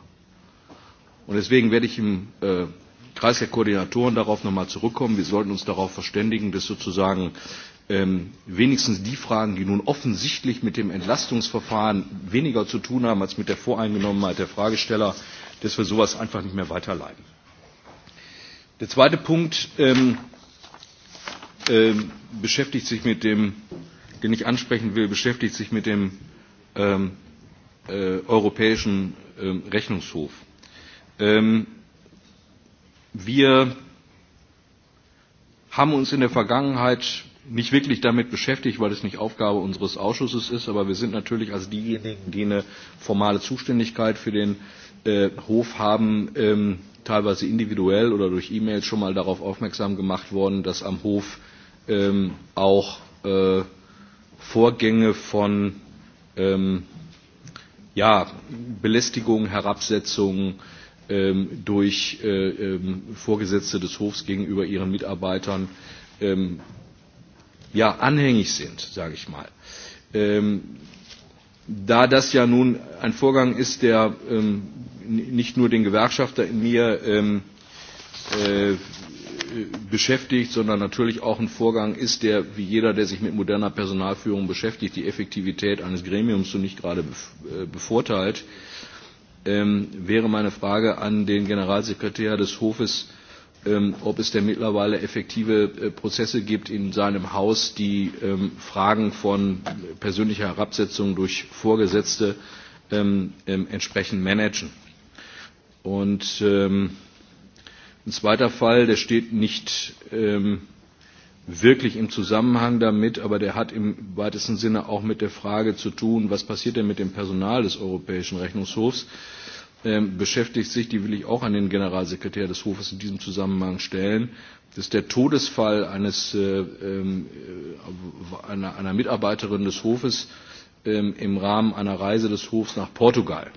Und deswegen werde ich im äh, Kreis der Koordinatoren darauf nochmal zurückkommen. Wir sollten uns darauf verständigen, dass sozusagen ähm, wenigstens die Fragen, die nun offensichtlich mit dem Entlastungsverfahren weniger zu tun haben als mit der Voreingenommenheit der Fragesteller, dass wir sowas einfach nicht mehr weiterleiten. Der zweite Punkt ähm, ähm, beschäftigt sich mit dem, den ich ansprechen will, beschäftigt sich mit dem ähm, äh, Europäischen ähm, Rechnungshof. Ähm, wir haben uns in der Vergangenheit nicht wirklich damit beschäftigt, weil es nicht Aufgabe unseres Ausschusses ist. Aber wir sind natürlich als diejenigen, die eine formale Zuständigkeit für den äh, Hof haben, ähm, teilweise individuell oder durch E-Mails schon mal darauf aufmerksam gemacht worden, dass am Hof ähm, auch äh, Vorgänge von ähm, ja, Belästigung, Herabsetzung ähm, durch äh, ähm, Vorgesetzte des Hofs gegenüber ihren Mitarbeitern ähm, ja, anhängig sind, sage ich mal. Ähm, da das ja nun ein Vorgang ist, der ähm, nicht nur den Gewerkschafter in mir ähm, äh, beschäftigt, sondern natürlich auch ein Vorgang ist, der, wie jeder, der sich mit moderner Personalführung beschäftigt, die Effektivität eines Gremiums so nicht gerade äh, bevorteilt, ähm, wäre meine Frage an den Generalsekretär des Hofes, Ähm, ob es denn mittlerweile effektive äh, Prozesse gibt in seinem Haus, die ähm, Fragen von persönlicher Herabsetzung durch Vorgesetzte ähm, entsprechend managen. Und ein zweiter Fall, der steht nicht wirklich im Zusammenhang damit, aber der hat im weitesten Sinne auch mit der Frage zu tun, was passiert denn mit dem Personal des Europäischen Rechnungshofs. Ähm, beschäftigt sich, die will ich auch an den Generalsekretär des Hofes in diesem Zusammenhang stellen. Das ist der Todesfall eines, äh, ähm, äh einer, einer Mitarbeiterin des Hofes äh, im Rahmen einer Reise des Hofs nach Portugal.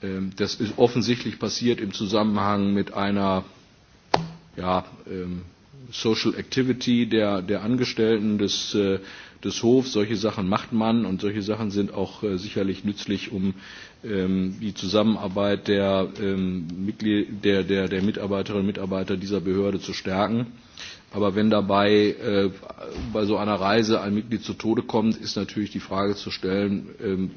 Äh, das ist offensichtlich passiert im Zusammenhang mit einer ja, ähm, Social Activity der, der Angestellten des, äh, des Hofs. Solche Sachen macht man und solche Sachen sind auch äh, sicherlich nützlich, um ähm, die Zusammenarbeit der, ähm, der, der, der Mitarbeiterinnen und Mitarbeiter dieser Behörde zu stärken. Aber wenn dabei äh, bei so einer Reise ein Mitglied zu Tode kommt, ist natürlich die Frage zu stellen, ähm,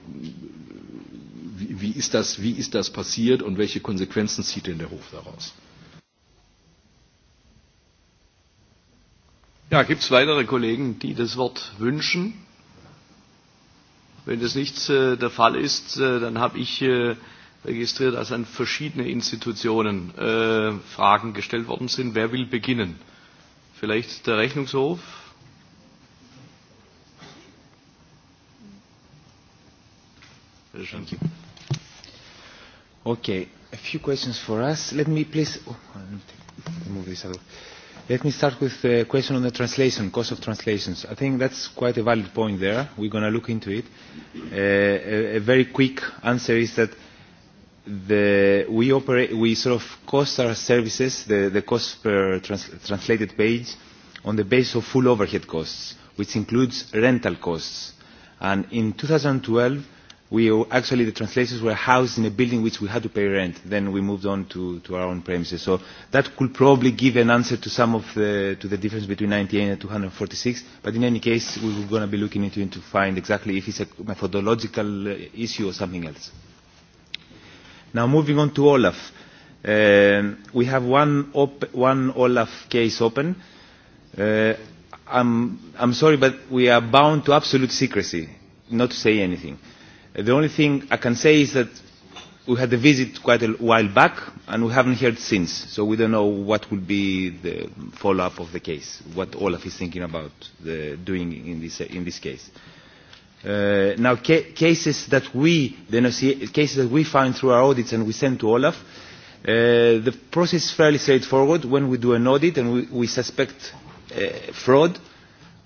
wie, wie, ist das, wie ist das passiert und welche Konsequenzen zieht denn der Hof daraus? Ja, gibt es weitere Kollegen, die das Wort wünschen? Wenn das nicht äh, der Fall ist, äh, dann habe ich äh, registriert, dass an verschiedene Institutionen äh, Fragen gestellt worden sind. Wer will beginnen? Vielleicht der Rechnungshof? Okay, a few questions for us. Let me please oh, move this out. Let me start with the question on the translation, cost of translations. I think that's quite a valid point there. We're going to look into it. Uh, a, a very quick answer is that the, we, operate, we sort of cost our services, the, the cost per trans, translated page, on the basis of full overhead costs, which includes rental costs. And in 2012, we actually the translators were housed in a building which we had to pay rent. Then we moved on to, to our own premises. So that could probably give an answer to some of the, to the difference between 98 and 246. But in any case, we were going to be looking into it to find exactly if it's a methodological issue or something else. Now moving on to Olaf. Um, we have one, op one Olaf case open. Uh, I'm, I'm sorry, but we are bound to absolute secrecy, not to say anything. Uh, The only thing I can say is that we had a visit quite a while back and we haven't heard since, so we don't know what will be the follow-up of the case, what Olaf is thinking about the, doing in this, in this case. Uh, now, ca cases that we the cases that we find through our audits and we send to Olaf, uh, the process is fairly straightforward. When we do an audit and we, we suspect uh, fraud,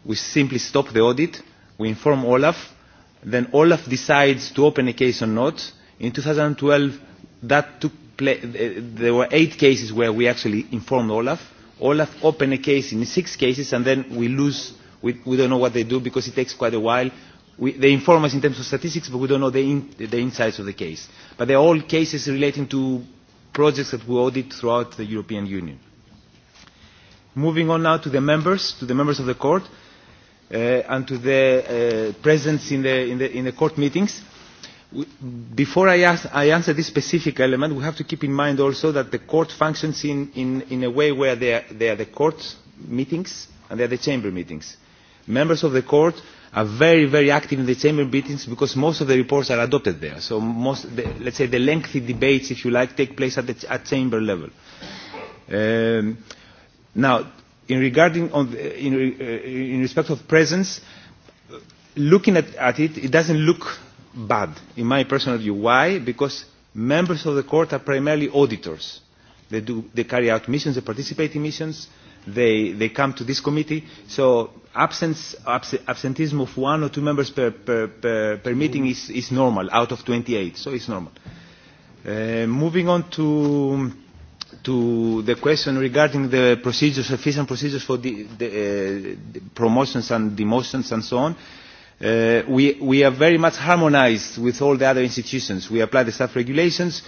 we simply stop the audit, we inform Olaf, then Olaf decides to open a case or not. In 2012, that took place, uh, there were eight cases where we actually informed Olaf. Olaf opened a case in six cases, and then we lose, we, we don't know what they do because it takes quite a while. We, they inform us in terms of statistics, but we don't know the, in, the insides of the case. But they're all cases relating to projects that we audit throughout the European Union. Moving on now to the members, to the members of the court uh, and to the uh, presence in the, in, the, in the court meetings. We, before I, ask, I answer this specific element, we have to keep in mind also that the court functions in, in, in a way where they are, they are the court meetings and they are the chamber meetings. Members of the court are very, very active in the chamber meetings because most of the reports are adopted there. So most, the, let's say the lengthy debates, if you like, take place at, the, ch at chamber level. Um, now, in, regarding on the, in, uh, in respect of presence, looking at, at it, it doesn't look bad, in my personal view. Why? Because members of the court are primarily auditors. They, do, they carry out missions, they participate in missions, they, they come to this committee. So absence, abs, absenteeism of one or two members per, per, per, per meeting is, is normal, out of 28, so it's normal. Uh, moving on to to the question regarding the procedures, efficient procedures for the, the, uh, the promotions and demotions and so on, uh, we, we are very much harmonized with all the other institutions. We apply the staff regulations.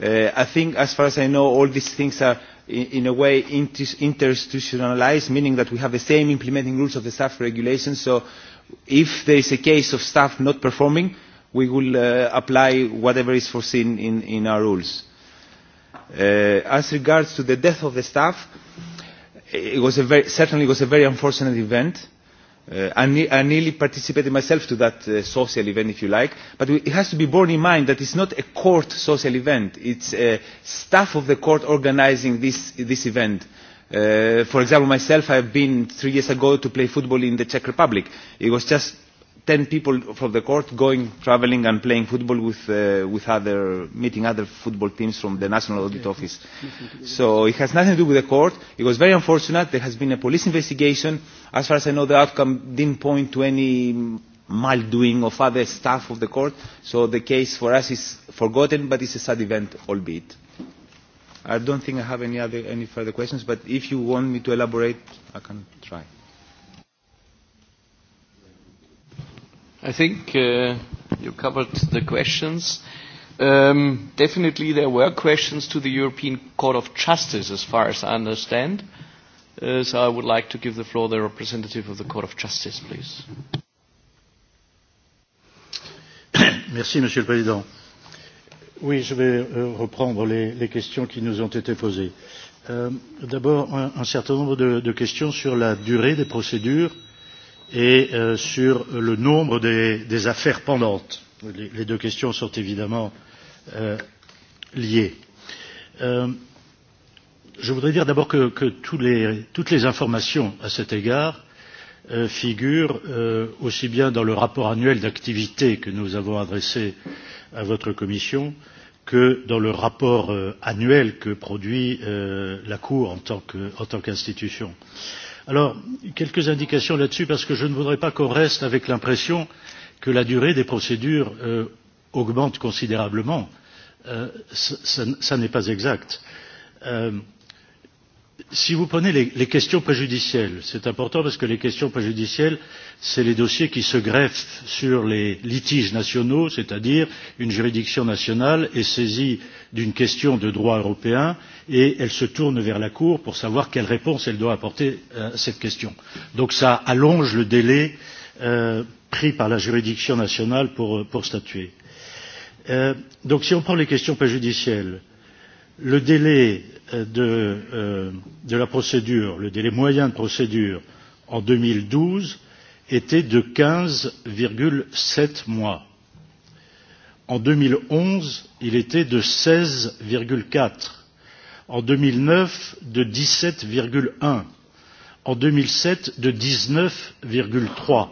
Uh, I think, as far as I know, all these things are in, in a way interinstitutionalized, meaning that we have the same implementing rules of the staff regulations. So if there is a case of staff not performing, we will uh, apply whatever is foreseen in, in our rules Uh, as regards to the death of the staff, it was a very, certainly it was a very unfortunate event. Uh, I, ne I nearly participated myself to that uh, social event, if you like. But it has to be borne in mind that it's not a court social event. It's uh, staff of the court organizing this, this event. Uh, for example, myself, I've been three years ago to play football in the Czech Republic. It was just ten people from the court going, traveling and playing football with, uh, with other, meeting other football teams from the National Audit Office. So it has nothing to do with the court. It was very unfortunate. There has been a police investigation. As far as I know, the outcome didn't point to any maldoing of other staff of the court. So the case for us is forgotten, but it's a sad event, albeit. I don't think I have any, other, any further questions, but if you want me to elaborate, I can try. I think uh, you covered the questions. Um, definitely there were questions to the European Court of Justice, as far as I understand. Uh, so I would like to give the floor to the representative of the Court of Justice, please. Merci, Monsieur le Président. Oui, je vais euh, reprendre les, les questions qui nous ont été posées. Euh, D'abord, un, un certain nombre de, de questions sur la durée des procédures et euh, sur le nombre des, affaires pendantes. Les, deux questions sont évidemment euh, liées. Euh, je voudrais dire d'abord que, que tous les, toutes les informations à cet égard euh, figurent euh, aussi bien dans le rapport annuel d'activité que nous avons adressé à votre commission que dans le rapport euh, annuel que produit euh, la Cour en tant qu'institution. Qu Alors, quelques indications là-dessus, parce que je ne voudrais pas qu'on reste avec l'impression que la durée des procédures euh, augmente considérablement. ce euh, n'est pas exact. Euh, si vous prenez les, les questions préjudicielles, c'est important parce que les questions préjudicielles, c'est les dossiers qui se greffent sur les litiges nationaux, c'est-à-dire une juridiction nationale est saisie d'une question de droit européen et elle se tourne vers la Cour pour savoir quelle réponse elle doit apporter à euh, cette question. Donc ça allonge le délai euh, pris par la juridiction nationale pour, euh, pour statuer. Euh, donc si on prend les questions préjudicielles, le délai euh, de, euh, de la procédure, le délai moyen de procédure en 2012 était de 15,7 mois. En 2011, il était de 16,4 en deux mille neuf de dix sept un en deux mille sept de dix neuf trois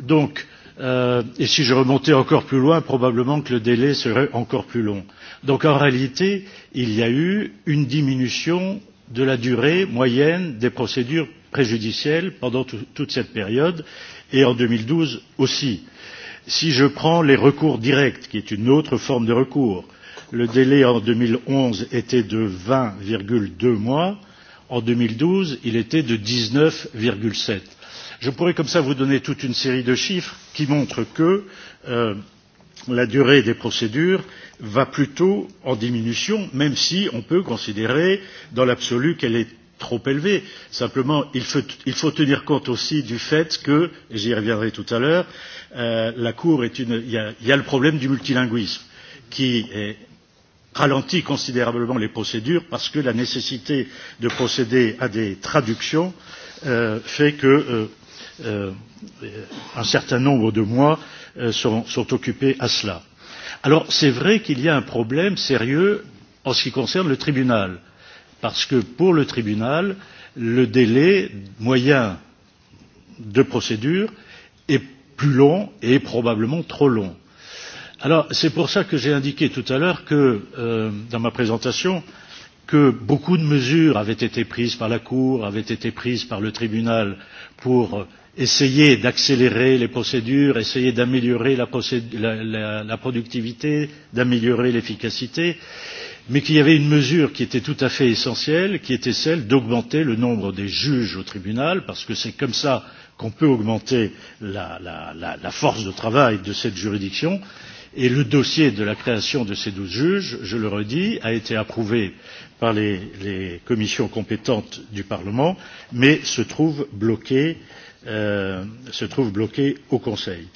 donc euh, et si je remontais encore plus loin probablement que le délai serait encore plus long. donc en réalité il y a eu une diminution de la durée moyenne des procédures préjudicielles pendant toute cette période et en deux mille douze aussi. si je prends les recours directs qui est une autre forme de recours le délai en deux mille onze était de vingt deux mois en deux mille douze il était de dix neuf sept. je pourrais comme cela vous donner toute une série de chiffres qui montrent que euh, la durée des procédures va plutôt en diminution même si on peut considérer dans l'absolu qu'elle est trop élevée. Simplement, il faut, il faut tenir compte aussi du fait que, et j'y reviendrai tout à l'heure, euh, la Cour est une. Il y, y a le problème du multilinguisme qui est ralentit considérablement les procédures parce que la nécessité de procéder à des traductions euh, fait que euh, euh, un certain nombre de mois euh, sont, sont occupés à cela. Alors c'est vrai qu'il y a un problème sérieux en ce qui concerne le tribunal, parce que pour le tribunal, le délai moyen de procédure est plus long et probablement trop long Alors, c'est pour ça que j'ai indiqué tout à l'heure que, euh, dans ma présentation, que beaucoup de mesures avaient été prises par la Cour, avaient été prises par le tribunal pour essayer d'accélérer les procédures, essayer d'améliorer la, la, la, la productivité, d'améliorer l'efficacité, mais qu'il y avait une mesure qui était tout à fait essentielle, qui était celle d'augmenter le nombre des juges au tribunal, parce que c'est comme ça qu'on peut augmenter la, la, la, la force de travail de cette juridiction, et le dossier de la création de ces douze juges, je le redis, a été approuvé par les, commissions compétentes du Parlement, mais euh, se trouve bloqué, au Conseil.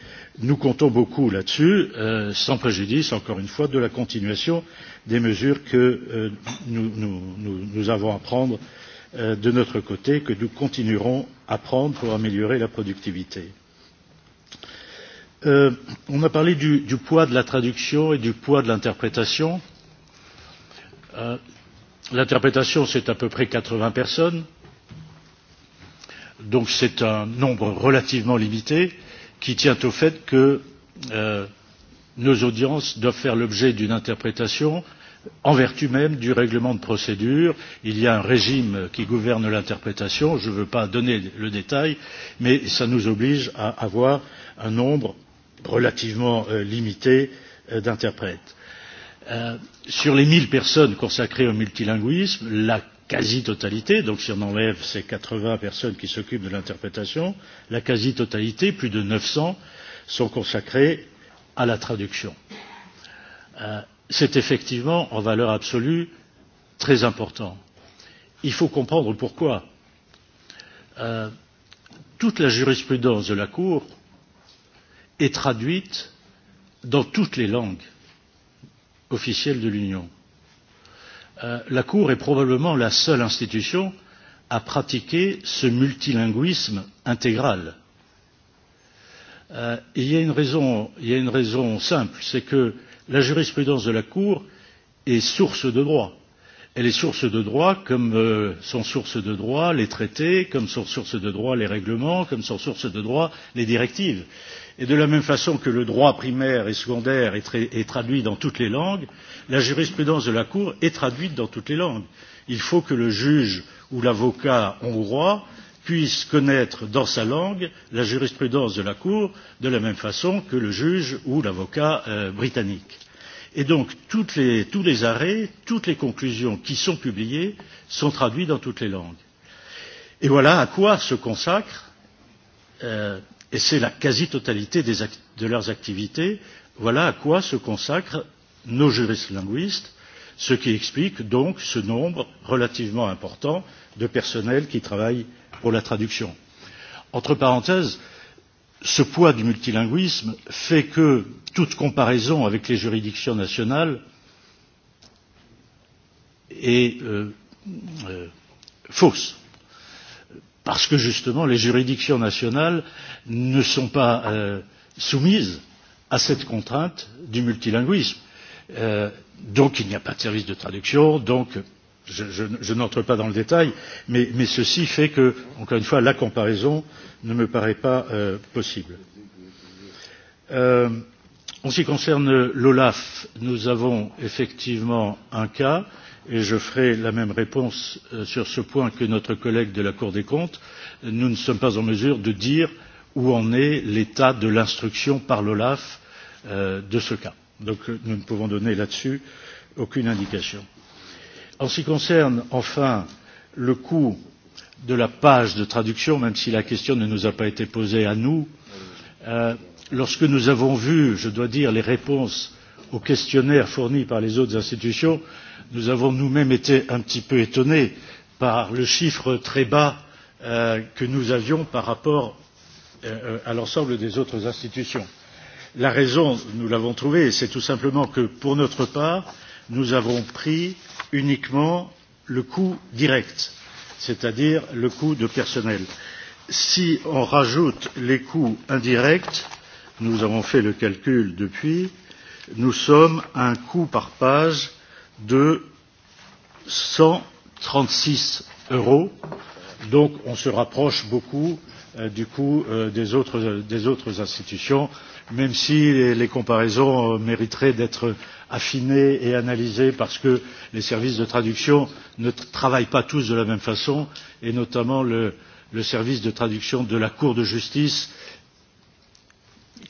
Nous comptons beaucoup là-dessus, euh, sans préjudice, encore une fois, de la continuation des mesures que euh, nous, avons à prendre euh, de notre côté, que nous continuerons à prendre pour améliorer la productivité Euh, on a parlé du, du poids de la traduction et du poids de l'interprétation. Euh, l'interprétation, c'est à peu près 80 personnes. Donc c'est un nombre relativement limité qui tient au fait que euh, nos audiences doivent faire l'objet d'une interprétation en vertu même du règlement de procédure. Il y a un régime qui gouverne l'interprétation. Je ne veux pas donner le détail, mais ça nous oblige à avoir un nombre relativement euh, limité euh, d'interprètes. Euh, sur les 1000 personnes consacrées au multilinguisme, la quasi-totalité, donc si on enlève ces 80 personnes qui s'occupent de l'interprétation, la quasi-totalité, plus de 900, sont consacrées à la traduction. C'est effectivement, en valeur absolue, très important. Il faut comprendre pourquoi. Euh, toute la jurisprudence de la Cour est traduite dans toutes les langues officielles de l'Union. Euh, la Cour est probablement la seule institution à pratiquer ce multilinguisme intégral. Euh, il y a une raison, il y a une raison simple, c'est que la jurisprudence de la Cour est source de droit. Elle est source de droit comme euh, sont source de droit les traités, comme sont source de droit les règlements, comme sont source de droit les directives. Et de la même façon que le droit primaire et secondaire est, tra est traduit dans toutes les langues, la jurisprudence de la Cour est traduite dans toutes les langues. Il faut que le juge ou l'avocat hongrois puisse connaître dans sa langue la jurisprudence de la Cour de la même façon que le juge ou l'avocat euh, britannique. Et donc toutes les, tous les arrêts, toutes les conclusions qui sont publiées sont traduits dans toutes les langues. Et voilà à quoi se consacre euh, et c'est la quasi-totalité des de leurs activités. Voilà à quoi se consacrent nos juristes linguistes, ce qui explique donc ce nombre relativement important de personnels qui travaillent pour la traduction. Entre parenthèses, ce poids du multilinguisme fait que toute comparaison avec les juridictions nationales est euh, euh, fausse parce que justement les juridictions nationales ne sont pas euh, soumises à cette contrainte du multilinguisme. Euh, donc il n'y a pas de service de traduction, donc je, je, je n'entre pas dans le détail, mais, mais ceci fait que, encore une fois, la comparaison ne me paraît pas euh, possible. Euh, en ce qui concerne l'olaf nous avons effectivement un cas euh, et je ferai la même réponse euh, sur ce point que notre collègue de la Cour des comptes, nous ne sommes pas en mesure de dire où en est l'état de l'instruction par l'OLAF euh, de ce cas. Donc euh, nous ne pouvons donner là-dessus aucune indication. En ce qui concerne enfin le coût de la page de traduction, même si la question ne nous a pas été posée à nous, euh, lorsque nous avons vu, je dois dire, les réponses aux questionnaires fournis par les autres institutions, nous nous avons nous mêmes été un petit peu étonnés par le chiffre très bas euh, que nous avions par rapport euh, à l'ensemble des autres institutions. La raison, nous l'avons trouvée, c'est tout simplement que, pour notre part, nous avons pris uniquement le coût direct, c'est-à-dire le coût de personnel. Si on rajoute les coûts indirects, nous avons fait le calcul depuis, nous sommes à un coût par page de 136 euros. Donc on se rapproche beaucoup euh, du coût euh, des, autres, des autres institutions, même si les, les comparaisons euh, mériteraient d'être affinées et analysées parce que les services de traduction ne travaillent pas tous de la même façon, et notamment le, le service de traduction de la Cour de justice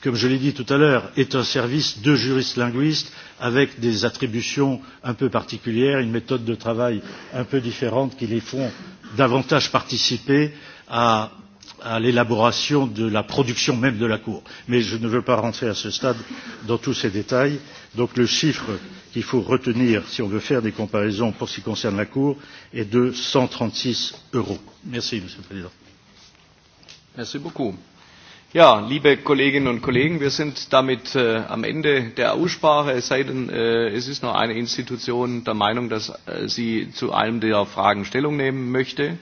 comme je l'ai dit tout à l'heure, est un service de juristes linguistes avec des attributions un peu particulières, une méthode de travail un peu différente qui les font davantage participer à, à l'élaboration de la production même de la Cour. Mais je ne veux pas rentrer à ce stade dans tous ces détails. Donc le chiffre qu'il faut retenir si on veut faire des comparaisons pour ce qui concerne la Cour est de 136 euros. Merci, Monsieur le Président. Merci beaucoup. Ja, liebe Kolleginnen und Kollegen, wir sind damit äh, am Ende der Aussprache, es sei denn, äh, es ist noch eine Institution der Meinung, dass äh, sie zu einem der Fragen Stellung nehmen möchte.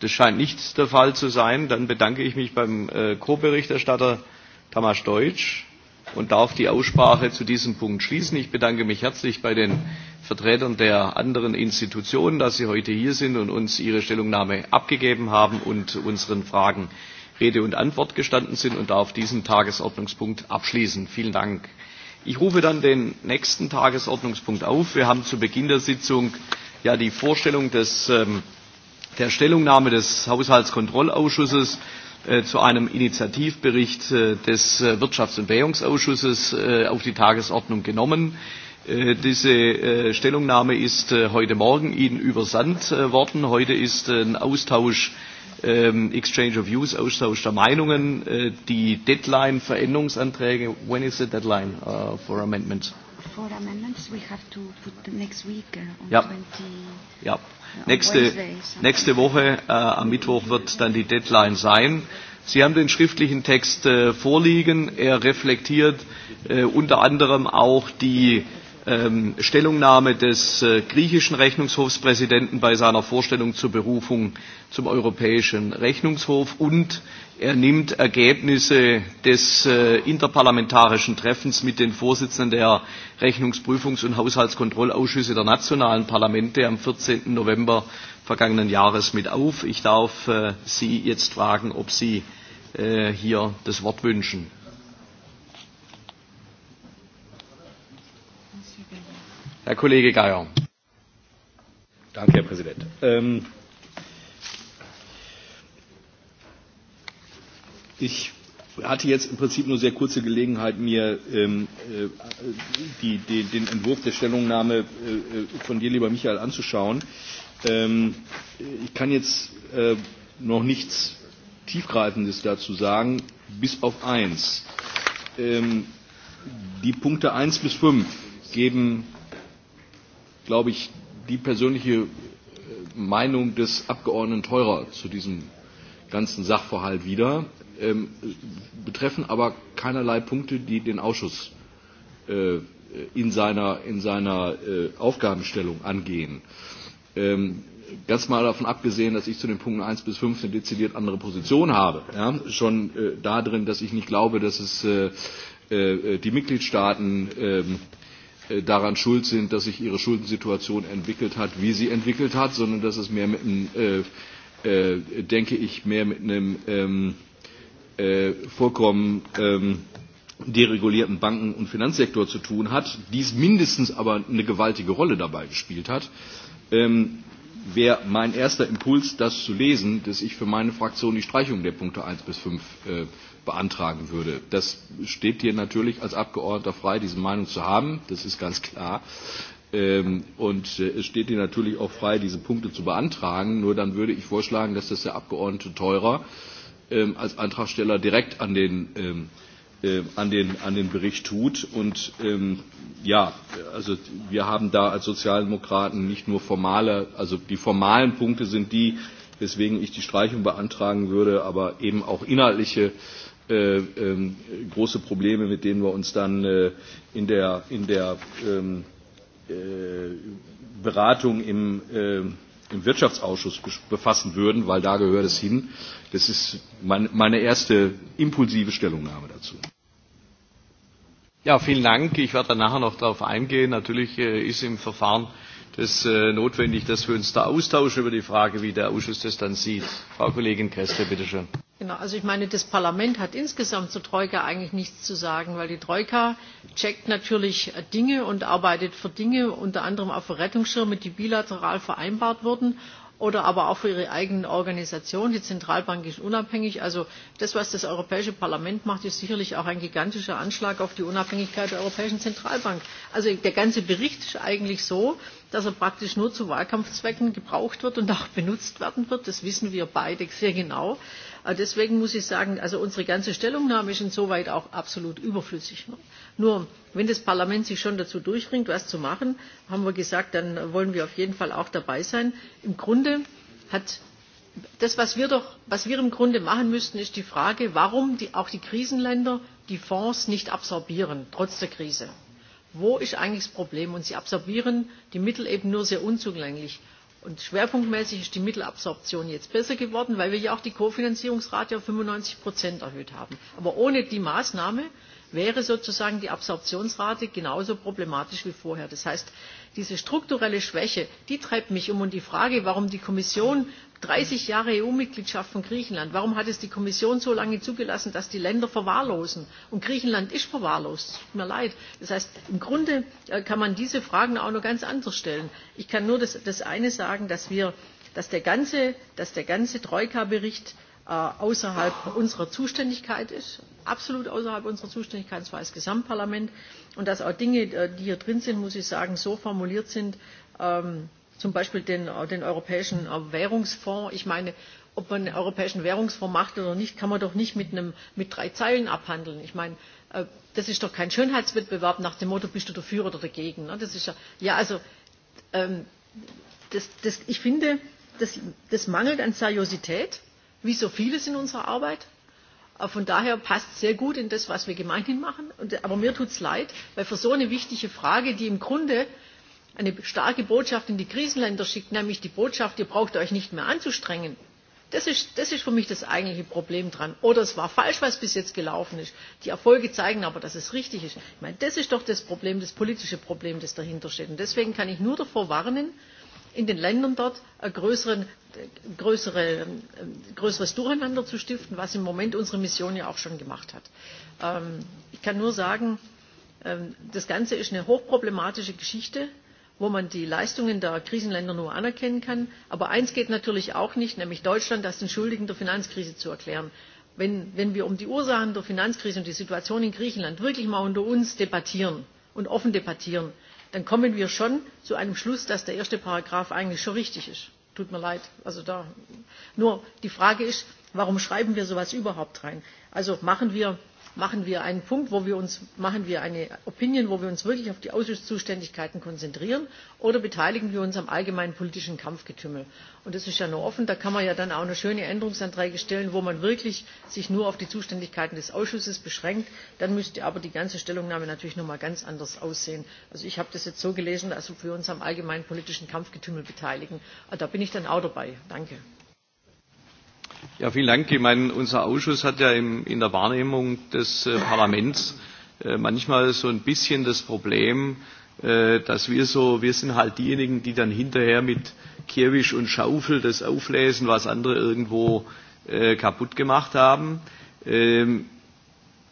Das scheint nicht der Fall zu sein. Dann bedanke ich mich beim äh, Co-Berichterstatter Thomas Deutsch und darf die Aussprache zu diesem Punkt schließen. Ich bedanke mich herzlich bei den Vertretern der anderen Institutionen, dass sie heute hier sind und uns ihre Stellungnahme abgegeben haben und unseren Fragen Rede und Antwort gestanden sind und darf diesen Tagesordnungspunkt abschließen. Vielen Dank. Ich rufe dann den nächsten Tagesordnungspunkt auf. Wir haben zu Beginn der Sitzung ja die Vorstellung des, ähm, der Stellungnahme des Haushaltskontrollausschusses äh, zu einem Initiativbericht äh, des äh, Wirtschafts- und Währungsausschusses auf die Tagesordnung genommen. diese Stellungnahme ist heute Morgen Ihnen übersandt worden. Heute ist ein Austausch ähm, Exchange of Views, Austausch der Meinungen. Äh, die Deadline für Änderungsanträge, when is the deadline uh, for amendments? For amendments we have to put the next week uh, on ja. 20... Ja, uh, nächste, nächste Woche äh, am Mittwoch wird dann die Deadline sein. Sie haben den schriftlichen Text äh, vorliegen. Er reflektiert äh, unter anderem auch die Ähm, Stellungnahme des äh, griechischen Rechnungshofspräsidenten bei seiner Vorstellung zur Berufung zum Europäischen Rechnungshof und er nimmt Ergebnisse des äh, interparlamentarischen Treffens mit den Vorsitzenden der Rechnungsprüfungs- und Haushaltskontrollausschüsse der nationalen Parlamente am 14. November vergangenen Jahres mit auf. Ich darf äh, Sie jetzt fragen, ob Sie hier das Wort wünschen. Herr Kollege Geier. Danke, Herr Präsident. Ähm, ich hatte jetzt im Prinzip nur sehr kurze Gelegenheit, mir ähm, äh, die, die, den Entwurf der Stellungnahme äh, von dir, lieber Michael, anzuschauen. Ähm, ich kann jetzt äh, noch nichts Tiefgreifendes dazu sagen, bis auf eins. Ähm, die Punkte eins bis fünf geben glaube ich, die persönliche äh, Meinung des Abgeordneten Teurer zu diesem ganzen Sachverhalt wieder, ähm, betreffen aber keinerlei Punkte, die den Ausschuss äh, in seiner, in seiner äh, Aufgabenstellung angehen. Ähm, ganz mal davon abgesehen, dass ich zu den Punkten 1 bis 5 eine dezidiert andere Position habe. Ja? Schon äh, darin, dass ich nicht glaube, dass es äh, äh, die Mitgliedstaaten äh, Äh, daran schuld sind, dass sich ihre Schuldensituation entwickelt hat, wie sie entwickelt hat, sondern dass es mehr mit einem, äh, äh, denke ich, mehr mit einem ähm, äh, vollkommen ähm, deregulierten Banken- und Finanzsektor zu tun hat, dies mindestens aber eine gewaltige Rolle dabei gespielt hat. Ähm, wäre mein erster Impuls, das zu lesen, dass ich für meine Fraktion die Streichung der Punkte 1 bis 5 äh, beantragen würde. Das steht dir natürlich als Abgeordneter frei, diese Meinung zu haben, das ist ganz klar. Ähm, und äh, es steht dir natürlich auch frei, diese Punkte zu beantragen. Nur dann würde ich vorschlagen, dass das der Abgeordnete Teurer ähm, als Antragsteller direkt an den, ähm, äh, an den, an den Bericht tut. Und ja, also wir haben da als Sozialdemokraten nicht nur formale, also die formalen Punkte sind die, weswegen ich die Streichung beantragen würde, aber eben auch inhaltliche Äh, ähm, große Probleme, mit denen wir uns dann äh, in der, in der ähm, äh, Beratung im, äh, im Wirtschaftsausschuss befassen würden, weil da gehört es hin. Das ist mein, meine erste impulsive Stellungnahme dazu. Ja, vielen Dank. Ich werde nachher noch darauf eingehen. Natürlich äh, ist im Verfahren äh, es äh, notwendig, dass wir uns da austauschen über die Frage, wie der Ausschuss das dann sieht. Frau Kollegin Kessler, bitte schön. Genau, also ich meine, das Parlament hat insgesamt zur Troika eigentlich nichts zu sagen, weil die Troika checkt natürlich äh, Dinge und arbeitet für Dinge, unter anderem auch für Rettungsschirme, die bilateral vereinbart wurden oder aber auch für ihre eigene Organisation. Die Zentralbank ist unabhängig. Also das, was das Europäische Parlament macht, ist sicherlich auch ein gigantischer Anschlag auf die Unabhängigkeit der Europäischen Zentralbank. Also der ganze Bericht ist eigentlich so, dass er praktisch nur zu Wahlkampfzwecken gebraucht wird und auch benutzt werden wird. Das wissen wir beide sehr genau. Äh, deswegen muss ich sagen, also unsere ganze Stellungnahme ist insoweit auch absolut überflüssig. Nur, wenn das Parlament sich schon dazu durchringt, was zu machen, haben wir gesagt, dann wollen wir auf jeden Fall auch dabei sein. Im Grunde hat das, was wir, doch, was wir im Grunde machen müssten, ist die Frage, warum die, auch die Krisenländer die Fonds nicht absorbieren, trotz der Krise wo ist eigentlich das Problem? Und sie absorbieren die Mittel eben nur sehr unzugänglich. Und schwerpunktmäßig ist die Mittelabsorption jetzt besser geworden, weil wir ja auch die Kofinanzierungsrate auf 95 Prozent erhöht haben. Aber ohne die Maßnahme wäre sozusagen die Absorptionsrate genauso problematisch wie vorher. Das heißt, diese strukturelle Schwäche, die treibt mich um. Und die Frage, warum die Kommission 30 Jahre EU-Mitgliedschaft von Griechenland, warum hat es die Kommission so lange zugelassen, dass die Länder verwahrlosen? Und Griechenland ist verwahrlost, es tut mir leid. Das heißt, im Grunde äh, kann man diese Fragen auch noch ganz anders stellen. Ich kann nur das, das eine sagen, dass, wir, dass der ganze, dass der ganze Troika-Bericht Äh, außerhalb unserer Zuständigkeit ist, absolut außerhalb unserer Zuständigkeit, und zwar als Gesamtparlament. Und dass auch Dinge, äh, die hier drin sind, muss ich sagen, so formuliert sind, ähm, zum Beispiel den, äh, den Europäischen Währungsfonds. Ich meine, ob man einen Europäischen Währungsfonds macht oder nicht, kann man doch nicht mit, einem, mit drei Zeilen abhandeln. Ich meine, das ist doch kein Schönheitswettbewerb nach dem Motto, bist du dafür oder dagegen. Das ist ja, ja also, ähm, das, das, ich finde, das, das mangelt an Seriosität wie so vieles in unserer Arbeit. Äh, von daher passt es sehr gut in das, was wir gemeinhin machen. Äh, aber mir tut es leid, weil für so eine wichtige Frage, die im Grunde eine starke Botschaft in die Krisenländer schickt, nämlich die Botschaft, ihr braucht euch nicht mehr anzustrengen. Das ist, das ist für mich das eigentliche Problem dran. Oder es war falsch, was bis jetzt gelaufen ist. Die Erfolge zeigen aber, dass es richtig ist. Ich meine, das ist doch das Problem, das politische Problem, das dahinter steht. Und deswegen kann ich nur davor warnen, in den Ländern dort größeren, größere, größeres Durcheinander zu stiften, was im Moment unsere Mission ja auch schon gemacht hat. Ähm, ich kann nur sagen, ähm, das Ganze ist eine hochproblematische Geschichte wo man die Leistungen der Krisenländer nur anerkennen kann. Aber eins geht natürlich auch nicht, nämlich Deutschland als den Schuldigen der Finanzkrise zu erklären. Wenn, wenn wir um die Ursachen der Finanzkrise und die Situation in Griechenland wirklich mal unter uns debattieren und offen debattieren, dann kommen wir schon zu einem Schluss, dass der erste Paragraph eigentlich schon richtig ist. Tut mir leid. Also da, nur die Frage ist, warum schreiben wir sowas überhaupt rein? Also machen wir machen wir einen Punkt, wo wir uns, machen wir eine Opinion, wo wir uns wirklich auf die Ausschusszuständigkeiten konzentrieren oder beteiligen wir uns am allgemeinen politischen Kampfgetümmel. das ist ja noch offen, da kann man ja dann auch noch schöne Änderungsanträge stellen, wo man sich wirklich nur auf die Zuständigkeiten des Ausschusses beschränkt. Dann müsste aber die ganze Stellungnahme natürlich noch mal ganz anders aussehen. Also ich habe das jetzt so gelesen, dass wir uns am allgemeinen politischen Kampfgetümmel beteiligen. Da bin ich dann auch dabei. Danke. Ja, vielen Dank. Ich meine, unser Ausschuss hat ja im, in der Wahrnehmung des äh, Parlaments äh, manchmal so ein bisschen das Problem, äh, dass wir so, wir sind halt diejenigen, die dann hinterher mit Kirwisch und Schaufel das auflesen, was andere irgendwo äh, kaputt gemacht haben. Ähm,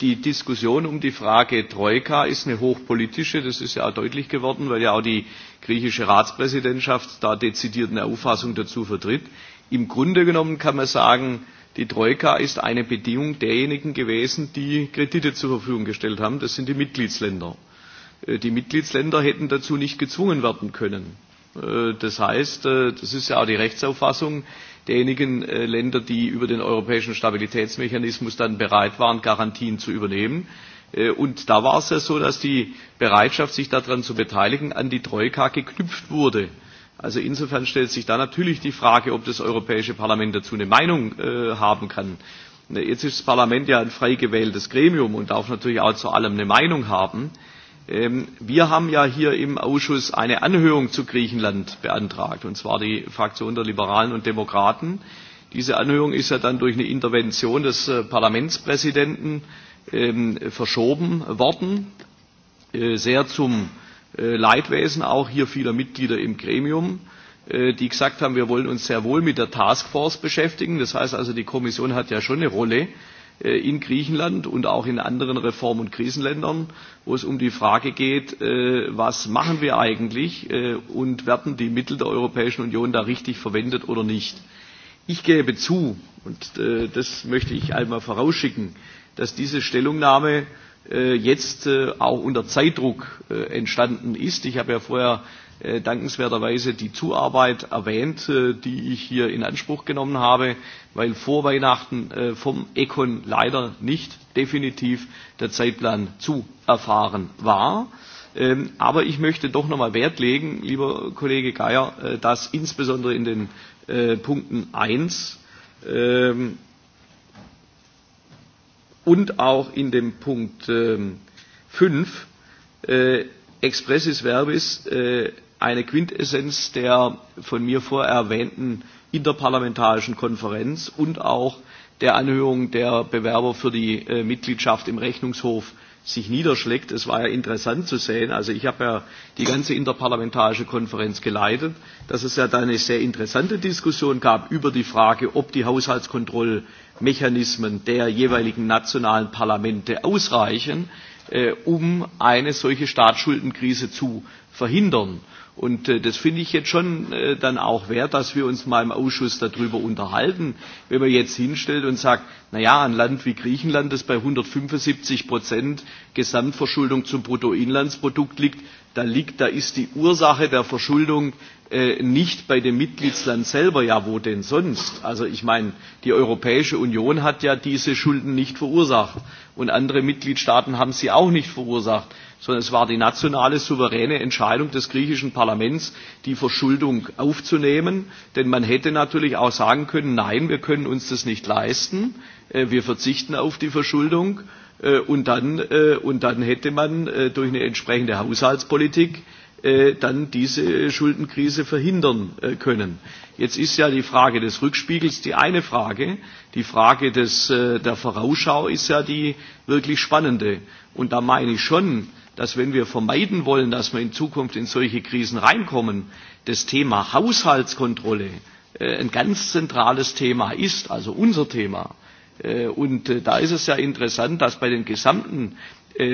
die Diskussion um die Frage Troika ist eine hochpolitische, das ist ja auch deutlich geworden, weil ja auch die griechische Ratspräsidentschaft da dezidiert eine Auffassung dazu vertritt. Im Grunde genommen kann man sagen, die Troika ist eine Bedingung derjenigen gewesen, die Kredite zur Verfügung gestellt haben. Das sind die Mitgliedsländer. Äh, die Mitgliedsländer hätten dazu nicht gezwungen werden können. Äh, das heißt, äh, das ist ja auch die Rechtsauffassung derjenigen Länder, die über den europäischen Stabilitätsmechanismus dann bereit waren, Garantien zu übernehmen. Und da war es ja so, dass die Bereitschaft, sich daran zu beteiligen, an die Troika geknüpft wurde. Also insofern stellt sich da natürlich die Frage, ob das Europäische Parlament dazu eine Meinung äh, haben kann. Jetzt ist das Parlament ja ein frei gewähltes Gremium und darf natürlich auch zu allem eine Meinung haben. Ähm, wir haben ja hier im Ausschuss eine Anhörung zu Griechenland beantragt, und zwar die Fraktion der Liberalen und Demokraten. Diese Anhörung ist ja dann durch eine Intervention des äh, Parlamentspräsidenten ähm, verschoben worden, äh, sehr zum äh, Äh, Leidwesen auch hier vieler Mitglieder im Gremium, äh, die gesagt haben, wir wollen uns sehr wohl mit der Taskforce beschäftigen. Das heißt also, die Kommission hat ja schon eine Rolle äh, in Griechenland und auch in anderen Reform- und Krisenländern, wo es um die Frage geht, was machen wir eigentlich und werden die Mittel der Europäischen Union da richtig verwendet oder nicht. Ich gebe zu, und das möchte ich einmal vorausschicken, dass diese Stellungnahme Äh, jetzt äh, auch unter Zeitdruck äh, entstanden ist. Ich habe ja vorher dankenswerterweise die Zuarbeit erwähnt, die ich hier in Anspruch genommen habe, weil vor Weihnachten vom ECON leider nicht definitiv der Zeitplan zu erfahren war. Ähm, aber ich möchte doch nochmal Wert legen, lieber Kollege Geier, dass insbesondere in den Punkten 1 und auch in dem Punkt 5 ähm, äh, expressis verbis äh, eine Quintessenz der von mir vorher erwähnten interparlamentarischen Konferenz und auch der Anhörung der Bewerber für die äh, Mitgliedschaft im Rechnungshof sich niederschlägt. Es war ja interessant zu sehen, also ich habe ja die ganze interparlamentarische Konferenz geleitet, dass es ja da eine sehr interessante Diskussion gab über die Frage, ob die Haushaltskontrollmechanismen der jeweiligen nationalen Parlamente ausreichen, äh, um eine solche Staatsschuldenkrise zu verhindern. Und äh, das finde ich jetzt schon äh, dann auch wert, dass wir uns mal im Ausschuss darüber unterhalten, wenn man jetzt hinstellt und sagt, naja, ein Land wie Griechenland, das bei 175 Prozent Gesamtverschuldung zum Bruttoinlandsprodukt liegt, da liegt, da ist die Ursache der Verschuldung äh, nicht bei dem Mitgliedsland selber, ja wo denn sonst? Also ich meine, die Europäische Union hat ja diese Schulden nicht verursacht und andere Mitgliedstaaten haben sie auch nicht verursacht sondern es war die nationale souveräne Entscheidung des griechischen Parlaments, die Verschuldung aufzunehmen. Denn man hätte natürlich auch sagen können, nein, wir können uns das nicht leisten, äh, wir verzichten auf die Verschuldung äh, und dann, äh, und dann hätte man durch eine entsprechende Haushaltspolitik dann diese Schuldenkrise verhindern können. Jetzt ist ja die Frage des Rückspiegels die eine Frage. Die Frage des, der Vorausschau ist ja die wirklich spannende. Und da meine ich schon, dass wenn wir vermeiden wollen, dass wir in Zukunft in solche Krisen reinkommen, das Thema Haushaltskontrolle äh, ein ganz zentrales Thema ist, also unser Thema. Äh, und äh, da ist es ja interessant, dass bei den gesamten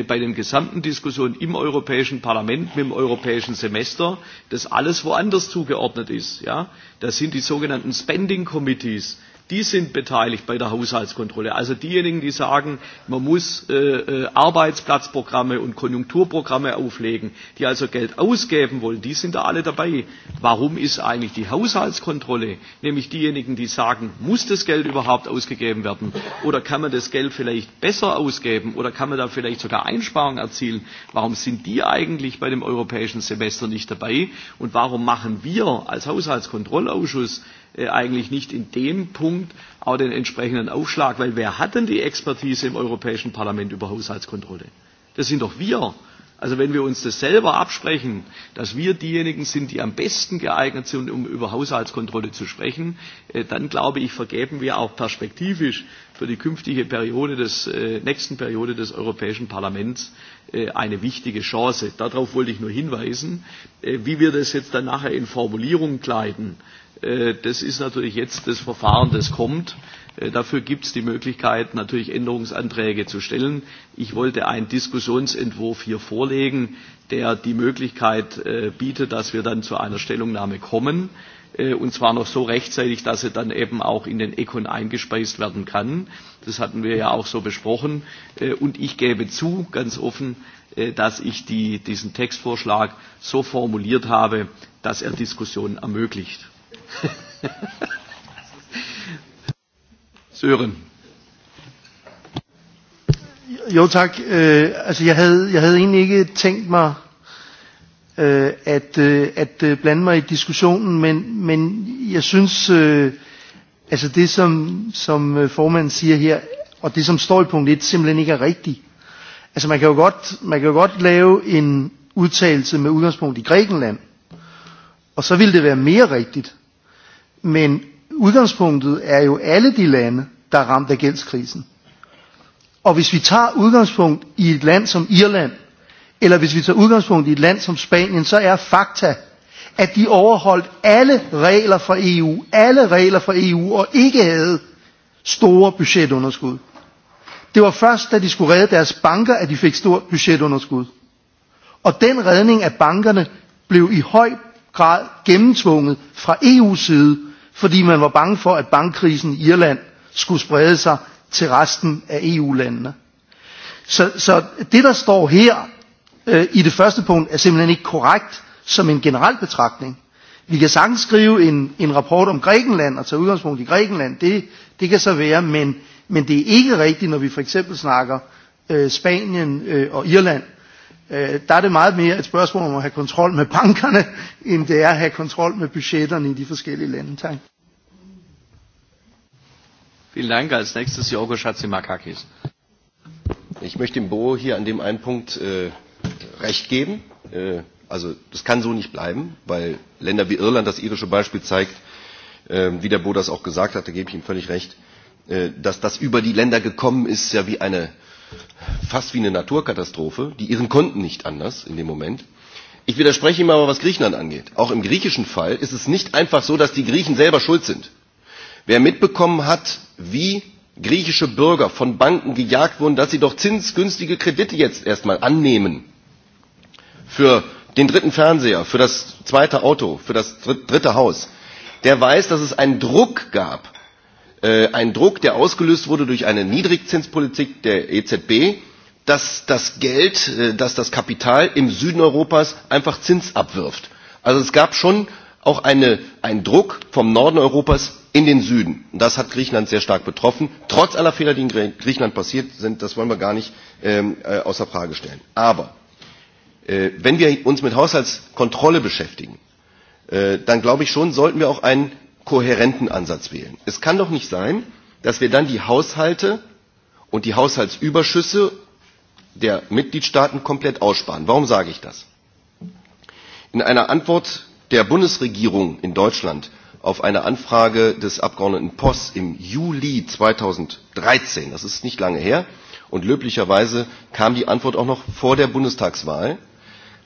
bei den gesamten Diskussionen im Europäischen Parlament mit dem europäischen Semester, das alles woanders zugeordnet ist. Ja? Das sind die sogenannten Spending Committees, die sind beteiligt bei der Haushaltskontrolle. Also diejenigen, die sagen, man muss äh, äh, Arbeitsplatzprogramme und Konjunkturprogramme auflegen, die also Geld ausgeben wollen, die sind da alle dabei. Warum ist eigentlich die Haushaltskontrolle, nämlich diejenigen, die sagen, muss das Geld überhaupt ausgegeben werden oder kann man das Geld vielleicht besser ausgeben oder kann man da vielleicht sogar Einsparungen erzielen, warum sind die eigentlich bei dem europäischen Semester nicht dabei und warum machen wir als Haushaltskontrollausschuss Äh, eigentlich nicht in dem Punkt auch den entsprechenden Aufschlag, weil wer hat denn die Expertise im Europäischen Parlament über Haushaltskontrolle? Das sind doch wir. Also wenn wir uns das selber absprechen, dass wir diejenigen sind, die am besten geeignet sind, um über Haushaltskontrolle zu sprechen, äh, dann glaube ich, vergeben wir auch perspektivisch für die künftige Periode des äh, nächsten Periode des Europäischen Parlaments äh, eine wichtige Chance. Darauf wollte ich nur hinweisen, äh, wie wir das jetzt dann nachher in Formulierungen kleiden. Äh, Äh, das ist natürlich jetzt das Verfahren, das kommt. Äh, dafür gibt es die Möglichkeit, natürlich Änderungsanträge zu stellen. Ich wollte einen Diskussionsentwurf hier vorlegen, der die Möglichkeit äh, bietet, dass wir dann zu einer Stellungnahme kommen und zwar noch so rechtzeitig, dass er dann eben auch in den Econ eingespeist werden kann. Das hatten wir ja auch so besprochen. Und ich gebe zu, ganz offen, dass ich die, diesen Textvorschlag so formuliert habe, dass er Diskussionen ermöglicht. Søren. Jo tak. Øh, altså jeg havde, jeg havde egentlig ikke tænkt mig øh, at, øh, at øh, blande mig i diskussionen, men, men jeg synes, øh, altså det som, som øh, formanden siger her, og det som står i punkt 1, simpelthen ikke er rigtigt. Altså man kan jo godt, man kan jo godt lave en udtalelse med udgangspunkt i Grækenland, og så ville det være mere rigtigt, Men udgangspunktet er jo alle de lande, der er ramt af gældskrisen. Og hvis vi tager udgangspunkt i et land som Irland, eller hvis vi tager udgangspunkt i et land som Spanien, så er fakta, at de overholdt alle regler fra EU, alle regler fra EU, og ikke havde store budgetunderskud. Det var først, da de skulle redde deres banker, at de fik stort budgetunderskud. Og den redning af bankerne blev i høj grad gennemtvunget fra EU's side fordi man var bange for, at bankkrisen i Irland skulle sprede sig til resten af EU-landene. Så, så det, der står her øh, i det første punkt, er simpelthen ikke korrekt som en generel betragtning. Vi kan sagtens skrive en, en rapport om Grækenland og tage udgangspunkt i Grækenland. Det, det kan så være, men, men det er ikke rigtigt, når vi for eksempel snakker øh, Spanien øh, og Irland, Øh, der er det meget mere et spørgsmål om at have kontrol med bankerne, end det er at have kontrol med budgetterne i de forskellige lande. Tak. Vielen Dank. Als nächstes Jorgo Schatzimakakis. Ich möchte dem Bo hier an dem einen Punkt äh, recht geben. Äh, also das kann so nicht bleiben, weil Länder wie Irland, das irische Beispiel zeigt, äh, wie der Bo das auch gesagt hat, da gebe ich ihm völlig recht, äh, dass das über die Länder gekommen ist, ja wie eine äh, fast wie eine Naturkatastrophe. Die Iren konnten nicht anders in dem Moment. Ich widerspreche ihm aber, was Griechenland angeht. Auch im griechischen Fall ist es nicht einfach so, dass die Griechen selber schuld sind. Wer mitbekommen hat, wie griechische Bürger von Banken gejagt wurden, dass sie doch zinsgünstige Kredite jetzt erstmal annehmen für den dritten Fernseher, für das zweite Auto, für das dritte Haus, der weiß, dass es einen Druck gab Äh, ein Druck, der ausgelöst wurde durch eine Niedrigzinspolitik der EZB, dass das Geld, äh, dass das Kapital im Süden Europas einfach Zins abwirft. Also es gab schon auch eine, einen Druck vom Norden Europas in den Süden. Und das hat Griechenland sehr stark betroffen. Trotz aller Fehler, die in Griechenland passiert sind, das wollen wir gar nicht ähm, äh, außer Frage stellen. Aber äh, wenn wir uns mit Haushaltskontrolle beschäftigen, äh, dann glaube ich schon, sollten wir auch einen kohärenten Ansatz wählen. Es kann doch nicht sein, dass wir dann die Haushalte und die Haushaltsüberschüsse der Mitgliedstaaten komplett aussparen. Warum sage ich das? In einer Antwort der Bundesregierung in Deutschland auf eine Anfrage des Abgeordneten Post im Juli 2013, das ist nicht lange her, und löblicherweise kam die Antwort auch noch vor der Bundestagswahl,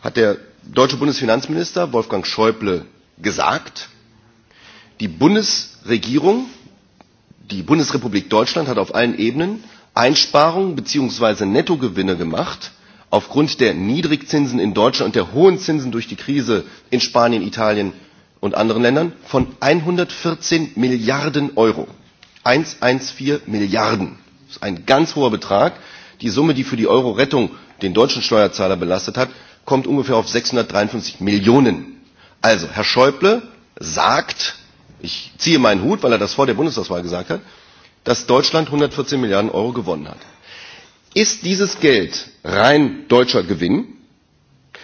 hat der deutsche Bundesfinanzminister Wolfgang Schäuble gesagt, die Bundesregierung, die Bundesrepublik Deutschland hat auf allen Ebenen Einsparungen bzw. Nettogewinne gemacht aufgrund der Niedrigzinsen in Deutschland und der hohen Zinsen durch die Krise in Spanien, Italien und anderen Ländern von 114 Milliarden Euro. 114 Milliarden. Das ist ein ganz hoher Betrag. Die Summe, die für die Euro-Rettung den deutschen Steuerzahler belastet hat, kommt ungefähr auf 653 Millionen. Also, Herr Schäuble sagt, ich ziehe meinen Hut, weil er das vor der Bundestagswahl gesagt hat, dass Deutschland 114 Milliarden Euro gewonnen hat. Ist dieses Geld rein deutscher Gewinn?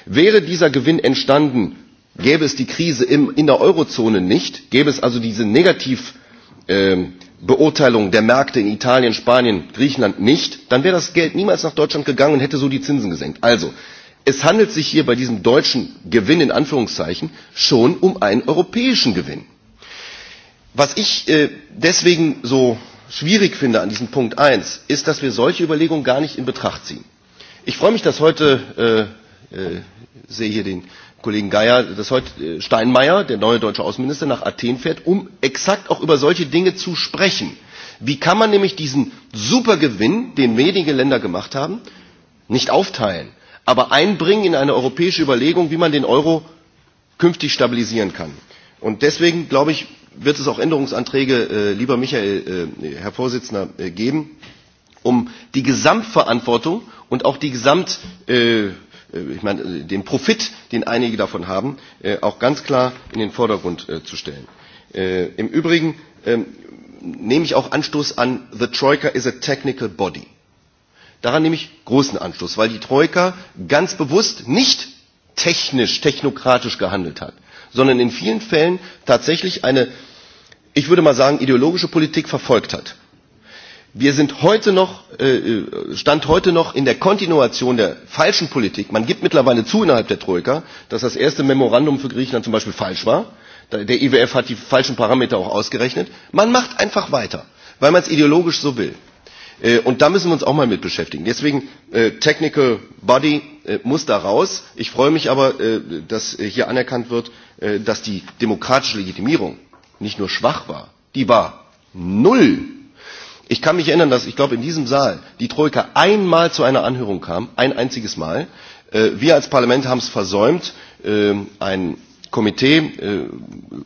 Wäre dieser Gewinn entstanden, gäbe es die Krise im, in der Eurozone nicht, gäbe es also diese Negativbeurteilung ähm, äh, der Märkte in Italien, Spanien, Griechenland nicht, dann wäre das Geld niemals nach Deutschland gegangen und hätte so die Zinsen gesenkt. Also, es handelt sich hier bei diesem deutschen Gewinn in Anführungszeichen schon um einen europäischen Gewinn. Was ich äh, deswegen so schwierig finde an diesem Punkt 1, ist, dass wir solche Überlegungen gar nicht in Betracht ziehen. Ich freue mich, dass heute, äh, äh, sehe hier den Kollegen Geier, dass heute äh, Steinmeier, der neue deutsche Außenminister, nach Athen fährt, um exakt auch über solche Dinge zu sprechen. Wie kann man nämlich diesen Supergewinn, den wenige Länder gemacht haben, nicht aufteilen, aber einbringen in eine europäische Überlegung, wie man den Euro künftig stabilisieren kann. Und deswegen, glaube ich, wird es auch Änderungsanträge, äh, lieber Michael, äh, Herr Vorsitzender, äh, geben, um die Gesamtverantwortung und auch die Gesamt, äh, äh ich meine, äh, den Profit, den einige davon haben, äh, auch ganz klar in den Vordergrund äh, zu stellen. Äh, Im Übrigen äh, nehme ich auch Anstoß an, the Troika is a technical body. Daran nehme ich großen Anstoß, weil die Troika ganz bewusst nicht technisch, technokratisch gehandelt hat, sondern in vielen Fällen tatsächlich eine äh, ich würde mal sagen, ideologische Politik verfolgt hat. Wir sind heute noch, äh, äh, Stand heute noch in der Kontinuation der falschen Politik. Man gibt mittlerweile zu innerhalb der Troika, dass das erste Memorandum für Griechenland zum Beispiel falsch war. Der IWF hat die falschen Parameter auch ausgerechnet. Man macht einfach weiter, weil man es ideologisch so will. Äh, und da müssen wir uns auch mal mit beschäftigen. Deswegen, Technical Body muss da raus. Ich freue mich aber, dass hier anerkannt wird, dass die demokratische Legitimierung nicht nur schwach war, die war null. Ich kann mich erinnern, dass ich glaube, in diesem Saal die Troika einmal zu einer Anhörung kam, ein einziges Mal. Äh, wir als Parlament haben es versäumt, äh, ein Komitee äh,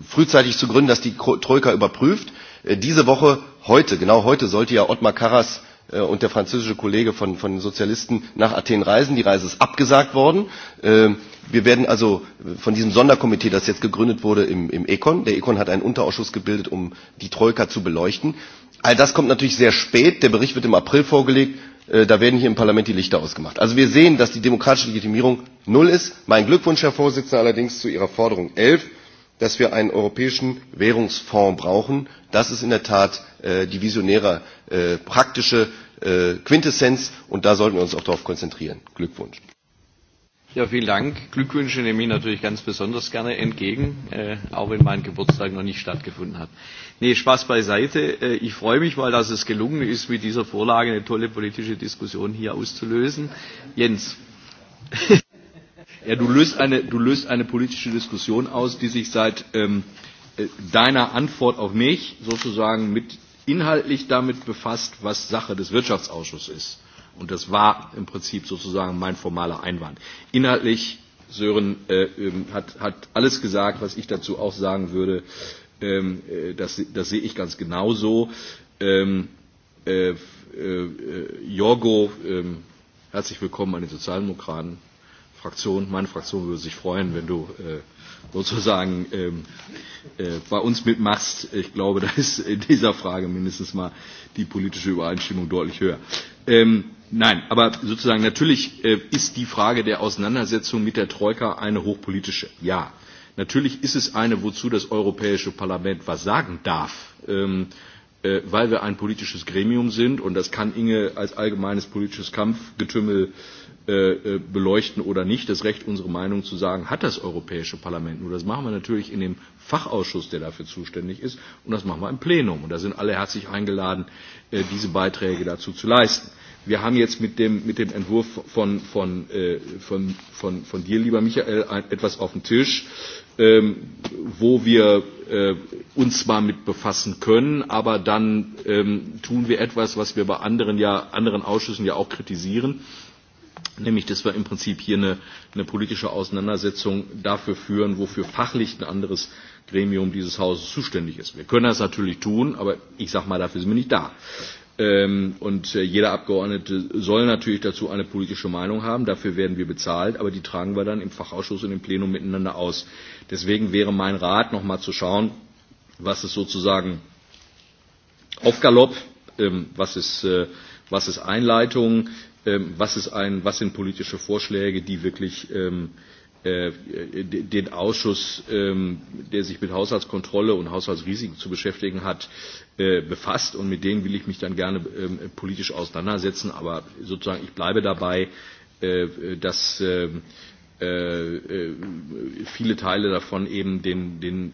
frühzeitig zu gründen, das die Troika überprüft. Diese Woche, heute, genau heute, sollte ja Ottmar Karas Äh, und der französische Kollege von, von den Sozialisten nach Athen reisen. Die Reise ist abgesagt worden. Ähm, wir werden also von diesem Sonderkomitee, das jetzt gegründet wurde im, im Econ, der Econ hat einen Unterausschuss gebildet, um die Troika zu beleuchten. All das kommt natürlich sehr spät. Der Bericht wird im April vorgelegt. Äh, da werden hier im Parlament die Lichter ausgemacht. Also wir sehen, dass die demokratische Legitimierung null ist. Mein Glückwunsch, Herr Vorsitzender, allerdings zu Ihrer Forderung 11 dass wir einen europäischen Währungsfonds brauchen. Das ist in der Tat äh, die visionäre, äh, praktische äh, Quintessenz und da sollten wir uns auch darauf konzentrieren. Glückwunsch. Ja, vielen Dank. Glückwünsche nehme ich natürlich ganz besonders gerne entgegen, äh, auch wenn mein Geburtstag noch nicht stattgefunden hat. Nee, Spaß beiseite. Äh, ich freue mich mal, dass es gelungen ist, mit dieser Vorlage eine tolle politische Diskussion hier auszulösen. Jens. ja, du löst, eine, du löst eine politische Diskussion aus, die sich seit ähm, äh, deiner Antwort auf mich sozusagen mit inhaltlich damit befasst, was Sache des Wirtschaftsausschusses ist. Und das war im Prinzip sozusagen mein formaler Einwand. Inhaltlich, Sören äh, ähm, hat, hat alles gesagt, was ich dazu auch sagen würde. Ähm, äh, das, das sehe ich ganz genauso. Ähm, äh, äh, äh Jorgo, äh, herzlich willkommen an die Sozialdemokraten. Fraktion, meine Fraktion würde sich freuen, wenn du äh, sozusagen ähm, äh, bei uns mitmachst. Ich glaube, da ist in dieser Frage mindestens mal die politische Übereinstimmung deutlich höher. Ähm, nein, aber sozusagen natürlich äh, ist die Frage der Auseinandersetzung mit der Troika eine hochpolitische. Ja, natürlich ist es eine, wozu das Europäische Parlament was sagen darf. Ähm, äh, weil wir ein politisches Gremium sind und das kann Inge als allgemeines politisches Kampfgetümmel äh, Äh, äh, beleuchten oder nicht, das Recht, unsere Meinung zu sagen, hat das Europäische Parlament. Nur das machen wir natürlich in dem Fachausschuss, der dafür zuständig ist, und das machen wir im Plenum. Und da sind alle herzlich eingeladen, äh, diese Beiträge dazu zu leisten. Wir haben jetzt mit dem, mit dem Entwurf von, von, von, von, von dir, lieber Michael, etwas auf dem Tisch, ähm, wo wir uns zwar mit befassen können, aber dann ähm, tun wir etwas, was wir bei anderen, ja, anderen Ausschüssen ja auch kritisieren Nämlich, dass wir im Prinzip hier eine, eine politische Auseinandersetzung dafür führen, wofür fachlich ein anderes Gremium dieses Hauses zuständig ist. Wir können das natürlich tun, aber ich sage mal, dafür sind wir nicht da. Ähm, und äh, jeder Abgeordnete soll natürlich dazu eine politische Meinung haben. Dafür werden wir bezahlt, aber die tragen wir dann im Fachausschuss und im Plenum miteinander aus. Deswegen wäre mein Rat, nochmal zu schauen, was ist sozusagen auf Galopp, ähm, was ist, äh, was ist Einleitung, ähm, was, ist ein, was sind politische Vorschläge, die wirklich ähm, äh, den Ausschuss, ähm, der sich mit Haushaltskontrolle und Haushaltsrisiken zu beschäftigen hat, äh, befasst. Und mit denen will ich mich dann gerne ähm, politisch auseinandersetzen. Aber sozusagen, ich bleibe dabei, äh, dass ähm, äh, viele Teile davon eben den, den,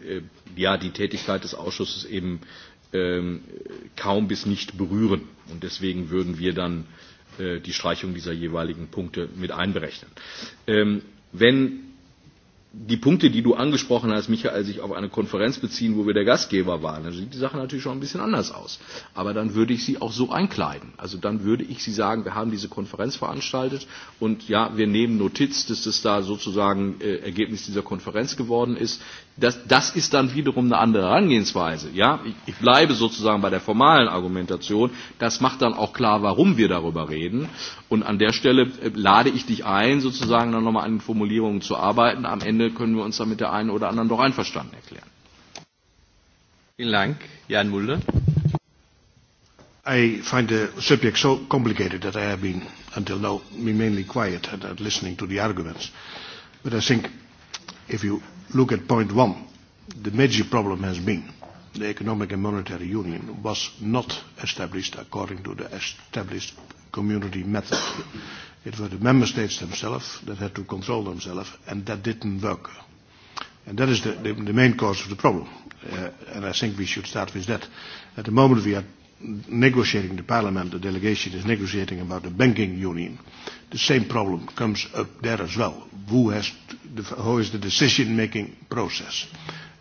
ja, die Tätigkeit des Ausschusses eben kaum bis nicht berühren. Und deswegen würden wir dann äh, Äh, die Streichung dieser jeweiligen Punkte mit einberechnen. Ähm, wenn die Punkte, die du angesprochen hast, Michael, sich auf eine Konferenz beziehen, wo wir der Gastgeber waren, dann sieht die Sache natürlich schon ein bisschen anders aus. Aber dann würde ich sie auch so einkleiden. Also dann würde ich sie sagen, wir haben diese Konferenz veranstaltet und ja, wir nehmen Notiz, dass das da sozusagen äh, Ergebnis dieser Konferenz geworden ist das, das ist dann wiederum eine andere Herangehensweise. Ja? Ich, ich bleibe sozusagen bei der formalen Argumentation. Das macht dann auch klar, warum wir darüber reden. Und an der Stelle äh, lade ich dich ein, sozusagen dann nochmal an den Formulierungen zu arbeiten. Am Ende können wir uns dann mit der einen oder anderen doch einverstanden erklären. Vielen Dank. Jan Mulder. I find the subject so complicated that I have been until now mainly quiet and listening to the arguments. But I think If you look at point one, the major problem has been the Economic and Monetary Union was not established according to the established community method. It were the member states themselves that had to control themselves, and that didn't work. And that is the, the, the main cause of the problem. Uh, and I think we should start with that. At the moment we are negotiating, the parliament, the delegation is negotiating about the banking union the same problem comes up there as well. Who has the, how is the decision-making process?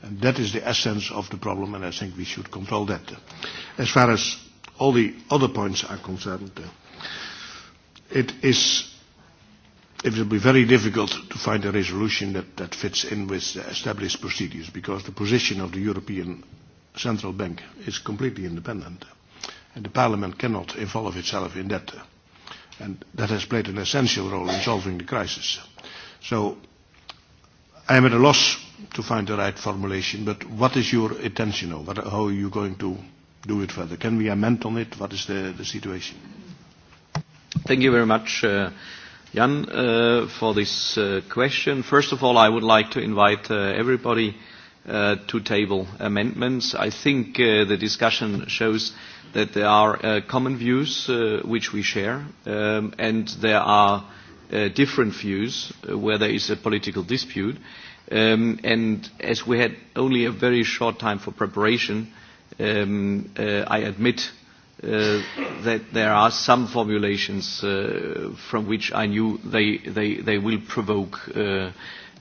And that is the essence of the problem, and I think we should control that. As far as all the other points are concerned, uh, it is it will be very difficult to find a resolution that, that fits in with the established procedures because the position of the European Central Bank is completely independent and the Parliament cannot involve itself in that. Uh, and that has played an essential role in solving the crisis. So I am at a loss to find the right formulation, but what is your intention or what, how are you going to do it further? Can we amend on it? What is the, the situation? Thank you very much, uh, Jan, uh, for this uh, question. First of all, I would like to invite uh, everybody uh, uh, to table amendments. I think uh, the discussion shows that there are uh, common views uh, which we share, um, and there are uh, different views uh, where there is a political dispute. Um, and as we had only a very short time for preparation, um, uh, I admit Uh, that there are some formulations uh, from which I knew they, they, they will provoke uh, uh,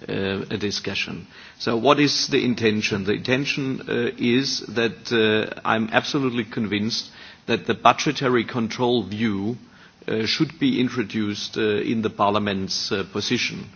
a discussion. So what is the intention? The intention uh, is that uh, I'm absolutely convinced that the budgetary control view uh, should be introduced uh, in the Parliament's uh, position.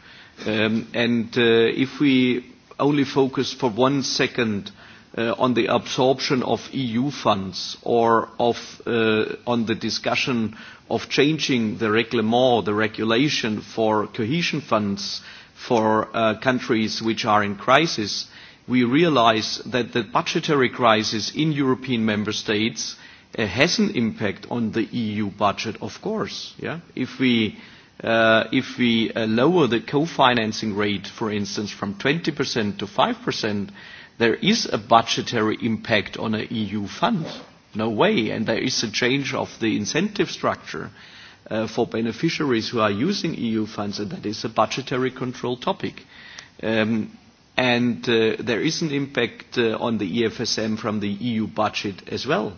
Um, and uh, if we only focus for one second uh, on the absorption of EU funds or of, uh, on the discussion of changing the reglement, the regulation for cohesion funds for uh, countries which are in crisis, we realize that the budgetary crisis in European member states uh, has an impact on the EU budget, of course. Yeah? If we uh, if we uh, lower the co-financing rate, for instance, from 20% to 5%, there is a budgetary impact on an EU fund. No way. And there is a change of the incentive structure uh, for beneficiaries who are using EU funds, and that is a budgetary control topic. Um, and uh, there is an impact uh, on the EFSM from the EU budget as well.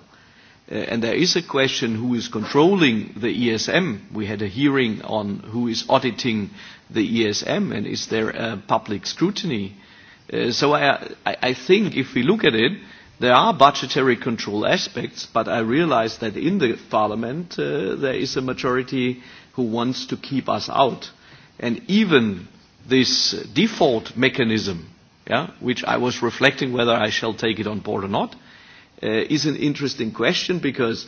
Uh, and there is a question who is controlling the ESM. We had a hearing on who is auditing the ESM and is there a public scrutiny Uh, so I, I, I think if we look at it, there are budgetary control aspects, but I realize that in the parliament uh, there is a majority who wants to keep us out. And even this default mechanism, yeah, which I was reflecting whether I shall take it on board or not, uh, is an interesting question because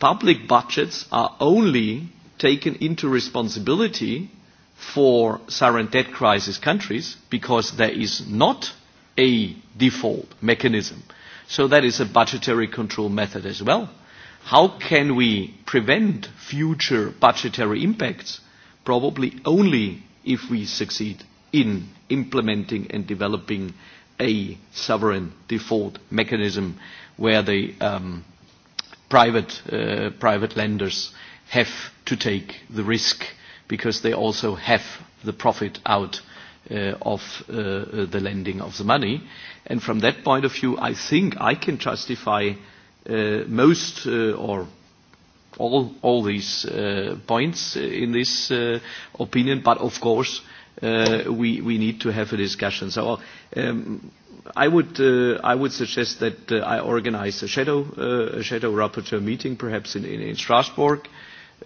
public budgets are only taken into responsibility for sovereign debt crisis countries because there is not a default mechanism. So that is a budgetary control method as well. How can we prevent future budgetary impacts? Probably only if we succeed in implementing and developing a sovereign default mechanism where the um, private, uh, private lenders have to take the risk because they also have the profit out uh, of uh, uh, the lending of the money. And from that point of view, I think I can justify uh, most uh, or all, all these uh, points in this uh, opinion, but of course uh, we, we need to have a discussion. So um, I would, uh, I would suggest that uh, I organize a shadow, uh, a shadow rapporteur meeting, perhaps in, in, in Strasbourg,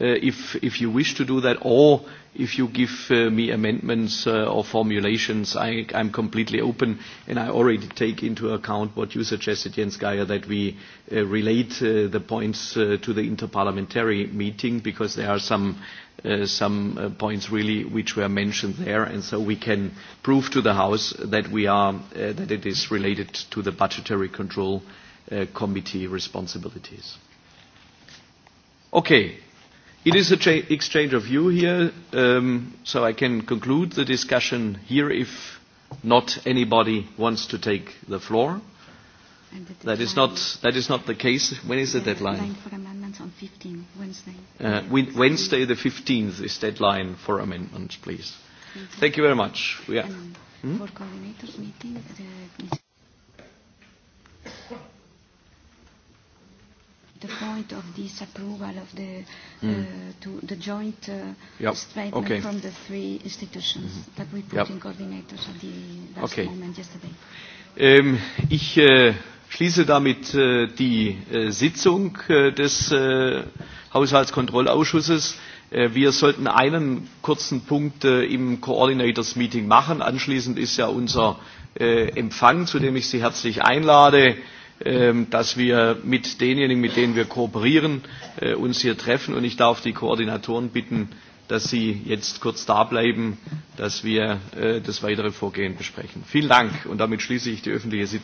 Uh, if, if you wish to do that, or if you give uh, me amendments uh, or formulations, I, I'm completely open, and I already take into account what you suggested, Jens Geier, that we uh, relate uh, the points uh, to the interparliamentary meeting, because there are some, uh, some uh, points really which were mentioned there, and so we can prove to the House that, we are, uh, that it is related to the budgetary control uh, committee responsibilities. Okay, It is an exchange of views here, um, so I can conclude the discussion here if not anybody wants to take the floor. that is not that is not the case. When is the, deadline? deadline for amendments on 15 Wednesday. Uh, Wednesday the 15th is deadline for amendments, please. Thank you, very much. We are. um, hmm? For coordinators meeting. The uh, the point of this approval of the hmm. uh, mm. to the joint uh, yep. statement okay. from the three institutions mm-hmm. that we put yep. in coordinators at the last okay. moment yesterday. Ähm, ich äh, schließe damit äh, die äh, Sitzung äh, des äh, Haushaltskontrollausschusses. Äh, wir sollten einen kurzen Punkt äh, im Coordinators Meeting machen. Anschließend ist ja unser äh, Empfang, zu dem ich Sie herzlich einlade. Ähm, dass wir uns mit denjenigen, mit denen wir kooperieren, äh, hier treffen. Und ich darf die Koordinatoren bitten, dass sie jetzt kurz dableiben damit wir äh, das weitere Vorgehen besprechen. Vielen Dank. Und damit schließe ich die öffentliche Sitzung.